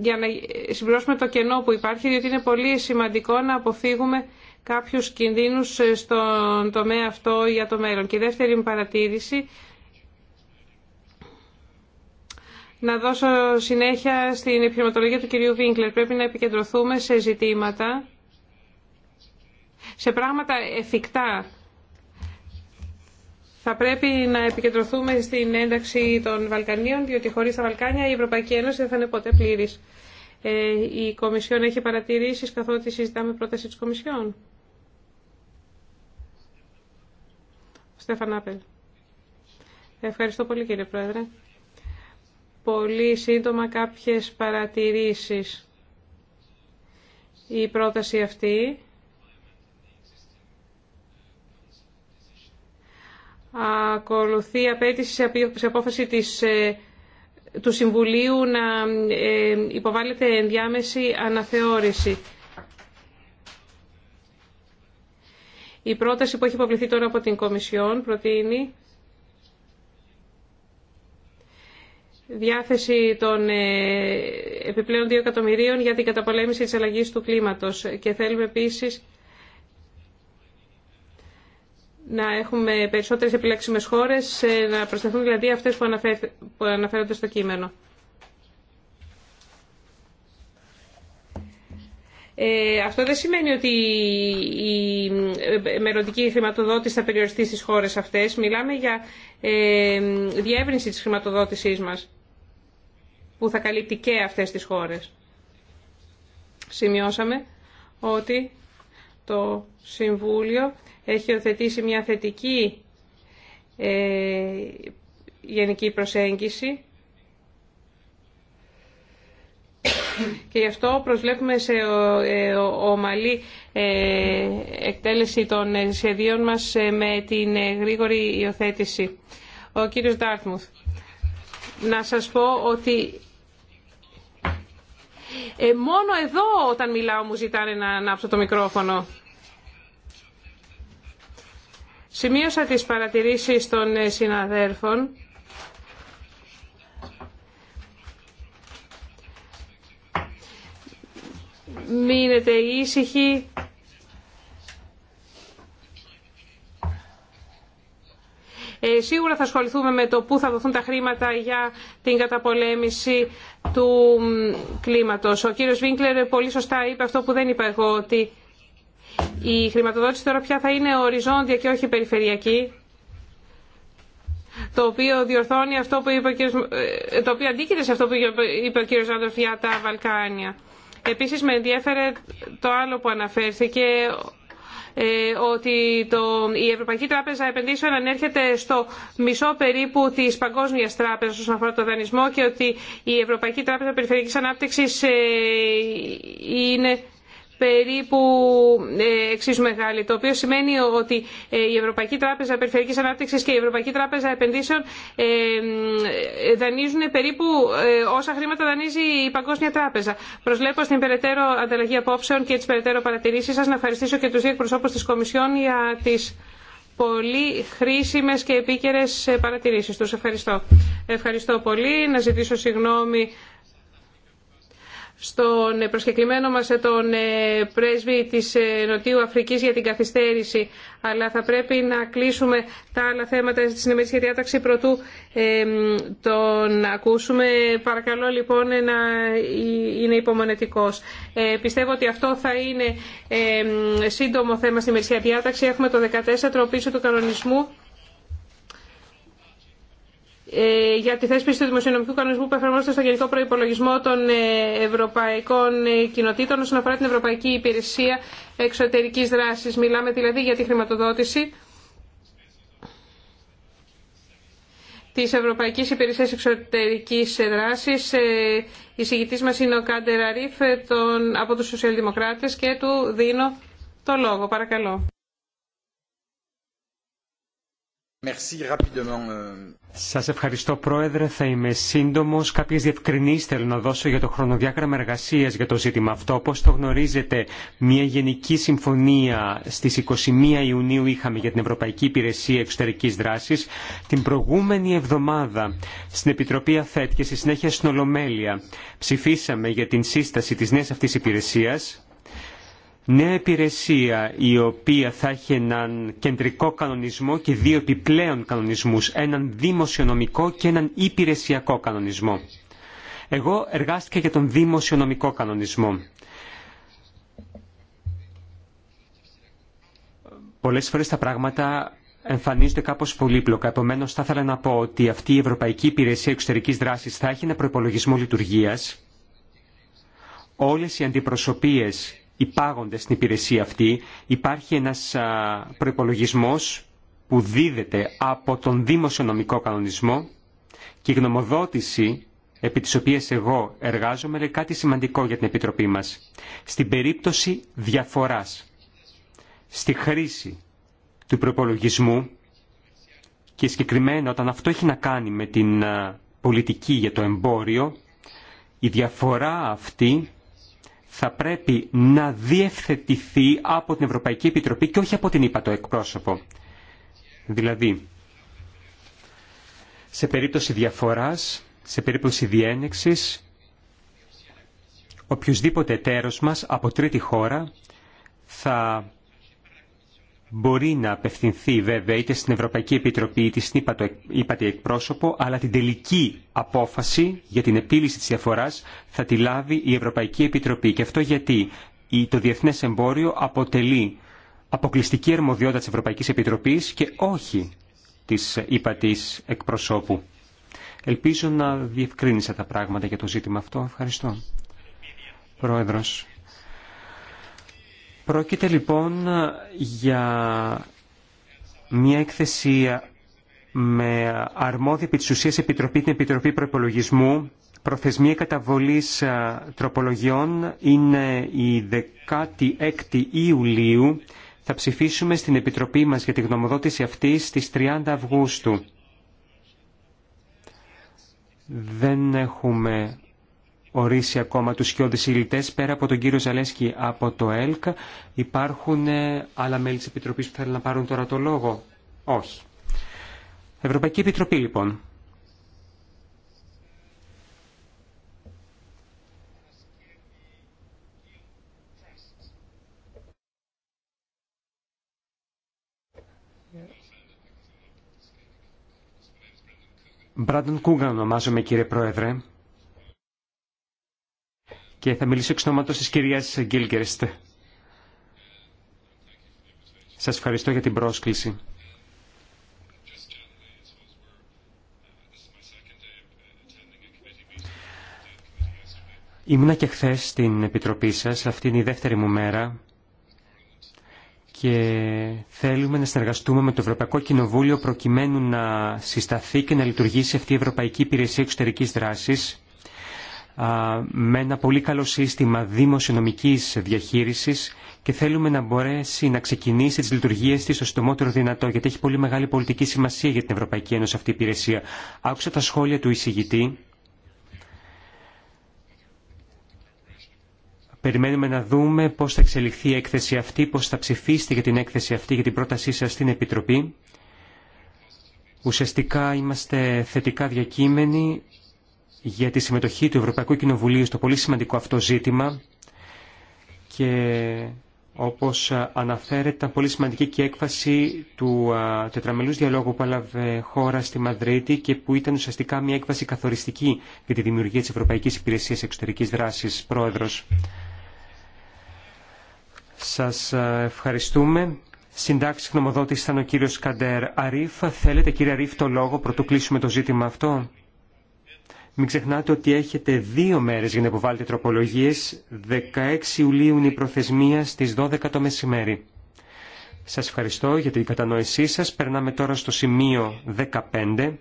για να συμπληρώσουμε το κενό που υπάρχει, διότι είναι πολύ σημαντικό να αποφύγουμε κάποιους κινδύνους στον τομέα αυτό για το μέλλον. Και η δεύτερη παρατήρηση να δώσω συνέχεια στην επιχειρηματολογία του κυρίου Βίνκλερ. Πρέπει να επικεντρωθούμε σε ζητήματα, σε πράγματα εφικτά. Θα πρέπει να επικεντρωθούμε στην ένταξη των Βαλκανίων, διότι χωρίς τα Βαλκάνια η Ευρωπαϊκή Ένωση δεν θα είναι ποτέ πλήρης. Ε, η Κομισιόν έχει παρατηρήσεις καθότι συζητάμε πρόταση της Κομισιόν. Στέφαν Άπελ. Ευχαριστώ πολύ κύριε Πρόεδρε πολύ σύντομα κάποιες παρατηρήσεις. Η πρόταση αυτή ακολουθεί απέτηση σε απόφαση της, ε, του Συμβουλίου να ε, υποβάλλεται ενδιάμεση αναθεώρηση. Η πρόταση που έχει υποβληθεί τώρα από την Κομισιόν προτείνει διάθεση των ε, επιπλέον 2 εκατομμυρίων για την καταπολέμηση της αλλαγής του κλίματος. Και θέλουμε επίσης να έχουμε περισσότερες επιλέξιμες χώρες, ε, να προσταθούν δηλαδή αυτές που, αναφέρονται στο κείμενο. Ε, αυτό δεν σημαίνει ότι η ε, μεροντική χρηματοδότηση θα περιοριστεί στις χώρες αυτές. Μιλάμε για ε, διεύρυνση της χρηματοδότησής μας που θα καλύπτει και αυτές τις χώρες. Σημειώσαμε ότι το Συμβούλιο έχει οθετήσει μια θετική ε, γενική προσέγγιση και γι' αυτό προσβλέπουμε σε ε, ομαλή ε, εκτέλεση των σχεδίων μας με την γρήγορη υιοθέτηση. Ο κύριος Ντάρθμουθ, να σας πω ότι ε, μόνο εδώ όταν μιλάω μου ζητάνε να ανάψω το μικρόφωνο. Σημείωσα τις παρατηρήσεις των ε, συναδέρφων. Μείνετε ήσυχοι. Ε, σίγουρα θα ασχοληθούμε με το πού θα δοθούν τα χρήματα για την καταπολέμηση του κλίματος. Ο κύριος Βίνκλερ πολύ σωστά είπε αυτό που δεν είπα εγώ, ότι η χρηματοδότηση τώρα πια θα είναι οριζόντια και όχι περιφερειακή, το οποίο διορθώνει αυτό που είπε ο κύριος, ε, το οποίο αντίκειται σε αυτό που είπε ο κύριος Άντροφ για τα Βαλκάνια. Επίσης με ενδιέφερε το άλλο που αναφέρθηκε, ε, ότι η Ευρωπαϊκή Τράπεζα Επενδύσεων ανέρχεται στο μισό περίπου τη Παγκόσμια Τράπεζα όσον αφορά το δανεισμό και ότι η Ευρωπαϊκή Τράπεζα Περιφερειακής Ανάπτυξη ε, είναι περίπου ε, εξίσου μεγάλη, το οποίο σημαίνει ότι ε, η Ευρωπαϊκή Τράπεζα Περιφερειακής Ανάπτυξης και η Ευρωπαϊκή Τράπεζα Επενδύσεων ε, δανείζουν περίπου όσα χρήματα δανείζει η Παγκόσμια Τράπεζα. Προσλέπω στην περαιτέρω ανταλλαγή απόψεων και τις περαιτέρω παρατηρήσεις σας να ευχαριστήσω και τους δύο εκπροσώπους της Κομισιόν για τις πολύ χρήσιμες και επίκαιρες παρατηρήσεις τους. Ευχαριστώ. Ευχαριστώ πολύ. Να ζητήσω συγγνώμη στον ε, προσκεκλημένο μας ε, τον ε, πρέσβη της Νοτιού Αφρικής για την καθυστέρηση αλλά θα πρέπει να κλείσουμε τα άλλα θέματα στην ημερήσια διάταξη πρωτού τον ακούσουμε. Παρακαλώ λοιπόν να είναι υπομονετικός. πιστεύω ότι αυτό θα είναι ε, σύντομο θέμα στη ημερήσια διάταξη. Έχουμε το 14 πίσω του κανονισμού ε, για τη θέσπιση του δημοσιονομικού κανονισμού που εφαρμόζεται στο Γενικό Προπολογισμό των ε, Ευρωπαϊκών ε, Κοινοτήτων όσον αφορά την Ευρωπαϊκή Υπηρεσία Εξωτερική Δράση. Μιλάμε δηλαδή για τη χρηματοδότηση τη Ευρωπαϊκή Υπηρεσία Εξωτερική Δράση. Η συγητή μα είναι ο Κάντερ Αρίφ από του Σοσιαλδημοκράτε και του δίνω το λόγο. Παρακαλώ. Merci rapidement. Euh, σας ευχαριστώ Πρόεδρε, θα είμαι σύντομος. Κάποιες διευκρινήσεις θέλω να δώσω για το χρονοδιάγραμμα εργασίας για το ζήτημα αυτό. Όπως το γνωρίζετε, μια γενική συμφωνία στις 21 Ιουνίου είχαμε για την Ευρωπαϊκή Υπηρεσία Εξωτερικής Δράσης. Την προηγούμενη εβδομάδα στην Επιτροπή ΑΘΕΤ και στη συνέχεια στην Ολομέλεια ψηφίσαμε για την σύσταση της νέας αυτής υπηρεσίας νέα υπηρεσία η οποία θα έχει έναν κεντρικό κανονισμό και δύο επιπλέον κανονισμούς, έναν δημοσιονομικό και έναν υπηρεσιακό κανονισμό. Εγώ εργάστηκα για τον δημοσιονομικό κανονισμό. Πολλές φορές τα πράγματα εμφανίζονται κάπως πολύπλοκα. Επομένως θα ήθελα να πω ότι αυτή η Ευρωπαϊκή Υπηρεσία Εξωτερικής Δράσης θα έχει ένα προπολογισμό λειτουργίας. Όλες οι αντιπροσωπείες υπάγονται στην υπηρεσία αυτή. Υπάρχει ένας προϋπολογισμός που δίδεται από τον δημοσιονομικό κανονισμό και η γνωμοδότηση επί της οποίας εγώ εργάζομαι λέει κάτι σημαντικό για την Επιτροπή μας. Στην περίπτωση διαφοράς, στη χρήση του προπολογισμού και συγκεκριμένα όταν αυτό έχει να κάνει με την πολιτική για το εμπόριο, η διαφορά αυτή θα πρέπει να διευθετηθεί από την Ευρωπαϊκή Επιτροπή και όχι από την ΥΠΑ το εκπρόσωπο. Δηλαδή, σε περίπτωση διαφοράς, σε περίπτωση διένεξης, οποιοδήποτε εταίρος μας από τρίτη χώρα θα μπορεί να απευθυνθεί βέβαια είτε στην Ευρωπαϊκή Επιτροπή είτε στην ύπατη εκπρόσωπο, αλλά την τελική απόφαση για την επίλυση της διαφοράς θα τη λάβει η Ευρωπαϊκή Επιτροπή. Και αυτό γιατί το διεθνές εμπόριο αποτελεί αποκλειστική αρμοδιότητα της Ευρωπαϊκής Επιτροπής και όχι της ΥΠΑΤΗ εκπροσώπου. Ελπίζω να διευκρίνησα τα πράγματα για το ζήτημα αυτό. Ευχαριστώ. Πρόκειται λοιπόν για μια έκθεση με αρμόδια επί της ουσίας επιτροπή την Επιτροπή Προπολογισμού. Προθεσμία καταβολής ε, τροπολογιών είναι η 16η Ιουλίου. Θα ψηφίσουμε στην Επιτροπή μας για τη γνωμοδότηση αυτή στις 30 Αυγούστου. Δεν έχουμε ορίσει ακόμα τους σκιώδεις ηλιτές Πέρα από τον κύριο Ζαλέσκι από το ΕΛΚ υπάρχουν ε, άλλα μέλη της Επιτροπής που θέλουν να πάρουν τώρα το λόγο. Όχι. Ευρωπαϊκή Επιτροπή λοιπόν. Μπράντον Κούγκαν ονομάζομαι κύριε Πρόεδρε και θα μιλήσω εξ ονόματο της κυρίας Γκίλγκερστ. Σας ευχαριστώ για την πρόσκληση. Ήμουνα και χθε στην Επιτροπή σας, αυτή είναι η δεύτερη μου μέρα και θέλουμε να συνεργαστούμε με το Ευρωπαϊκό Κοινοβούλιο προκειμένου να συσταθεί και να λειτουργήσει αυτή η Ευρωπαϊκή Υπηρεσία Εξωτερικής Δράσης με ένα πολύ καλό σύστημα δημοσιονομικής διαχείρισης και θέλουμε να μπορέσει να ξεκινήσει τις λειτουργίες της το συντομότερο δυνατό, γιατί έχει πολύ μεγάλη πολιτική σημασία για την Ευρωπαϊκή Ένωση αυτή η υπηρεσία. Άκουσα τα σχόλια του εισηγητή. Περιμένουμε να δούμε πώς θα εξελιχθεί η έκθεση αυτή, πώς θα ψηφίσετε για την έκθεση αυτή, για την πρότασή σας στην Επιτροπή. Ουσιαστικά είμαστε θετικά διακείμενοι για τη συμμετοχή του Ευρωπαϊκού Κοινοβουλίου στο πολύ σημαντικό αυτό ζήτημα και όπως αναφέρεται ήταν πολύ σημαντική και έκφαση του τετραμελούς διαλόγου που έλαβε χώρα στη Μαδρίτη και που ήταν ουσιαστικά μια έκφαση καθοριστική για τη δημιουργία της Ευρωπαϊκής Υπηρεσίας Εξωτερικής Δράσης, Πρόεδρος. Σας ευχαριστούμε. Συντάξει γνωμοδότης ήταν ο κύριος Καντέρ Αρίφ. Θέλετε κύριε Αρίφ το λόγο πρωτού κλείσουμε το ζήτημα αυτό. Μην ξεχνάτε ότι έχετε δύο μέρες για να υποβάλλετε τροπολογίες. 16 Ιουλίου είναι η προθεσμία στις 12 το μεσημέρι. Σας ευχαριστώ για την κατανόησή σας. Περνάμε τώρα στο σημείο 15.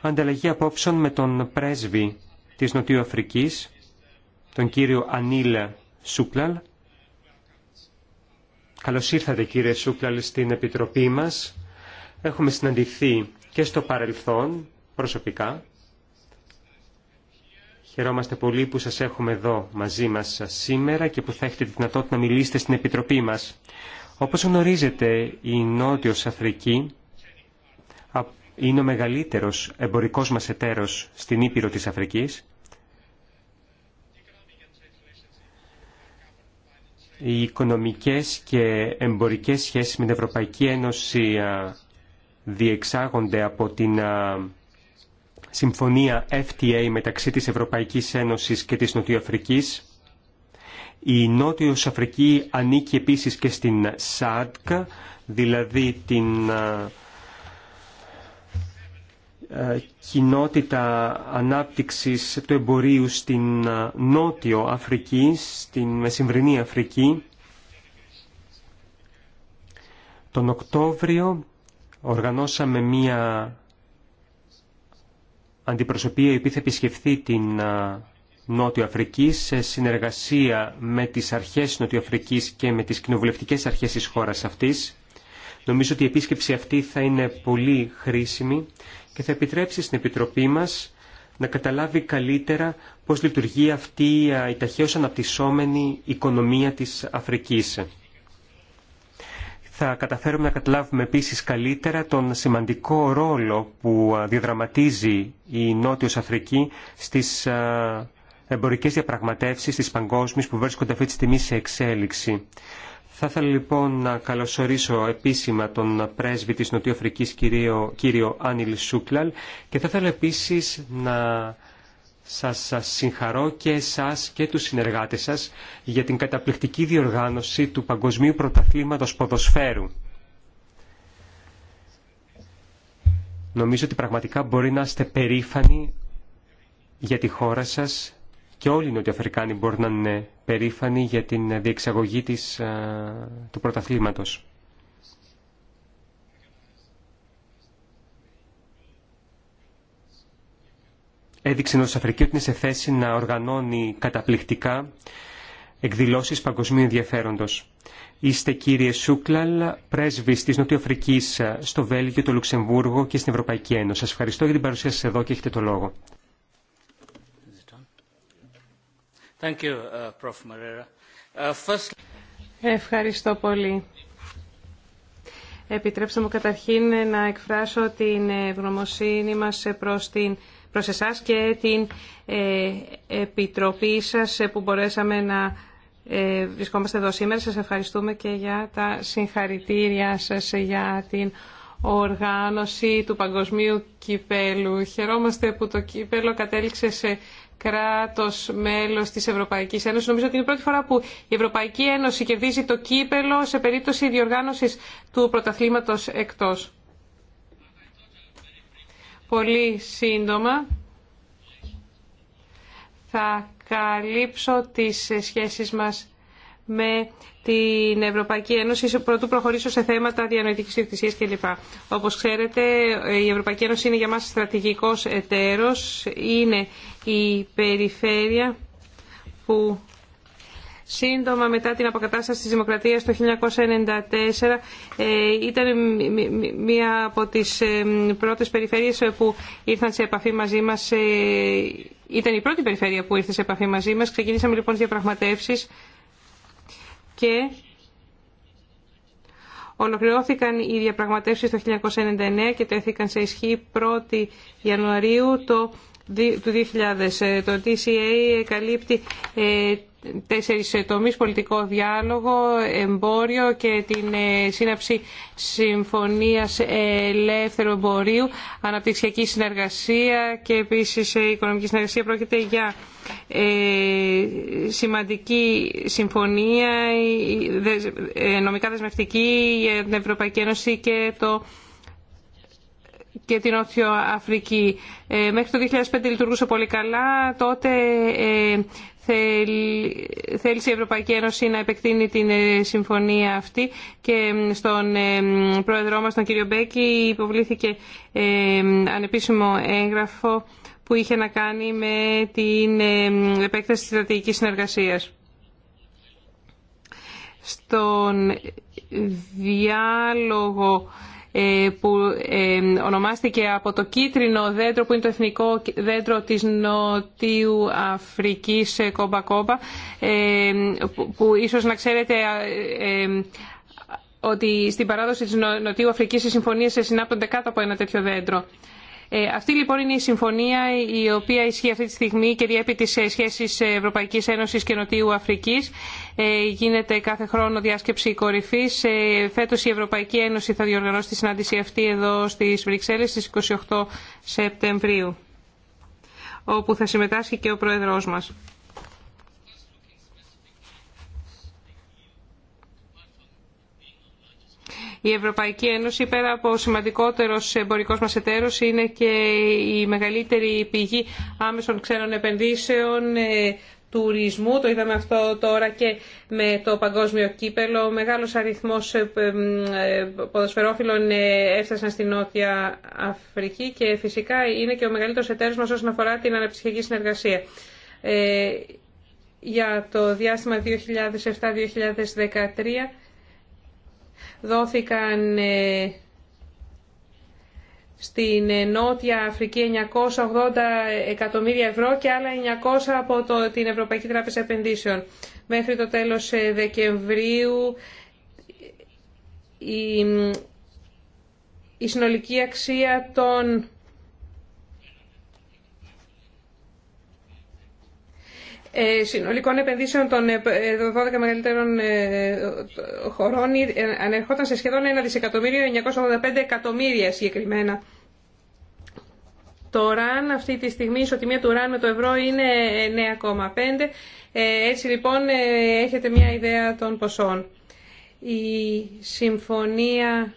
Ανταλλαγή απόψεων με τον πρέσβη της Νοτιοαφρικής, τον κύριο Ανίλα Σούκλαλ. Καλώς ήρθατε κύριε Σούκλαλ στην Επιτροπή μας. Έχουμε συναντηθεί και στο παρελθόν προσωπικά Χαιρόμαστε πολύ που σας έχουμε εδώ μαζί μας σήμερα και που θα έχετε τη δυνατότητα να μιλήσετε στην Επιτροπή μας. Όπως γνωρίζετε, η Νότιος Αφρική είναι ο μεγαλύτερος εμπορικός μας εταίρος στην Ήπειρο της Αφρικής. Οι οικονομικές και εμπορικές σχέσεις με την Ευρωπαϊκή Ένωση διεξάγονται από την συμφωνία FTA μεταξύ της Ευρωπαϊκής Ένωσης και της Νοτιοαφρικής. Η Νότιος Αφρική ανήκει επίσης και στην ΣΑΔΚ, δηλαδή την ε, ε, κοινότητα ανάπτυξης του εμπορίου στην ε, Νότιο Αφρική, στην Μεσημβρινή Αφρική. Τον Οκτώβριο οργανώσαμε μία αντιπροσωπεία η οποία θα επισκεφθεί την Νότιο Αφρική σε συνεργασία με τις αρχές της Αφρικής και με τις κοινοβουλευτικές αρχές της χώρας αυτής. Νομίζω ότι η επίσκεψη αυτή θα είναι πολύ χρήσιμη και θα επιτρέψει στην Επιτροπή μας να καταλάβει καλύτερα πώς λειτουργεί αυτή η ταχαίως αναπτυσσόμενη οικονομία της Αφρικής θα καταφέρουμε να καταλάβουμε επίσης καλύτερα τον σημαντικό ρόλο που διαδραματίζει η Νότιος Αφρική στις ε, εμπορικές διαπραγματεύσεις της παγκόσμιας που βρίσκονται αυτή τη στιγμή σε εξέλιξη. Θα ήθελα λοιπόν να καλωσορίσω επίσημα τον πρέσβη της Νοτιοαφρικής κύριο, κύριο Άνιλ Σούκλαλ και θα ήθελα επίσης να σας συγχαρώ και εσάς και του συνεργάτες σας για την καταπληκτική διοργάνωση του Παγκοσμίου Πρωταθλήματος Ποδοσφαίρου. Νομίζω ότι πραγματικά μπορεί να είστε περήφανοι για τη χώρα σας και όλοι οι Νοτιοαφρικάνοι μπορεί να είναι περήφανοι για την διεξαγωγή της, του πρωταθλήματος. έδειξε η Αφρική ότι είναι σε θέση να οργανώνει καταπληκτικά εκδηλώσεις παγκοσμίου ενδιαφέροντος. Είστε κύριε Σούκλαλ, πρέσβης της Νοτιοαφρικής ε, στο Βέλγιο, το Λουξεμβούργο και στην Ευρωπαϊκή Ένωση. Σας ευχαριστώ για την παρουσία σας εδώ και έχετε το λόγο. Uh, uh, ευχαριστώ πολύ. Επιτρέψτε μου καταρχήν να εκφράσω την ευγνωμοσύνη μας προς την προς εσάς και την ε, Επιτροπή σας ε, που μπορέσαμε να ε, βρισκόμαστε εδώ σήμερα. Σας ευχαριστούμε και για τα συγχαρητήρια σας για την οργάνωση του Παγκοσμίου Κυπέλου. Χαιρόμαστε που το Κύπελο κατέληξε σε κράτος μέλος της Ευρωπαϊκής Ένωσης. Νομίζω ότι είναι η πρώτη φορά που η Ευρωπαϊκή Ένωση κερδίζει το Κύπελο σε περίπτωση διοργάνωσης του πρωταθλήματος εκτός. Πολύ σύντομα θα καλύψω τις σχέσεις μας με την Ευρωπαϊκή Ένωση πρωτού προχωρήσω σε θέματα διανοητικής διευθυνσίας κλπ. Όπως ξέρετε η Ευρωπαϊκή Ένωση είναι για μας στρατηγικός εταίρος, είναι η περιφέρεια που Σύντομα μετά την αποκατάσταση της Δημοκρατίας το 1994 ε, ήταν μία από τις ε, πρώτες περιφέρειες ε, που ήρθαν σε επαφή μαζί μας. Ήταν η πρώτη περιφέρεια που ήρθε σε επαφή μαζί μας. Ξεκινήσαμε λοιπόν τις διαπραγματεύσεις και ολοκληρώθηκαν οι διαπραγματεύσεις το 1999 και τέθηκαν σε ισχύ 1η Ιανουαρίου του 2000. Το TCA καλύπτει τέσσερις τομείς, πολιτικό διάλογο, εμπόριο και την ε, σύναψη συμφωνίας ελεύθερου εμπορίου, αναπτυξιακή συνεργασία και επίσης ε, οικονομική συνεργασία πρόκειται για ε, σημαντική συμφωνία, νομικά δεσμευτική για την Ευρωπαϊκή Ένωση και το και την όθιο Αφρική. μέχρι το 2005 λειτουργούσε πολύ καλά. Τότε θέλει η Ευρωπαϊκή Ένωση να επεκτείνει την ε, συμφωνία αυτή και στον ε, πρόεδρό μας, τον κύριο Μπέκη, υποβλήθηκε ε, ανεπίσημο έγγραφο που είχε να κάνει με την επέκταση της στρατηγικής συνεργασίας. Στον διάλογο ε, που ε, ονομάστηκε από το κίτρινο δέντρο που είναι το εθνικό δέντρο της Νοτιού Αφρικής ε, κόμπα κόμπα που ίσως να ξέρετε ότι στην παράδοση της Νοτιού Αφρικής οι συμφωνίες συνάπτονται κάτω από ένα τέτοιο δέντρο. Ε, αυτή λοιπόν είναι η συμφωνία η οποία ισχύει αυτή τη στιγμή και διέπει τις ε, σχέσεις Ευρωπαϊκής Ένωσης και Νοτιού Αφρικής. Ε, γίνεται κάθε χρόνο διάσκεψη κορυφής. φέτος η Ευρωπαϊκή Ένωση θα διοργανώσει τη συνάντηση αυτή εδώ στις Βρυξέλλες στις 28 Σεπτεμβρίου όπου θα συμμετάσχει και ο Πρόεδρός μας. Η Ευρωπαϊκή Ένωση, πέρα από ο σημαντικότερο εμπορικό μα εταίρο, είναι και η μεγαλύτερη πηγή άμεσων ξένων επενδύσεων ε, τουρισμού. Το είδαμε αυτό τώρα και με το παγκόσμιο κύπελο. Μεγάλος αριθμός ε, ε, ποδοσφαιρόφιλων έφτασαν στην Νότια Αφρική και φυσικά είναι και ο μεγαλύτερος εταίρος μας όσον αφορά την αναψυχική συνεργασία. για το διάστημα 2007-2013 δόθηκαν ε, στην ε, Νότια Αφρική 980 εκατομμύρια ευρώ και άλλα 900 από την Ευρωπαϊκή Τράπεζα Επενδύσεων. Μέχρι το τέλος ε, Δεκεμβρίου η, η συνολική αξία των Ε, συνολικών επενδύσεων των 12 ε, μεγαλύτερων ε, χωρών ανερχόταν σε σχεδόν 1 δισεκατομμύριο, 985 εκατομμύρια συγκεκριμένα. Το ΡΑΝ αυτή τη στιγμή, η ισοτιμία του ΡΑΝ με το ευρώ είναι 9,5. Έτσι λοιπόν έχετε μια ιδέα των ποσών. Η συμφωνία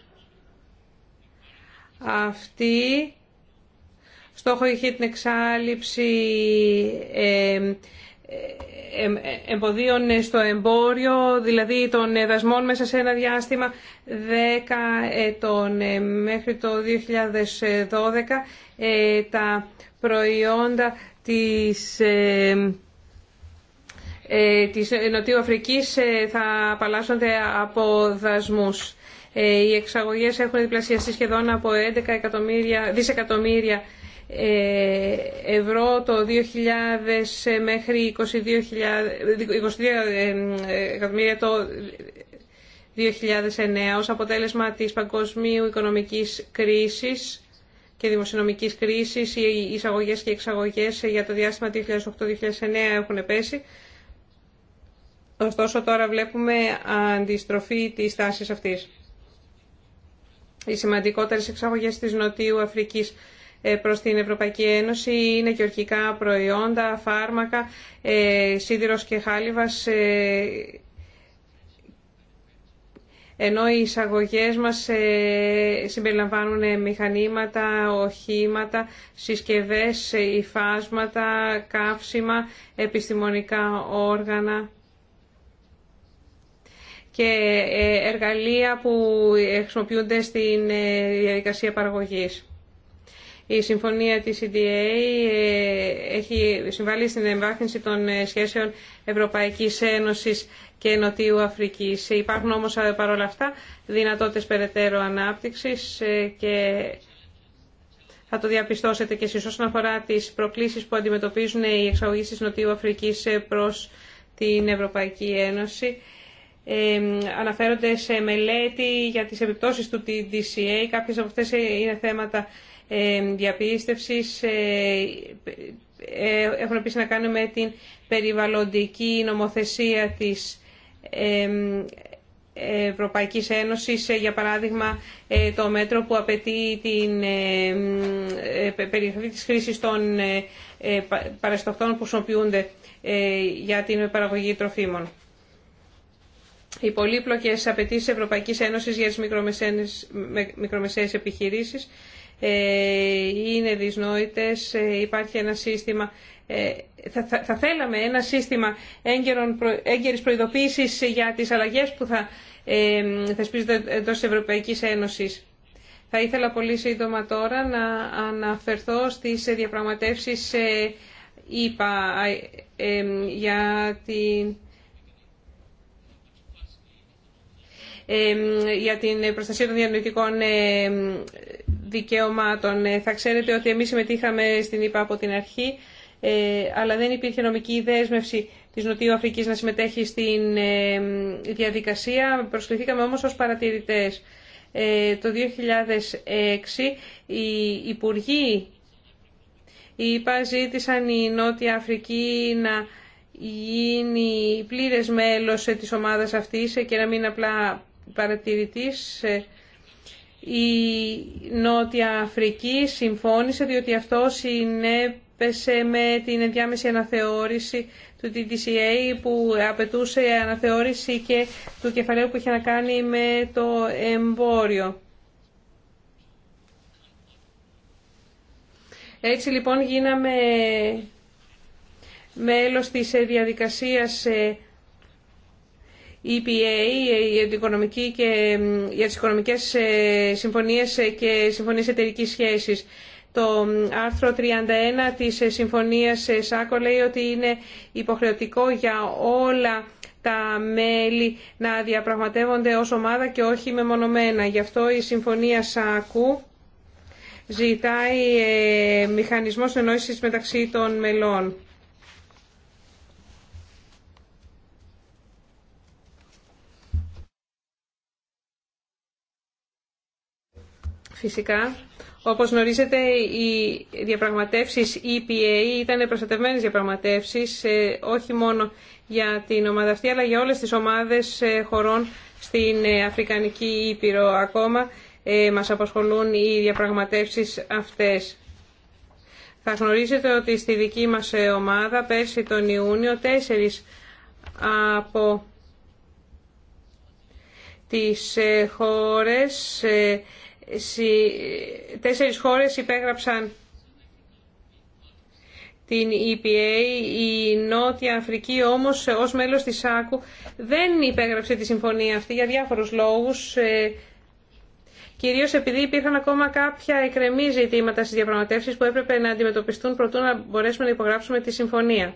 αυτή στόχο είχε την εξάλληψη εμποδίων στο εμπόριο, δηλαδή των δασμών μέσα σε ένα διάστημα 10 ετών ε, μέχρι το 2012 ε, τα προϊόντα της, ε, της Νοτιού θα απαλλάσσονται από δασμούς. Οι εξαγωγές έχουν διπλασιαστεί σχεδόν από 11 εκατομμύρια, δισεκατομμύρια ε, ευρώ το 2000 μέχρι 22 ε, εκατομμύρια το 2009 ως αποτέλεσμα της παγκοσμίου οικονομικής κρίσης και δημοσιονομικής κρίσης. Οι εισαγωγές και εξαγωγές για το διάστημα 2008-2009 έχουν πέσει. Ωστόσο τώρα βλέπουμε αντιστροφή της τάσης αυτής. Οι σημαντικότερες εξαγωγές της Νοτιού Αφρικής ε, προς την Ευρωπαϊκή Ένωση είναι και γεωργικά προϊόντα, φάρμακα, ε, σίδηρος και χάλιβας, ε, ενώ οι εισαγωγές μας συμπεριλαμβάνουν μηχανήματα, οχήματα, συσκευές, υφάσματα, καύσιμα, επιστημονικά όργανα και εργαλεία που χρησιμοποιούνται στην διαδικασία παραγωγής. Η συμφωνία της EDA ε, έχει συμβάλει στην εμβάθυνση των ε, σχέσεων Ευρωπαϊκής Ένωσης και Νοτιού Αφρικής. Ε, υπάρχουν όμως παρόλα αυτά δυνατότητες περαιτέρω ανάπτυξης και θα το διαπιστώσετε και εσείς όσον αφορά τις προκλήσεις που αντιμετωπίζουν οι εξαγωγείς της Νοτιού Αφρικής προς την Ευρωπαϊκή Ένωση. Ε, αναφέρονται σε μελέτη για τις επιπτώσεις του TDCA. Κάποιες από αυτές είναι θέματα ε, διαπίστευσης ε, ε, έχουν επίσης να κάνουν με την περιβαλλοντική νομοθεσία της Ευρωπαϊκής Ένωσης, για παράδειγμα το μέτρο που απαιτεί την περιγραφή της χρήσης των παραστοχτών που χρησιμοποιούνται για την παραγωγή τροφίμων. Οι πολύπλοκες απαιτήσει Ευρωπαϊκής Ένωσης για τις μικρομεσαίες επιχειρήσεις ε, είναι δυσνόητες. Ε, υπάρχει ένα σύστημα ε, θα, θα, θέλαμε ένα σύστημα έγκαιρον, έγκαιρης προειδοποίησης για τις αλλαγές που θα ε, θεσπίζονται εντό της Ευρωπαϊκής Ένωσης. Θα ήθελα πολύ σύντομα τώρα να αναφερθώ στις διαπραγματεύσεις ε, για την... για την προστασία των διανοητικών δικαιωμάτων. Ε, θα ξέρετε ότι εμείς συμμετείχαμε στην ΕΠΑ από την αρχή, ε, αλλά δεν υπήρχε νομική δέσμευση της Νοτιού Αφρικής να συμμετέχει στην ε, διαδικασία. Προσκληθήκαμε όμως ως παρατηρητές. Το 2006 οι υπουργοί οι ζήτησαν η Νότια Αφρική να γίνει πλήρες μέλος της ομάδας αυτής και να μην απλά παρατηρητής η Νότια Αφρική συμφώνησε διότι αυτό συνέπεσε με την ενδιάμεση αναθεώρηση του TDCA που απαιτούσε αναθεώρηση και του κεφαλαίου που είχε να κάνει με το εμπόριο. Έτσι λοιπόν γίναμε μέλος της διαδικασίας ε, EPA ε, για, την και, τις οικονομικές ε, συμφωνίες ε, και συμφωνίες εταιρική σχέσης. Το άρθρο 31 της συμφωνίας ΣΑΚΟ λέει ότι είναι υποχρεωτικό για όλα τα μέλη να διαπραγματεύονται ως ομάδα και όχι μεμονωμένα. Γι' αυτό η συμφωνία ΣΑΚΟΥ ζητάει μηχανισμό συνεννόησης μεταξύ των μελών. Φυσικά, όπως γνωρίζετε, οι διαπραγματεύσεις EPA ήταν προστατευμένες διαπραγματεύσεις, ε, όχι μόνο για την ομάδα αυτή, αλλά για όλες τις ομάδες ε, χωρών στην ε, Αφρικανική Ήπειρο. Ακόμα μας απασχολούν οι διαπραγματεύσεις αυτές. Θα γνωρίζετε ότι στη δική μας ομάδα πέρσι τον Ιούνιο τέσσερις από τις χώρες Τέσσερις χώρες υπέγραψαν την EPA, η Νότια Αφρική όμως ως μέλος της ΣΑΚΟΥ δεν υπέγραψε τη συμφωνία αυτή για διάφορους λόγους, ε, κυρίως επειδή υπήρχαν ακόμα κάποια εκρεμή ζητήματα στις διαπραγματεύσεις που έπρεπε να αντιμετωπιστούν προτού να μπορέσουμε να υπογράψουμε τη συμφωνία.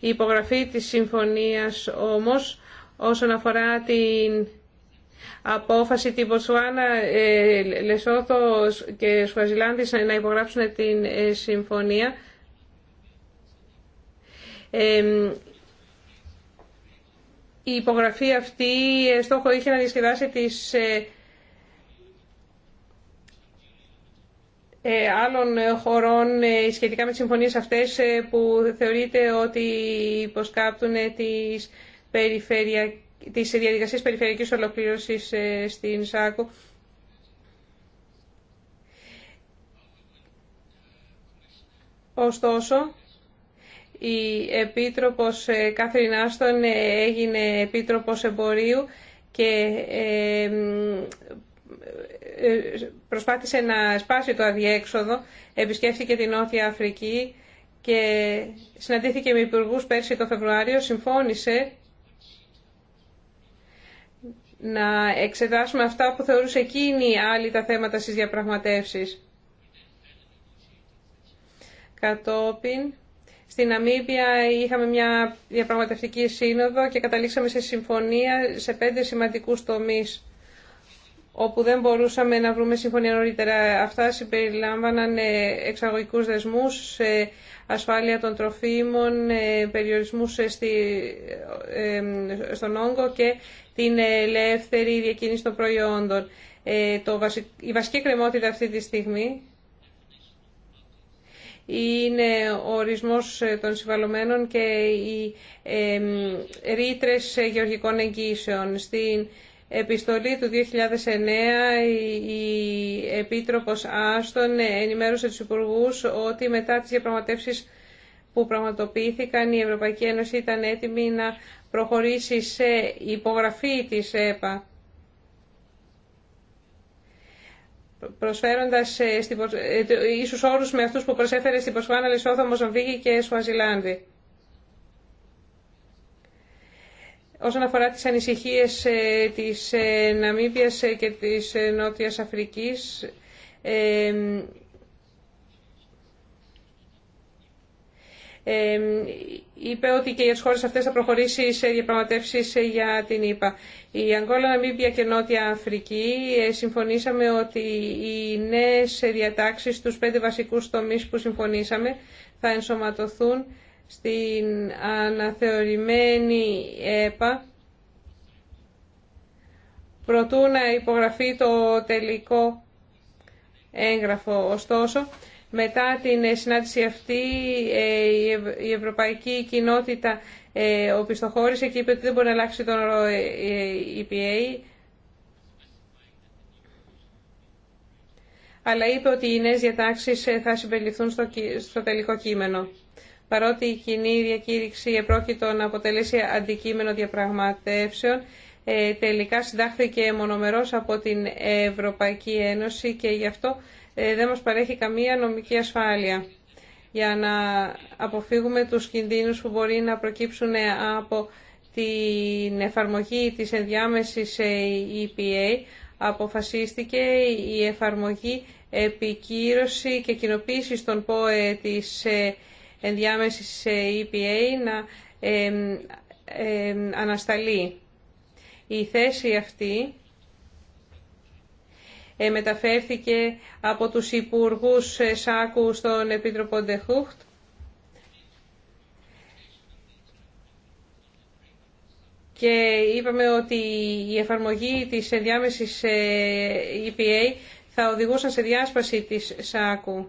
Η υπογραφή της συμφωνίας όμως όσον αφορά την απόφαση την Ποτσουάνα, ε, Λεσόθο και Σουαζιλάνδη να υπογράψουν την ε, συμφωνία. Ε, η υπογραφή αυτή στόχο είχε να διασκεδάσει τις άλλων χωρών σχετικά με τις συμφωνίες αυτές που θεωρείται ότι υποσκάπτουν τις περιφερειακές της διαδικασίας περιφερειακής ολοκλήρωσης ε, στην ΣΑΚΟ. Ωστόσο, η Επίτροπος ε, Κάθριν Άστον ε, έγινε Επίτροπος Εμπορίου και προσπάθησε να σπάσει το αδιέξοδο, επισκέφθηκε την Νότια Αφρική και συναντήθηκε με υπουργού πέρσι το Φεβρουάριο, συμφώνησε να εξετάσουμε αυτά που θεωρούσε εκείνη άλλη τα θέματα στις διαπραγματεύσεις. Κατόπιν, στην Αμήβια είχαμε μια διαπραγματευτική σύνοδο και καταλήξαμε σε συμφωνία σε πέντε σημαντικούς τομείς όπου δεν μπορούσαμε να βρούμε συμφωνία νωρίτερα. Αυτά συμπεριλάμβαναν ε, εξαγωγικούς δεσμούς, ε, ασφάλεια των τροφίμων, ε, περιορισμούς στον όγκο και την ελεύθερη διακίνηση των προϊόντων. Ε, το, η βασική κρεμότητα αυτή τη στιγμή είναι ο ορισμός ε, των συμβαλωμένων και οι ε, ρήτρε γεωργικών εγγύσεων. Στην επιστολή του 2009 η Επίτροπος Άστον ενημέρωσε τους Υπουργούς ότι μετά τις διαπραγματεύσεις που πραγματοποιήθηκαν η Ευρωπαϊκή Ένωση ήταν έτοιμη να προχωρήσει σε υπογραφή της ΕΠΑ. προσφέροντας ε, στην, ε, ίσους όρους με αυτούς που προσέφερε στην Ποσφάνα, Λισόθο, Μοζαμβίγη και Σουαζιλάνδη. Όσον αφορά τις ανησυχίες ε, της Ναμίμπιας και της Νότιας Αφρικής, είπε ότι και για τις χώρες αυτές θα προχωρήσει σε διαπραγματεύσεις για την ΕΠΑ. Η Αγγόλα, Ναμίμπια και Νότια Αφρική ε, συμφωνήσαμε ότι οι νέες διατάξεις στους πέντε βασικούς τομείς που συμφωνήσαμε θα ενσωματωθούν στην αναθεωρημένη ΕΠΑ προτού να υπογραφεί το τελικό έγγραφο. Ωστόσο, μετά την ε, συνάντηση αυτή ε, η Ευρωπαϊκή Κοινότητα ε, οπισθοχώρησε και είπε ότι δεν μπορεί να αλλάξει τον όρο EPA. Αλλά είπε ότι οι νέες διατάξεις θα συμπεριληφθούν στο τελικό κείμενο. Παρότι η κοινή διακήρυξη επρόκειτο να αποτελέσει αντικείμενο διαπραγματεύσεων, τελικά συντάχθηκε μονομερός από την Ευρωπαϊκή Ένωση και γι' αυτό ε, δεν μας παρέχει καμία νομική ασφάλεια για να αποφύγουμε τους κινδύνους που μπορεί να προκύψουν ε, από την εφαρμογή της ενδιάμεσης ε, EPA αποφασίστηκε η εφαρμογή επικύρωση και κοινοποίηση των ΠΟΕ της ενδιάμεσης EPA να ανασταλεί. Η θέση αυτή ε, μεταφέρθηκε από τους Υπουργούς ε, Σάκου στον Επίτροπο Ντεχούχτ. Και είπαμε ότι η εφαρμογή της ενδιάμεσης ε, EPA θα οδηγούσαν σε διάσπαση της ΣΑΚΟΥ.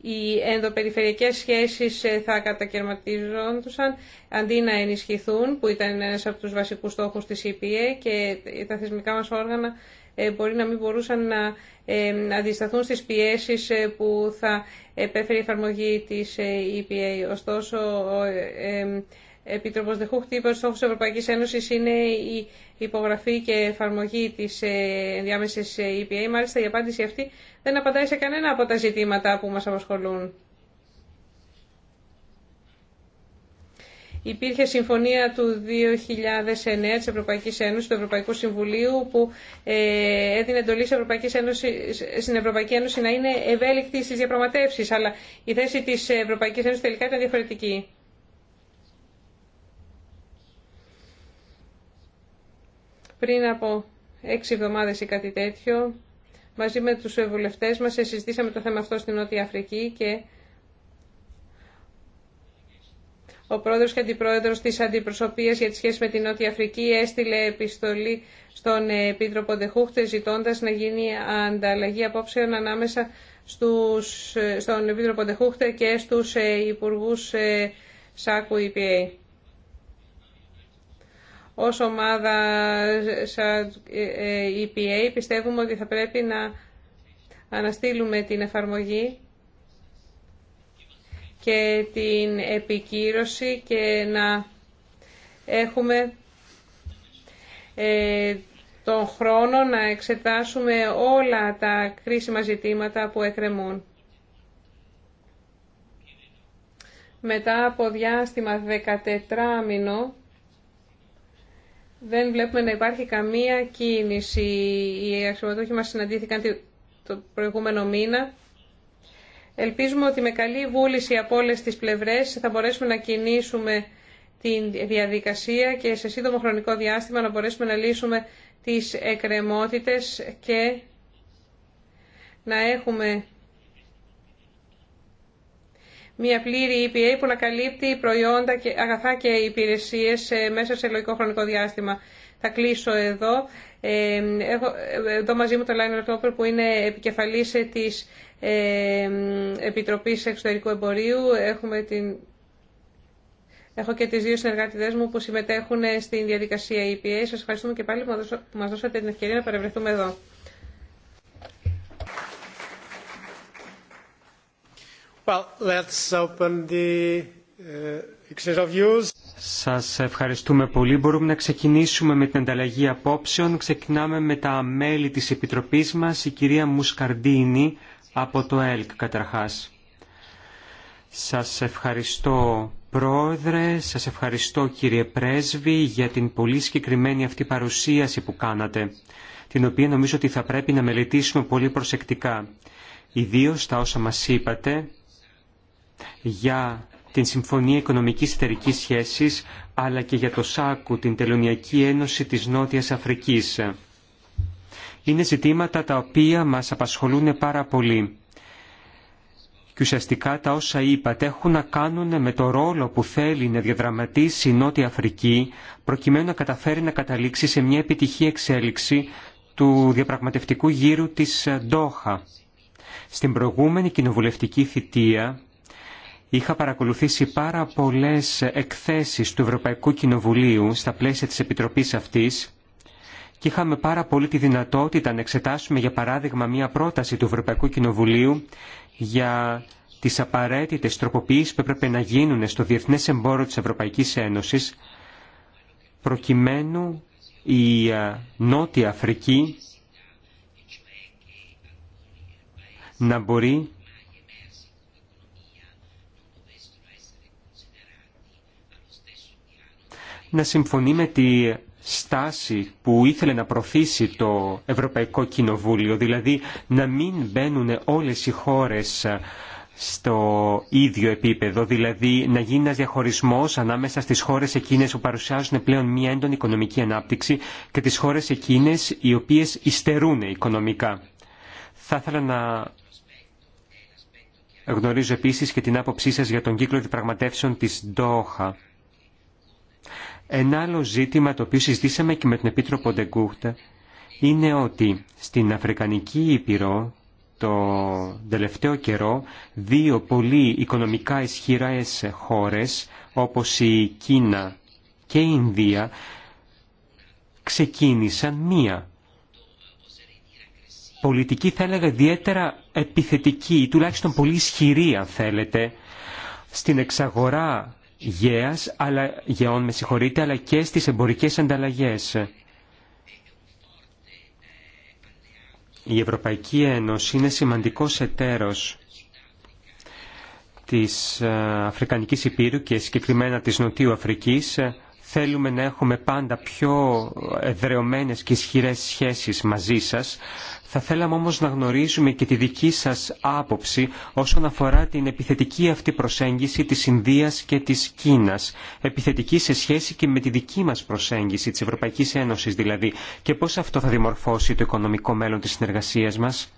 Οι ενδοπεριφερειακές σχέσεις θα κατακαιρματιζόντουσαν αντί να ενισχυθούν, που ήταν ένας από τους βασικούς στόχους της EPA και τα θεσμικά μας όργανα ε, μπορεί να μην μπορούσαν να ε, αντισταθούν στις πιέσεις ε, που θα επέφερε η εφαρμογή της EPA. Ωστόσο, ο Επίτροπος Δεχούχτη είπε ότι στόχος Ευρωπαϊκής Ένωσης είναι η υπογραφή και εφαρμογή της ενδιάμεσης EPA. Μάλιστα, η απάντηση αυτή δεν απαντάει σε κανένα από τα ζητήματα που μας απασχολούν. Υπήρχε συμφωνία του 2009 της Ευρωπαϊκής Ένωσης, του Ευρωπαϊκού Συμβουλίου, που ε, έδινε εντολή στην Ευρωπαϊκή Ένωση, στην Ευρωπαϊκή Ένωση να είναι ευέλικτη στις διαπραγματεύσεις, αλλά η θέση της Ευρωπαϊκής Ένωσης τελικά ήταν διαφορετική. Πριν από έξι εβδομάδες ή κάτι τέτοιο, μαζί με τους βουλευτές μας συζητήσαμε το θέμα αυτό στην Νότια Αφρική και Ο πρόεδρος και αντιπρόεδρος της Αντιπροσωπείας για τις σχέσεις με την Νότια Αφρική έστειλε επιστολή στον ε, Επίτροπο Δεχούχτε ζητώντας να γίνει ανταλλαγή απόψεων ανάμεσα στους, ε, στον Επίτροπο Δεχούχτε και στους ε, υπουργούς ΣΑΚΟΥ EPA. Ως ομάδα EPA πιστεύουμε ότι θα πρέπει να αναστείλουμε την εφαρμογή και την επικύρωση και να έχουμε ε, τον χρόνο να εξετάσουμε όλα τα κρίσιμα ζητήματα που εκκρεμούν. Μετά από διάστημα 14 μήνο, δεν βλέπουμε να υπάρχει καμία κίνηση. Οι αξιωματούχοι μας συναντήθηκαν το προηγούμενο μήνα Ελπίζουμε ότι με καλή βούληση από όλε τι πλευρέ θα μπορέσουμε να κινήσουμε τη διαδικασία και σε σύντομο χρονικό διάστημα να μπορέσουμε να λύσουμε τις εκκρεμότητες και να έχουμε μια πλήρη EPA που να καλύπτει προϊόντα, και αγαθά και υπηρεσίες μέσα σε λογικό χρονικό διάστημα. Θα κλείσω εδώ. Ε, έχω εδώ μαζί μου το που είναι επικεφαλής της Επιτροπής Εξωτερικού Εμπορίου. Έχουμε την... Έχω και τις δύο συνεργάτητές μου που συμμετέχουν στην διαδικασία EPA. Σας ευχαριστούμε και πάλι που μας δώσατε την ευκαιρία να παρευρεθούμε εδώ. Well, let's open the uh, exchange of views. Σας ευχαριστούμε πολύ. Μπορούμε να ξεκινήσουμε με την ανταλλαγή απόψεων. Ξεκινάμε με τα μέλη της Επιτροπής μας. Η κυρία Μουσκαρντίνη από το ΕΛΚ καταρχάς. Σας ευχαριστώ Πρόεδρε, σας ευχαριστώ κύριε Πρέσβη για την πολύ συγκεκριμένη αυτή παρουσίαση που κάνατε, την οποία νομίζω ότι θα πρέπει να μελετήσουμε πολύ προσεκτικά, ιδίως τα όσα μας είπατε για την Συμφωνία Οικονομικής οικονομικής-στερικής Σχέσης, αλλά και για το ΣΑΚΟΥ, την Τελωνιακή Ένωση της Νότιας Αφρικής είναι ζητήματα τα οποία μας απασχολούν πάρα πολύ. Και ουσιαστικά τα όσα είπατε έχουν να κάνουν με το ρόλο που θέλει να διαδραματίσει η Νότια Αφρική προκειμένου να καταφέρει να καταλήξει σε μια επιτυχή εξέλιξη του διαπραγματευτικού γύρου της Ντόχα. Στην προηγούμενη κοινοβουλευτική θητεία είχα παρακολουθήσει πάρα πολλές εκθέσεις του Ευρωπαϊκού Κοινοβουλίου στα πλαίσια της Επιτροπής αυτής και είχαμε πάρα πολύ τη δυνατότητα να εξετάσουμε για παράδειγμα μια πρόταση του Ευρωπαϊκού Κοινοβουλίου για τις απαραίτητες τροποποιήσεις που έπρεπε να γίνουν στο διεθνές εμπόριο της Ευρωπαϊκής Ένωσης προκειμένου η Νότια Αφρική να μπορεί να συμφωνεί με τη στάση που ήθελε να προωθήσει το Ευρωπαϊκό Κοινοβούλιο, δηλαδή να μην μπαίνουν όλες οι χώρες ε, στο ίδιο επίπεδο, δηλαδή να γίνει ένα διαχωρισμό ανάμεσα στι χώρε εκείνε που παρουσιάζουν πλέον μια έντονη οικονομική ανάπτυξη και τι χώρε εκείνε οι οποίε υστερούν οικονομικά. Θα ήθελα να γνωρίζω επίση και την άποψή σα για τον κύκλο διαπραγματεύσεων τη Ντόχα. Ένα άλλο ζήτημα το οποίο συζητήσαμε και με τον Επίτροπο Ντεγκούχτ είναι ότι στην Αφρικανική Ήπειρο το τελευταίο καιρό δύο πολύ οικονομικά ισχυρές χώρες όπως η Κίνα και η Ινδία ξεκίνησαν μία πολιτική θα έλεγα ιδιαίτερα επιθετική ή τουλάχιστον πολύ ισχυρή αν θέλετε στην εξαγορά γέας, αλλά, γεών, με συγχωρείτε, αλλά και στις εμπορικές ανταλλαγές. Η Ευρωπαϊκή Ένωση είναι σημαντικός εταίρος της ε, Αφρικανικής Υπήρου και συγκεκριμένα της Νοτιού Αφρικής Θέλουμε να έχουμε πάντα πιο εδρεωμένες και ισχυρές σχέσεις μαζί σας. Θα θέλαμε όμως να γνωρίζουμε και τη δική σας άποψη όσον αφορά την επιθετική αυτή προσέγγιση της Ινδίας και της Κίνας. Επιθετική σε σχέση και με τη δική μας προσέγγιση, της Ευρωπαϊκής Ένωσης δηλαδή. Και πώς αυτό θα δημορφώσει το οικονομικό μέλλον της συνεργασίας μας.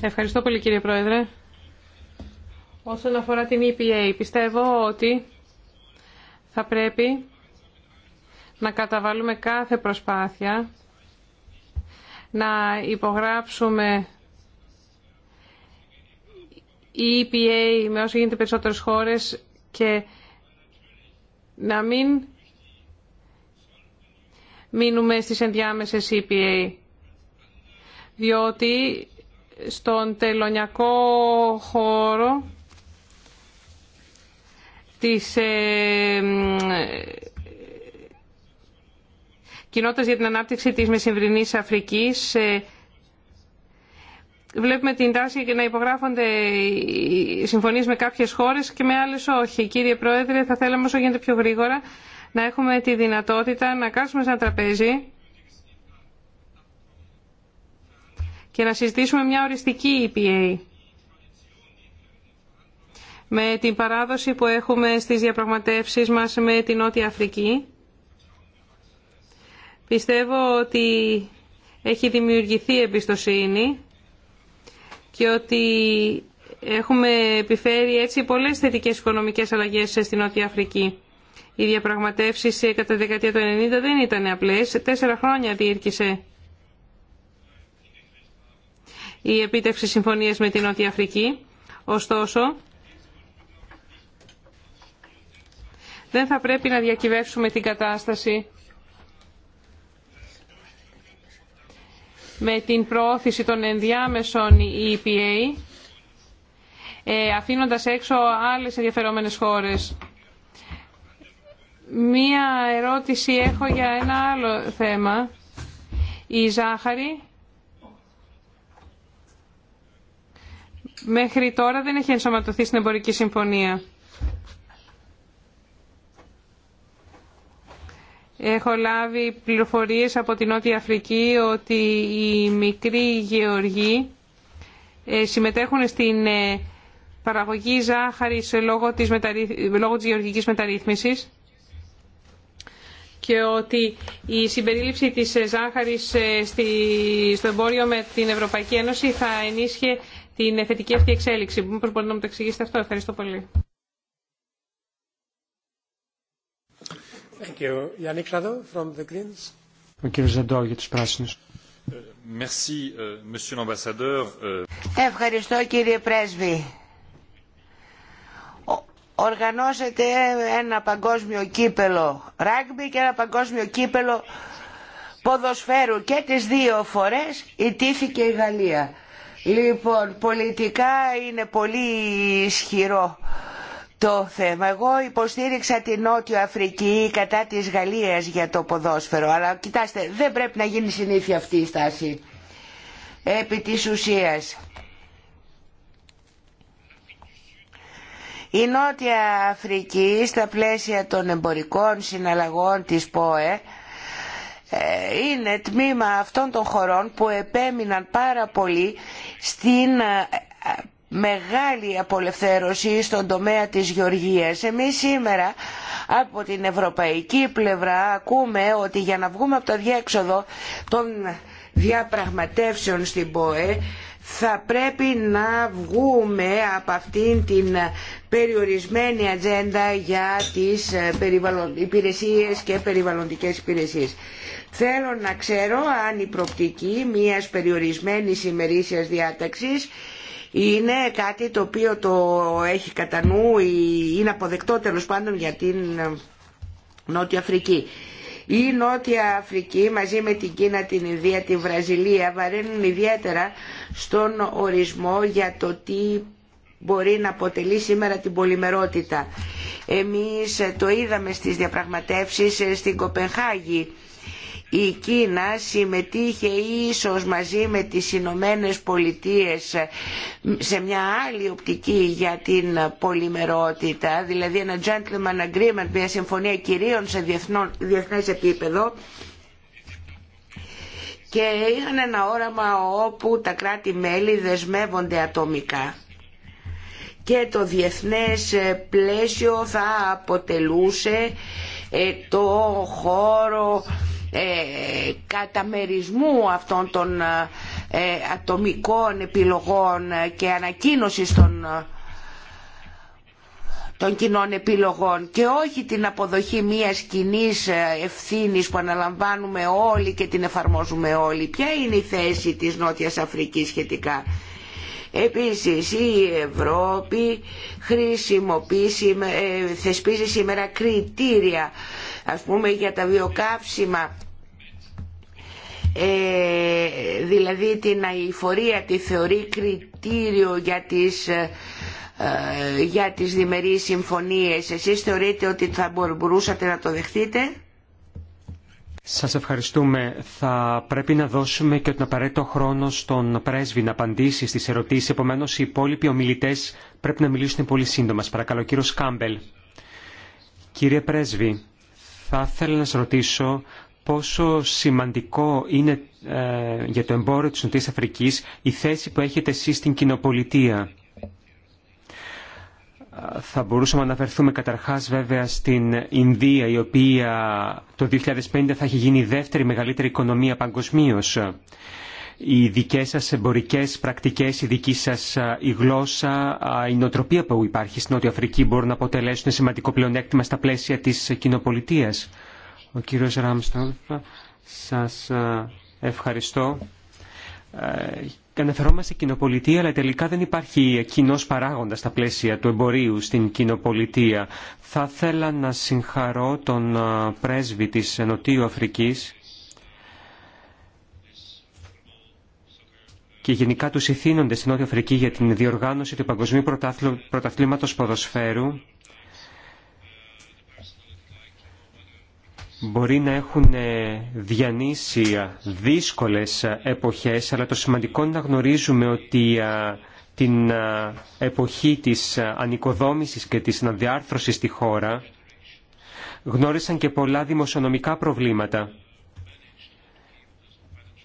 Ευχαριστώ πολύ κύριε Πρόεδρε. Όσον αφορά την EPA, πιστεύω ότι θα πρέπει να καταβάλουμε κάθε προσπάθεια να υπογράψουμε η EPA με όσο γίνεται περισσότερες χώρες και να μην μείνουμε στις ενδιάμεσες EPA. Διότι στον τελωνιακό χώρο της ε, κοινότητας για την ανάπτυξη της Μεσημβρινής Αφρικής ε, βλέπουμε την τάση να υπογράφονται συμφωνίες με κάποιες χώρες και με άλλες όχι. Κύριε Πρόεδρε, θα θέλαμε όσο γίνεται πιο γρήγορα να έχουμε τη δυνατότητα να κάτσουμε σε ένα τραπέζι και να συζητήσουμε μια οριστική EPA με την παράδοση που έχουμε στις διαπραγματεύσεις μας με την Νότια Αφρική. Πιστεύω ότι έχει δημιουργηθεί εμπιστοσύνη και ότι έχουμε επιφέρει έτσι πολλές θετικές οικονομικές αλλαγές στην Νότια Αφρική. Οι διαπραγματεύσεις κατά τη δεκαετία του 1990 δεν ήταν απλές. Τέσσερα χρόνια διήρκησε η επίτευξη συμφωνίας με την Νότια Αφρική. Ωστόσο, Δεν θα πρέπει να διακυβεύσουμε την κατάσταση με την προώθηση των ενδιάμεσων EPA, ε, αφήνοντας έξω άλλες ενδιαφερόμενες χώρες. Μία ερώτηση έχω για ένα άλλο θέμα. Η ζάχαρη μέχρι τώρα δεν έχει ενσωματωθεί στην εμπορική συμφωνία. Έχω λάβει πληροφορίες από την Νότια Αφρική ότι οι μικροί γεωργοί ε, συμμετέχουν στην ε, παραγωγή ζάχαρης λόγω της, μεταρρυθ... λόγω γεωργικής μεταρρύθμισης και ότι η συμπερίληψη της ε, ζάχαρης στη... στο εμπόριο με την Ευρωπαϊκή Ένωση θα ενίσχυε την θετική αυτή εξέλιξη. Μήπως μπορείτε να μου το εξηγήσετε αυτό. Ευχαριστώ πολύ. Ευχαριστώ κύριε πρέσβη. Οργανώσετε ένα παγκόσμιο κύπελο ράγμπι και ένα παγκόσμιο κύπελο ποδοσφαίρου και τις δύο φορές ιτήθηκε η Γαλλία. Λοιπόν, πολιτικά είναι πολύ ισχυρό το θέμα. Εγώ υποστήριξα την Νότιο Αφρική κατά της Γαλλίας για το ποδόσφαιρο, αλλά κοιτάστε, δεν πρέπει να γίνει συνήθεια αυτή η στάση. Επί της ουσίας. Η Νότια Αφρική στα πλαίσια των εμπορικών συναλλαγών της ΠΟΕ ε, είναι τμήμα αυτών των χωρών που επέμειναν πάρα πολύ στην ε, μεγάλη απολευθέρωση στον τομέα της γεωργίας. Εμείς σήμερα από την ευρωπαϊκή πλευρά ακούμε ότι για να βγούμε από το διέξοδο των διαπραγματεύσεων στην ΠΟΕ θα πρέπει να βγούμε από αυτήν την περιορισμένη ατζέντα για τις ε, υπηρεσίες και περιβαλλοντικές υπηρεσίες. Θέλω να ξέρω αν η προπτική μιας περιορισμένης ημερήσιας διάταξης είναι κάτι το οποίο το έχει κατά νου ή είναι αποδεκτό τέλο πάντων για την ε, Νότια Αφρική. Η Νότια Αφρική μαζί με την Κίνα, την Ινδία, την Βραζιλία βαραίνουν ιδιαίτερα στον ορισμό για το τι μπορεί να αποτελεί σήμερα την πολυμερότητα. Εμείς το είδαμε στις διαπραγματεύσεις ε, στην Κοπενχάγη η Κίνα συμμετείχε ίσως μαζί με τις Ηνωμένε Πολιτείες σε μια άλλη οπτική για την πολυμερότητα, δηλαδή ένα gentleman agreement, μια συμφωνία κυρίων σε διεθνές επίπεδο, και είχαν ένα όραμα όπου τα κράτη-μέλη δεσμεύονται ατομικά και το διεθνές πλαίσιο θα αποτελούσε ε, το χώρο ε, καταμερισμού αυτών των ε, ε, ατομικών επιλογών και ανακοίνωσης των, κοινών επιλογών και όχι την αποδοχή μιας κοινή ευθύνης που αναλαμβάνουμε όλοι και την εφαρμόζουμε όλοι. Ποια είναι η θέση της Νότιας Αφρικής σχετικά. Επίσης η Ευρώπη χρησιμοποιεί, θεσπίζει σήμερα κριτήρια ας πούμε για τα βιοκάψιμα ε, δηλαδή την αηφορία τη θεωρεί κριτήριο για τις, ε, για τις διμερείς συμφωνίες. Εσείς θεωρείτε ότι θα μπορούσατε να το δεχτείτε. Σας ευχαριστούμε. Θα πρέπει να δώσουμε και τον απαραίτητο χρόνο στον πρέσβη να απαντήσει στις ερωτήσεις. Επομένως, οι υπόλοιποι ομιλητές πρέπει να μιλήσουν πολύ σύντομα. Σας παρακαλώ, κύριο Κάμπελ. Κύριε πρέσβη, θα ήθελα να σας ρωτήσω πόσο σημαντικό είναι ε, για το εμπόριο της Νοτιής Αφρικής η θέση που έχετε εσείς στην κοινοπολιτεία. Θα μπορούσαμε να αναφερθούμε καταρχάς βέβαια στην Ινδία, η οποία το 2050 θα έχει γίνει η δεύτερη μεγαλύτερη οικονομία παγκοσμίω. Οι δικέ σα εμπορικές πρακτικές, η δική σα η γλώσσα, η νοοτροπία που υπάρχει στην Νότια Αφρική μπορούν να αποτελέσουν σημαντικό πλεονέκτημα στα πλαίσια τη κοινοπολιτεία. Ο κύριος Ράμστον, σας ε, ευχαριστώ. Ε, αναφερόμαστε κοινοπολιτεία, αλλά τελικά δεν υπάρχει κοινό παράγοντα στα πλαίσια του εμπορίου στην κοινοπολιτεία. Θα ήθελα να συγχαρώ τον ε, πρέσβη της Νοτιού Αφρικής και γενικά τους ηθήνοντες στην Νότια Αφρική για την διοργάνωση του Παγκοσμίου Πρωταθλήματος Ποδοσφαίρου μπορεί να έχουν ε, διανύσει ε, δύσκολες ε, εποχές, αλλά το σημαντικό είναι να γνωρίζουμε ότι την εποχή της ανοικοδόμησης και της αναδιάρθρωσης στη χώρα γνώρισαν και πολλά δημοσιονομικά προβλήματα.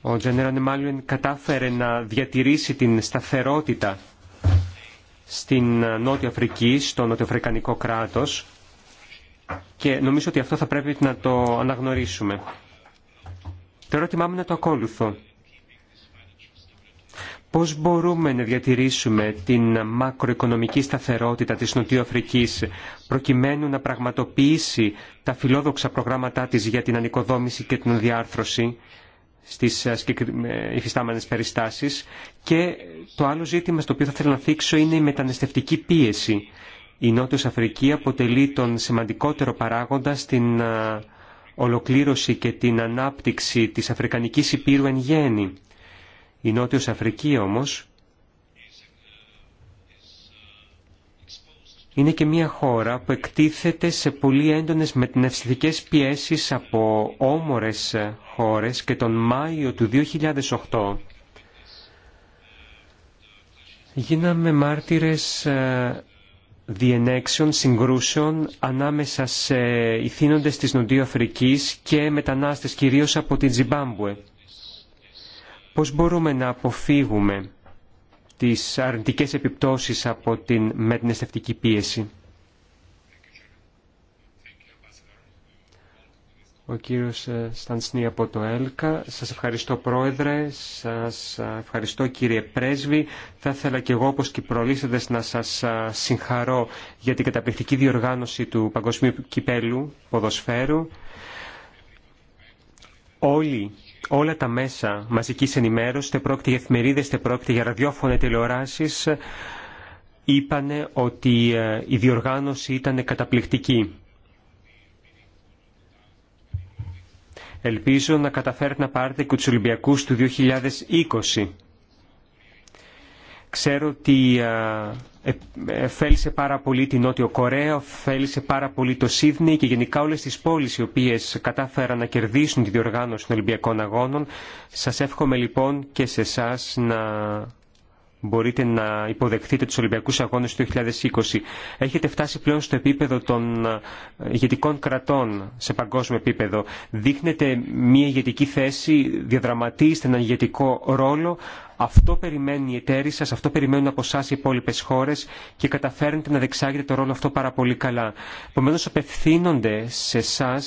Ο Τζένεραν Μάλιον κατάφερε να διατηρήσει την σταθερότητα στην Νότια Αφρική, στο νοτιοαφρικανικό κράτος και νομίζω ότι αυτό θα πρέπει να το αναγνωρίσουμε. Το ερώτημά μου είναι το ακόλουθο. Πώς μπορούμε να διατηρήσουμε την μακροοικονομική σταθερότητα της Νοτιοαφρικής προκειμένου να πραγματοποιήσει τα φιλόδοξα προγράμματά της για την ανοικοδόμηση και την διάρθρωση στις ε, υφιστάμενες περιστάσεις και το άλλο ζήτημα στο οποίο θα θέλω να θίξω είναι η μεταναστευτική πίεση. Η Νότιος Αφρική αποτελεί τον σημαντικότερο παράγοντα στην ολοκλήρωση και την ανάπτυξη της Αφρικανικής Υπήρου εν γέννη. Η Νότιος Αφρική όμως είναι και μια χώρα που εκτίθεται σε πολύ έντονες μετνευστικές πιέσεις από όμορες χώρες και τον Μάιο του 2008 γίναμε μάρτυρες διενέξεων, συγκρούσεων ανάμεσα σε ηθήνοντες της Νοτιοαφρικής και μετανάστες κυρίως από την Τζιμπάμπουε. Πώς μπορούμε να αποφύγουμε τις αρνητικές επιπτώσεις από την μετνεστευτική πίεση. Ο κύριος ε, Στανσνή από το ΕΛΚΑ. Σας ευχαριστώ πρόεδρε, σας ε, ευχαριστώ κύριε πρέσβη. Θα ήθελα και εγώ όπως και προλύσαντες να σας ε, συγχαρώ για την καταπληκτική διοργάνωση του Παγκοσμίου Κυπέλου Ποδοσφαίρου. Όλοι όλα τα μέσα μαζικής ενημέρωσης, είτε πρόκειται για εφημερίδες, είτε πρόκειται για ραδιόφωνα τηλεοράσεις, είπανε ότι η διοργάνωση ήταν καταπληκτική. Ελπίζω να καταφέρετε να πάρετε και του Ολυμπιακού του 2020. Ξέρω ότι ε, ε, φέλησε πάρα πολύ την Νότιο Κορέα, φέλησε πάρα πολύ το Σίδνεϊ και γενικά όλες τις πόλεις οι οποίες κατάφεραν να κερδίσουν τη διοργάνωση των Ολυμπιακών Αγώνων. Σας εύχομαι λοιπόν και σε εσά να μπορείτε να υποδεχθείτε τους Ολυμπιακούς Αγώνες του 2020. Έχετε φτάσει πλέον στο επίπεδο των ε, ηγετικών κρατών σε παγκόσμιο επίπεδο. Δείχνετε μια ηγετική θέση, διαδραματίζετε έναν ηγετικό ρόλο. Αυτό περιμένει η εταίροι σας, αυτό περιμένουν από εσά οι υπόλοιπε χώρες και καταφέρνετε να δεξάγετε το ρόλο αυτό πάρα πολύ καλά. Επομένως απευθύνονται σε εσά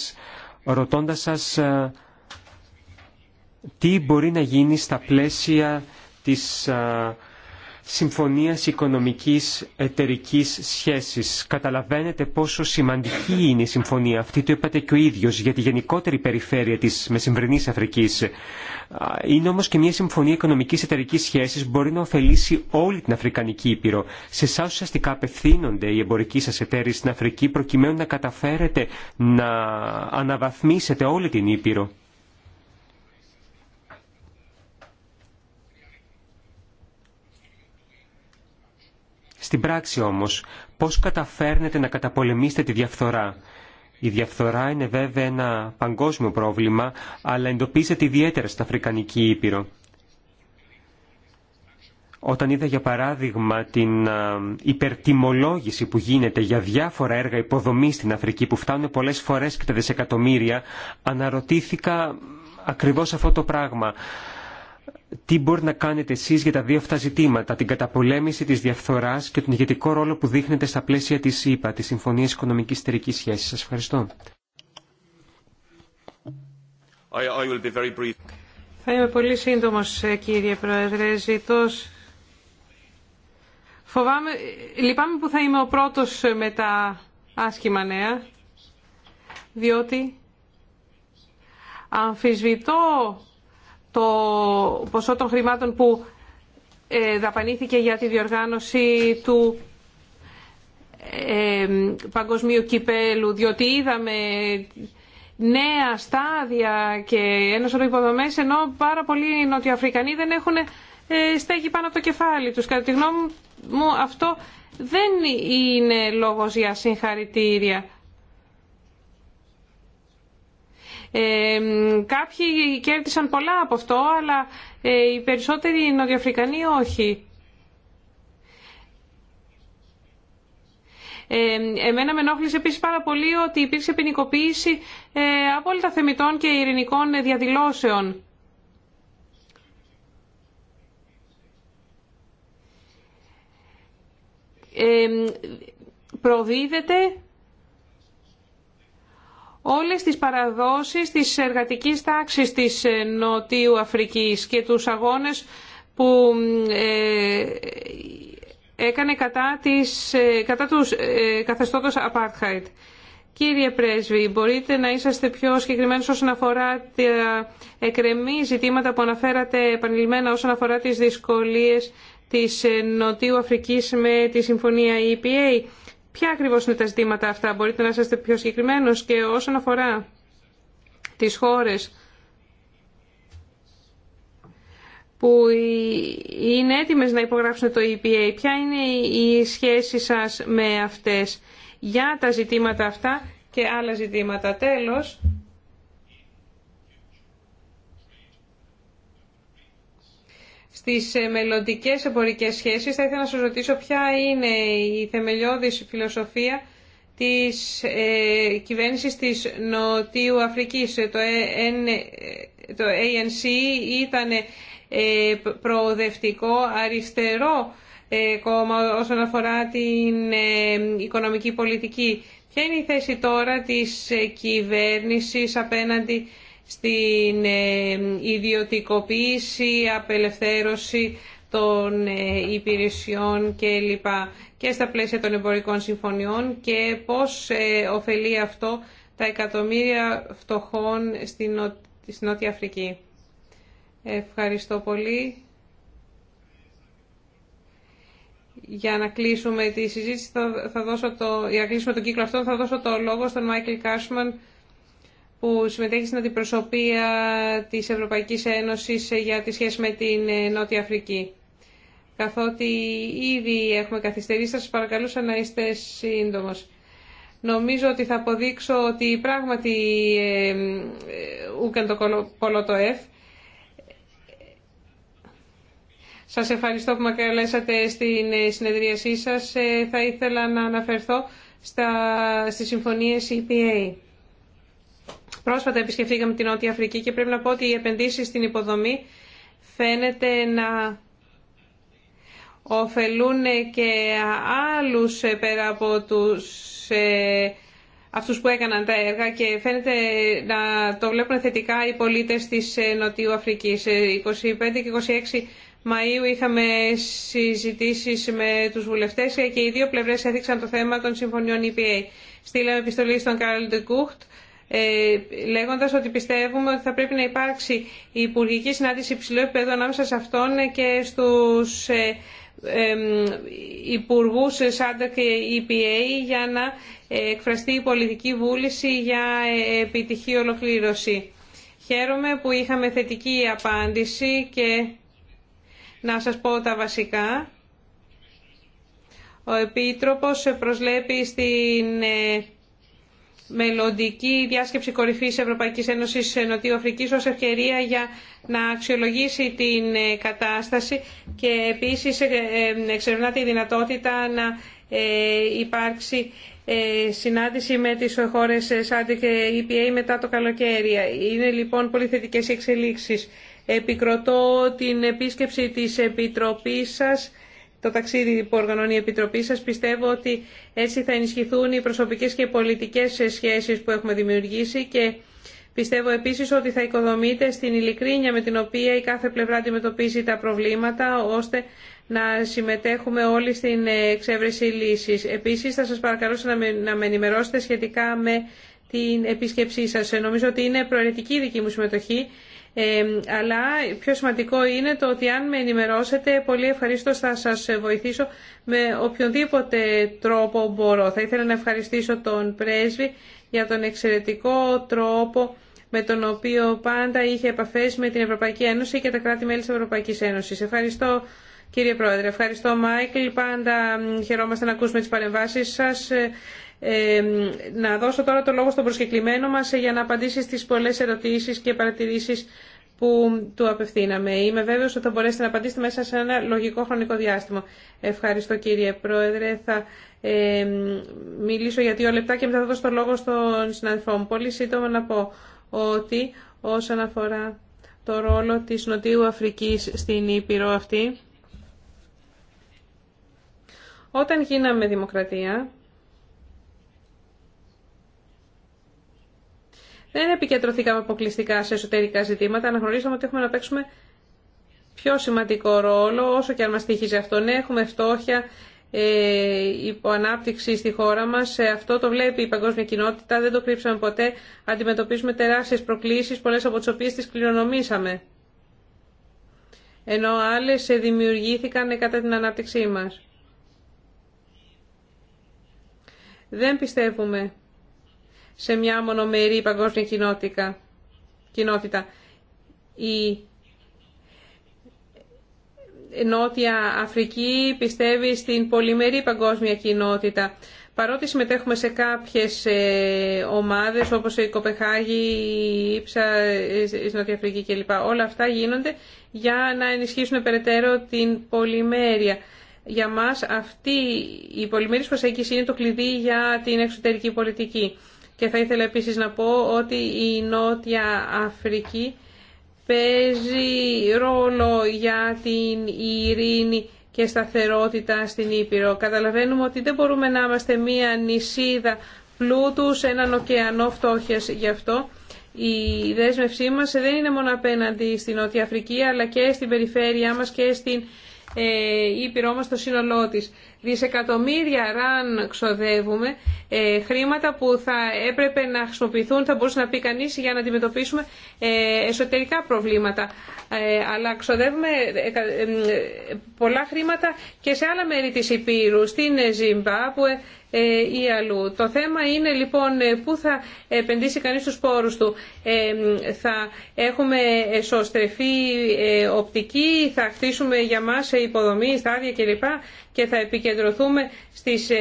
ρωτώντας σας ε, τι μπορεί να γίνει στα πλαίσια της ε, συμφωνίας οικονομικής εταιρικής σχέσης. Καταλαβαίνετε πόσο σημαντική είναι η συμφωνία αυτή, το είπατε και ο ίδιος, για τη γενικότερη περιφέρεια της Μεσημβρινής Αφρικής. Είναι όμως και μια συμφωνία οικονομικής εταιρικής σχέσης μπορεί να ωφελήσει όλη την Αφρικανική Ήπειρο. Σε εσά ουσιαστικά απευθύνονται οι εμπορικοί σας εταίροι στην Αφρική προκειμένου να καταφέρετε να αναβαθμίσετε όλη την Ήπειρο. Στην πράξη όμως, πώς καταφέρνετε να καταπολεμήσετε τη διαφθορά. Η διαφθορά είναι βέβαια ένα παγκόσμιο πρόβλημα, αλλά εντοπίζεται ιδιαίτερα στην Αφρικανική Ήπειρο. Όταν είδα για παράδειγμα την υπερτιμολόγηση που γίνεται για διάφορα έργα υποδομής στην Αφρική που φτάνουν πολλές φορές και τα δισεκατομμύρια, αναρωτήθηκα ακριβώς αυτό το πράγμα τι μπορεί να κάνετε εσείς για τα δύο αυτά ζητήματα, την καταπολέμηση τη διαφθοράς και τον ηγετικό ρόλο που δείχνετε στα πλαίσια της ΕΠΑ, τη Συμφωνίας Οικονομικής εταιρική σχέση. Σας ευχαριστώ. I, I will be very brief. Θα είμαι πολύ σύντομο ε, κύριε Πρόεδρε. Ζητώ... Φοβάμαι... Λυπάμαι που θα είμαι ο πρώτος ε, με τα άσχημα νέα, διότι αμφισβητώ το ποσό των χρημάτων που ε, δαπανήθηκε για τη διοργάνωση του ε, παγκοσμίου κυπέλου, διότι είδαμε νέα στάδια και ένα σωρό υποδομές, ενώ πάρα πολλοί νοτιοαφρικανοί δεν έχουν ε, στέγη πάνω από το κεφάλι τους. Κατά τη γνώμη μου αυτό δεν είναι λόγος για συγχαρητήρια. Κάποιοι κέρδισαν πολλά από αυτό, αλλά ε, οι περισσότεροι Νοτιοαφρικανοί όχι. Εμένα με ενόχλησε επίσης πάρα πολύ ότι υπήρξε ποινικοποίηση ε, τα θεμητών και ειρηνικών διαδηλώσεων. Προδίδεται όλες τις παραδόσεις της εργατικής τάξης της ε, Νοτιού Αφρικής και τους αγώνες που ε, έκανε κατά, της, ε, κατά τους καθεστώτος Apartheid. Κύριε Πρέσβη, μπορείτε να είσαστε πιο συγκεκριμένοι όσον αφορά τα εκρεμή ζητήματα που αναφέρατε επανειλημμένα όσον αφορά τις δυσκολίες της Νοτιού Αφρικής με τη Συμφωνία EPA. Ποια ακριβώς είναι τα ζητήματα αυτά, μπορείτε να είστε πιο συγκεκριμένος και όσον αφορά τις χώρες που είναι έτοιμε να υπογράψουν το EPA, ποια είναι η σχέση σας με αυτές για τα ζητήματα αυτά και άλλα ζητήματα. Τέλος, Στι ε, μελλοντικέ εμπορικέ σχέσεις θα ήθελα να σα ρωτήσω ποια είναι η θεμελιώδης φιλοσοφία της ε, κυβέρνησης της Νοτιού Αφρικής. Το, ε, ε, το ANC ήταν ε, προοδευτικό αριστερό ε, κόμμα όσον αφορά την οικονομική πολιτική. Ποια είναι η θέση τώρα της κυβέρνησης απέναντι στην ε, ιδιωτικοποίηση, απελευθέρωση των ε, υπηρεσιών κλπ. και στα πλαίσια των εμπορικών συμφωνιών και πώς ε, ωφελεί αυτό τα εκατομμύρια φτωχών στην Νότια Αφρική. Ευχαριστώ πολύ. Για να κλείσουμε τη συζήτηση, θα, δώσω το, για να κλείσουμε τον κύκλο αυτό, θα δώσω το λόγο στον Μάικλ Κάσμαν, που συμμετέχει στην αντιπροσωπεία της Ευρωπαϊκής Ένωσης για τη σχέση με την ε, Νότια Αφρική. Καθότι ήδη έχουμε καθυστερήσει, σας παρακαλούσα να είστε σύντομος. Νομίζω ότι θα αποδείξω ότι πράγματι ε, ε, ούκαν το πολλό το ΕΦ. Σας ευχαριστώ που με καλέσατε στην συνεδρίασή σας. Θα ήθελα να αναφερθώ στα, στις συμφωνίες EPA. Πρόσφατα επισκεφθήκαμε την Νότια Αφρική και πρέπει να πω ότι οι επενδύσεις στην υποδομή φαίνεται να ωφελούν και άλλους πέρα από τους, ε, αυτούς που έκαναν τα έργα και φαίνεται να το βλέπουν θετικά οι πολίτες της ε, Νοτιού Αφρικής. 25 ε, και 26 Μαΐου είχαμε συζητήσεις με τους βουλευτές και οι δύο πλευρές έδειξαν το θέμα των συμφωνιών EPA. Στείλαμε επιστολή στον Καρλ Ντεκούχτ, ε, λέγοντας ότι πιστεύουμε ότι θα πρέπει να υπάρξει η υπουργική συνάντηση υψηλού επίπεδου ανάμεσα σε αυτόν και στους ε, υπουργού ΣΑΝΤΑ και EPA για να ε, εκφραστεί η πολιτική βούληση για επιτυχή ολοκλήρωση. Χαίρομαι που είχαμε θετική απάντηση και να σας πω τα βασικά. Ο Επίτροπος προσλέπει στην μελλοντική διάσκεψη κορυφής ευρωπαϊκή Ένωσης Νοτιού Αφρικής ως ευκαιρία για να αξιολογήσει την ε, κατάσταση και επίσης ε, ε, εξερευνά τη δυνατότητα να υπάρξει συνάντηση με τις χώρες σαν και EPA μετά το καλοκαίρι. Είναι λοιπόν πολύ θετικέ οι εξελίξεις. Επικροτώ την επίσκεψη της Επιτροπής σας το ταξίδι που οργανώνει η Επιτροπή σας. Πιστεύω ότι έτσι θα ενισχυθούν οι προσωπικές και πολιτικές σχέσεις που έχουμε δημιουργήσει και πιστεύω επίσης ότι θα οικοδομείται στην ειλικρίνεια με την οποία η κάθε πλευρά αντιμετωπίζει τα προβλήματα ώστε να συμμετέχουμε όλοι στην εξέβρεση λύσης. Επίσης θα σας παρακαλούσα να με ενημερώσετε σχετικά με την επίσκεψή σας. Νομίζω ότι είναι προαιρετική δική μου συμμετοχή αλλά πιο σημαντικό είναι το ότι αν με ενημερώσετε, πολύ ευχαρίστω θα σας βοηθήσω με οποιονδήποτε τρόπο μπορώ. Θα ήθελα να ευχαριστήσω τον πρέσβη για τον εξαιρετικό τρόπο με τον οποίο πάντα είχε επαφές με την Ευρωπαϊκή Ένωση και τα κράτη-μέλη της Ευρωπαϊκής Ένωσης. Ευχαριστώ κύριε Πρόεδρε, ευχαριστώ Μάικλ. Πάντα χαιρόμαστε να ακούσουμε τις παρεμβάσεις σας να δώσω τώρα το λόγο στον προσκεκλημένο μας ε, για να απαντήσει στις πολλές ερωτήσεις και παρατηρήσεις που του απευθύναμε. Είμαι βέβαιος ότι θα μπορέσετε να απαντήσετε μέσα σε ένα λογικό χρονικό διάστημα. Ευχαριστώ κύριε Πρόεδρε. Θα μιλήσω για δύο λεπτά και μετά θα δώσω το λόγο στον συναδελφό μου. Πολύ σύντομα να πω ότι όσον αφορά το ρόλο της Νοτιού Αφρικής στην Ήπειρο αυτή, όταν γίναμε δημοκρατία, δεν επικεντρωθήκαμε αποκλειστικά σε εσωτερικά ζητήματα. Αναγνωρίσαμε ότι έχουμε να παίξουμε πιο σημαντικό ρόλο, όσο και αν μας τύχει αυτό. Ναι, έχουμε φτώχεια, ε, υποανάπτυξη στη χώρα μας. Ε, αυτό το βλέπει η παγκόσμια κοινότητα, δεν το κρύψαμε ποτέ. Αντιμετωπίζουμε τεράστιες προκλήσεις, πολλές από τι οποίε τι κληρονομήσαμε. Ενώ άλλες ε, δημιουργήθηκαν ε, κατά την ανάπτυξή μα. Δεν πιστεύουμε σε μια μονομερή παγκόσμια κοινότητα. κοινότητα. Η Νότια Αφρική πιστεύει στην πολυμερή παγκόσμια κοινότητα. Παρότι συμμετέχουμε σε κάποιες ε, ομάδες όπως η Κοπεχάγη, η Ήψα, ε, η Νότια Αφρική κλπ. Όλα αυτά γίνονται για να ενισχύσουν περαιτέρω την πολυμέρεια. Για μας αυτή η πολυμερής προσέγγιση είναι το κλειδί για την εξωτερική πολιτική. Και θα ήθελα επίσης να πω ότι η Νότια Αφρική παίζει ρόλο για την ειρήνη και σταθερότητα στην Ήπειρο. Καταλαβαίνουμε ότι δεν μπορούμε να είμαστε μία νησίδα πλούτου σε έναν ωκεανό φτώχεια γι' αυτό. Η δέσμευσή μας δεν είναι μόνο απέναντι στην Νότια Αφρική αλλά και στην περιφέρειά μας και στην η ε, πυρό στο σύνολό της. Δισεκατομμύρια ραν ξοδεύουμε, ε, χρήματα που θα έπρεπε να χρησιμοποιηθούν, θα μπορούσε να πει κανεί για να αντιμετωπίσουμε ε, εσωτερικά προβλήματα. αλλά ξοδεύουμε πολλά χρήματα και σε άλλα μέρη της Υπήρου, στην Ζιμπά, που ε, ή Το θέμα είναι λοιπόν ε, πού θα επενδύσει κανείς τους πόρους του. Ε, θα έχουμε εσωστρεφή οπτική, θα χτίσουμε για μας υποδομή, στάδια κλπ και θα επικεντρωθούμε στις ε,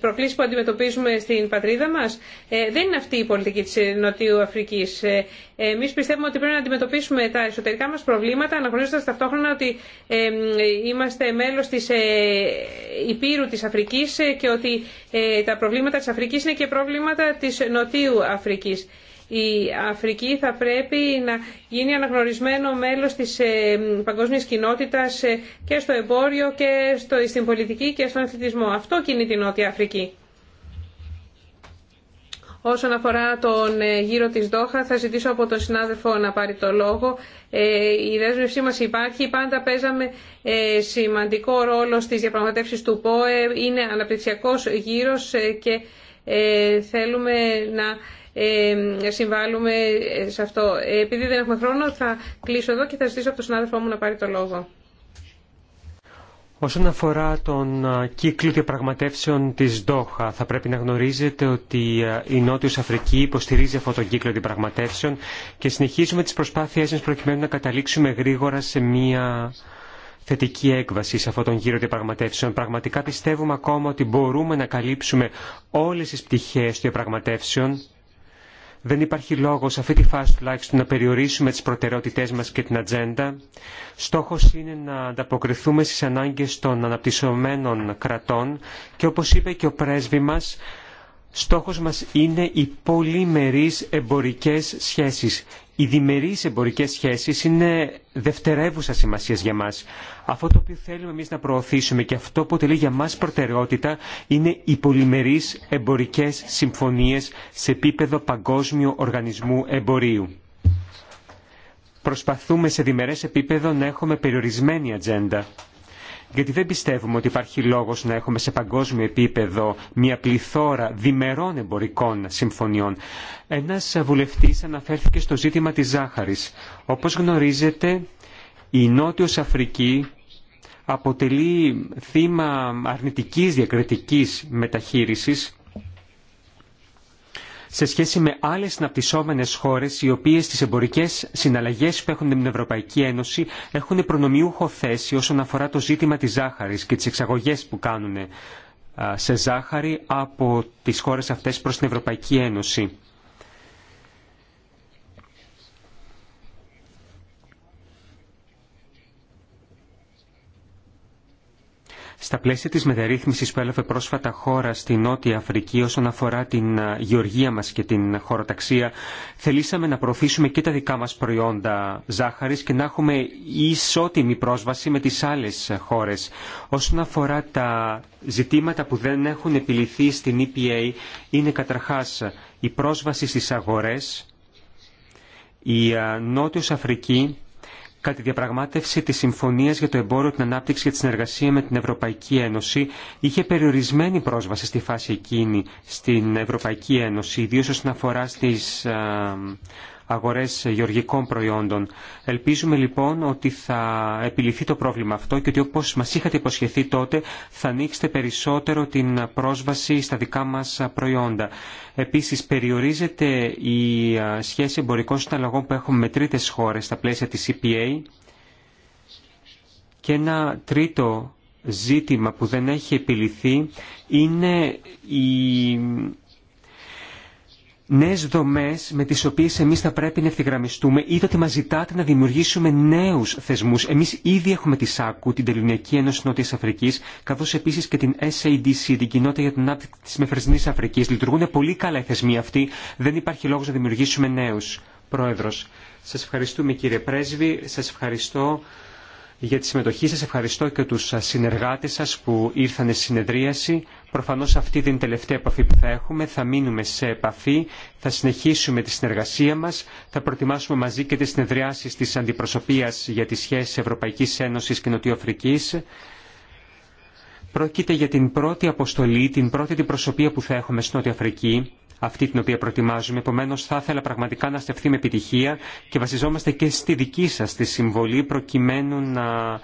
προκλήσεις που αντιμετωπίζουμε στην πατρίδα μας. Ε, δεν είναι αυτή η πολιτική της Νοτιού Αφρικής. Ε, εμείς πιστεύουμε ότι πρέπει να αντιμετωπίσουμε τα εσωτερικά μας προβλήματα αναγνωρίζοντας ταυτόχρονα ότι είμαστε μέλος της Υπήρου της Αφρικής και ότι τα προβλήματα της Αφρικής είναι και προβλήματα της Νοτιού Αφρικής. Η Αφρική θα πρέπει να γίνει αναγνωρισμένο μέλος της ε, παγκόσμιας κοινότητας ε, και στο εμπόριο και στο, στην πολιτική και στον αθλητισμό. Αυτό κινεί την Νότια Αφρική. Όσον αφορά τον ε, γύρο της Δόχα, θα ζητήσω από τον συνάδελφο να πάρει το λόγο. Η δέσμευσή μας υπάρχει. Πάντα παίζαμε σημαντικό ρόλο στις διαπραγματεύσεις του ΠΟΕ. Είναι αναπτυξιακός γύρος και θέλουμε να ε, συμβάλλουμε σε αυτό. Ε, επειδή δεν έχουμε χρόνο θα κλείσω εδώ και θα ζητήσω από τον συνάδελφό μου να πάρει το λόγο. Όσον αφορά τον κύκλο διαπραγματεύσεων της ΔΟΧΑ θα πρέπει να γνωρίζετε ότι η Νότιος Αφρική υποστηρίζει αυτόν τον κύκλο διαπραγματεύσεων και συνεχίζουμε τις προσπάθειές μας προκειμένου να καταλήξουμε γρήγορα σε μια θετική έκβαση σε αυτόν τον γύρο διαπραγματεύσεων. Πραγματικά πιστεύουμε ακόμα ότι μπορούμε να καλύψουμε όλες τις πτυχές διαπραγματεύσεων δεν υπάρχει λόγο σε αυτή τη φάση τουλάχιστον να περιορίσουμε τι προτεραιότητέ μα και την ατζέντα. Στόχο είναι να ανταποκριθούμε στι ανάγκε των αναπτυσσομένων κρατών και όπω είπε και ο πρέσβη μα, στόχος μας είναι οι πολυμερείς εμπορικές σχέσεις οι διμερείς εμπορικές σχέσεις είναι δευτερεύουσα σημασία για μα. Αυτό το οποίο θέλουμε εμεί να προωθήσουμε και αυτό που τελεί για μα προτεραιότητα είναι οι πολυμερει εμπορικές συμφωνίες σε επίπεδο παγκόσμιου οργανισμού εμπορίου. Προσπαθούμε σε διμερές επίπεδο να έχουμε περιορισμένη ατζέντα γιατί δεν πιστεύουμε ότι υπάρχει λόγο να έχουμε σε παγκόσμιο επίπεδο μια πληθώρα διμερών εμπορικών συμφωνιών. Ένα βουλευτή αναφέρθηκε στο ζήτημα της ζάχαρης. Όπως γνωρίζετε, η Νότιο Αφρική αποτελεί θύμα αρνητικής διακριτικής μεταχείρισης σε σχέση με άλλε συναπτυσσόμενε χώρε οι οποίε στι εμπορικέ συναλλαγέ που έχουν με την Ευρωπαϊκή Ένωση έχουν προνομιούχο θέση όσον αφορά το ζήτημα τη ζάχαρη και τι εξαγωγέ που κάνουν σε ζάχαρη από τι χώρε αυτέ προ την Ευρωπαϊκή Ένωση. Στα πλαίσια της μεταρρύθμισης που έλαβε πρόσφατα χώρα στη Νότια Αφρική όσον αφορά την γεωργία μας και την χωροταξία, θελήσαμε να προωθήσουμε και τα δικά μας προϊόντα ζάχαρης και να έχουμε ισότιμη πρόσβαση με τις άλλες χώρες. Όσον αφορά τα ζητήματα που δεν έχουν επιληθεί στην EPA, είναι καταρχάς η πρόσβαση στις αγορές, η Νότιος Αφρική κατά τη διαπραγμάτευση τη Συμφωνίας για το Εμπόριο, την Ανάπτυξη και τη Συνεργασία με την Ευρωπαϊκή Ένωση είχε περιορισμένη πρόσβαση στη φάση εκείνη στην Ευρωπαϊκή Ένωση, ιδίως όσον αφορά στις ε, αγορές γεωργικών προϊόντων. Ελπίζουμε λοιπόν ότι θα επιληθεί το πρόβλημα αυτό και ότι όπως μας είχατε υποσχεθεί τότε θα ανοίξετε περισσότερο την πρόσβαση στα δικά μας προϊόντα. Επίσης περιορίζεται η σχέση εμπορικών συναλλαγών που έχουμε με τρίτες χώρες στα πλαίσια της EPA και ένα τρίτο ζήτημα που δεν έχει επιληθεί είναι η νέε δομέ με τι οποίε εμεί θα πρέπει να ευθυγραμμιστούμε, είτε ότι μα ζητάτε να δημιουργήσουμε νέου θεσμού. Εμεί ήδη έχουμε τη ΣΑΚΟΥ, την Τελωνιακή Ένωση Νότια Αφρική, καθώ επίση και την SADC, την Κοινότητα για την Ανάπτυξη τη Μεφρεσνή Αφρική. Λειτουργούν πολύ καλά οι θεσμοί αυτοί. Δεν υπάρχει λόγο να δημιουργήσουμε νέου. Πρόεδρο, σα ευχαριστούμε κύριε Πρέσβη, σα ευχαριστώ για τη συμμετοχή σας. Ευχαριστώ και τους συνεργάτες σας που ήρθαν στη συνεδρίαση. Προφανώς αυτή την είναι η τελευταία επαφή που θα έχουμε. Θα μείνουμε σε επαφή, θα συνεχίσουμε τη συνεργασία μας, θα προετοιμάσουμε μαζί και τις συνεδριάσεις της αντιπροσωπείας για τις σχέσεις Ευρωπαϊκής Ένωσης και Νοτιοαφρικής. Πρόκειται για την πρώτη αποστολή, την πρώτη προσωπία που θα έχουμε στην Νότια Αφρική, αυτή την οποία προετοιμάζουμε. Επομένω, θα ήθελα πραγματικά να στεφθεί με επιτυχία και βασιζόμαστε και στη δική σα τη συμβολή προκειμένου να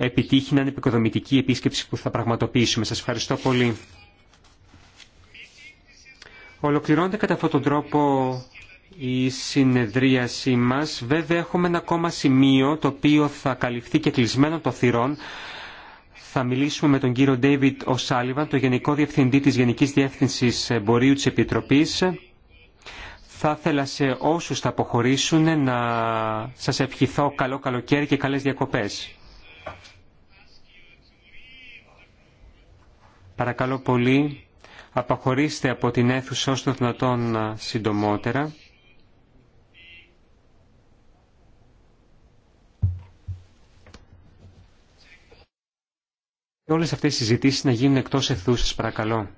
επιτύχει να είναι επικοδομητική επίσκεψη που θα πραγματοποιήσουμε. Σας ευχαριστώ πολύ. Ολοκληρώνεται κατά αυτόν τον τρόπο η συνεδρίασή μας. Βέβαια έχουμε ένα ακόμα σημείο το οποίο θα καλυφθεί και κλεισμένο το θυρών. Θα μιλήσουμε με τον κύριο Ντέιβιτ Οσάλιβαν, το Γενικό Διευθυντή της Γενικής Διεύθυνσης Εμπορίου της Επιτροπής. Θα ήθελα σε όσους θα αποχωρήσουν να σας ευχηθώ καλό καλοκαίρι και καλές διακοπές. Παρακαλώ πολύ, απαχωρήστε από την αίθουσα όσο το δυνατόν συντομότερα. Και όλες αυτές οι συζητήσεις να γίνουν εκτός αιθούσας, παρακαλώ.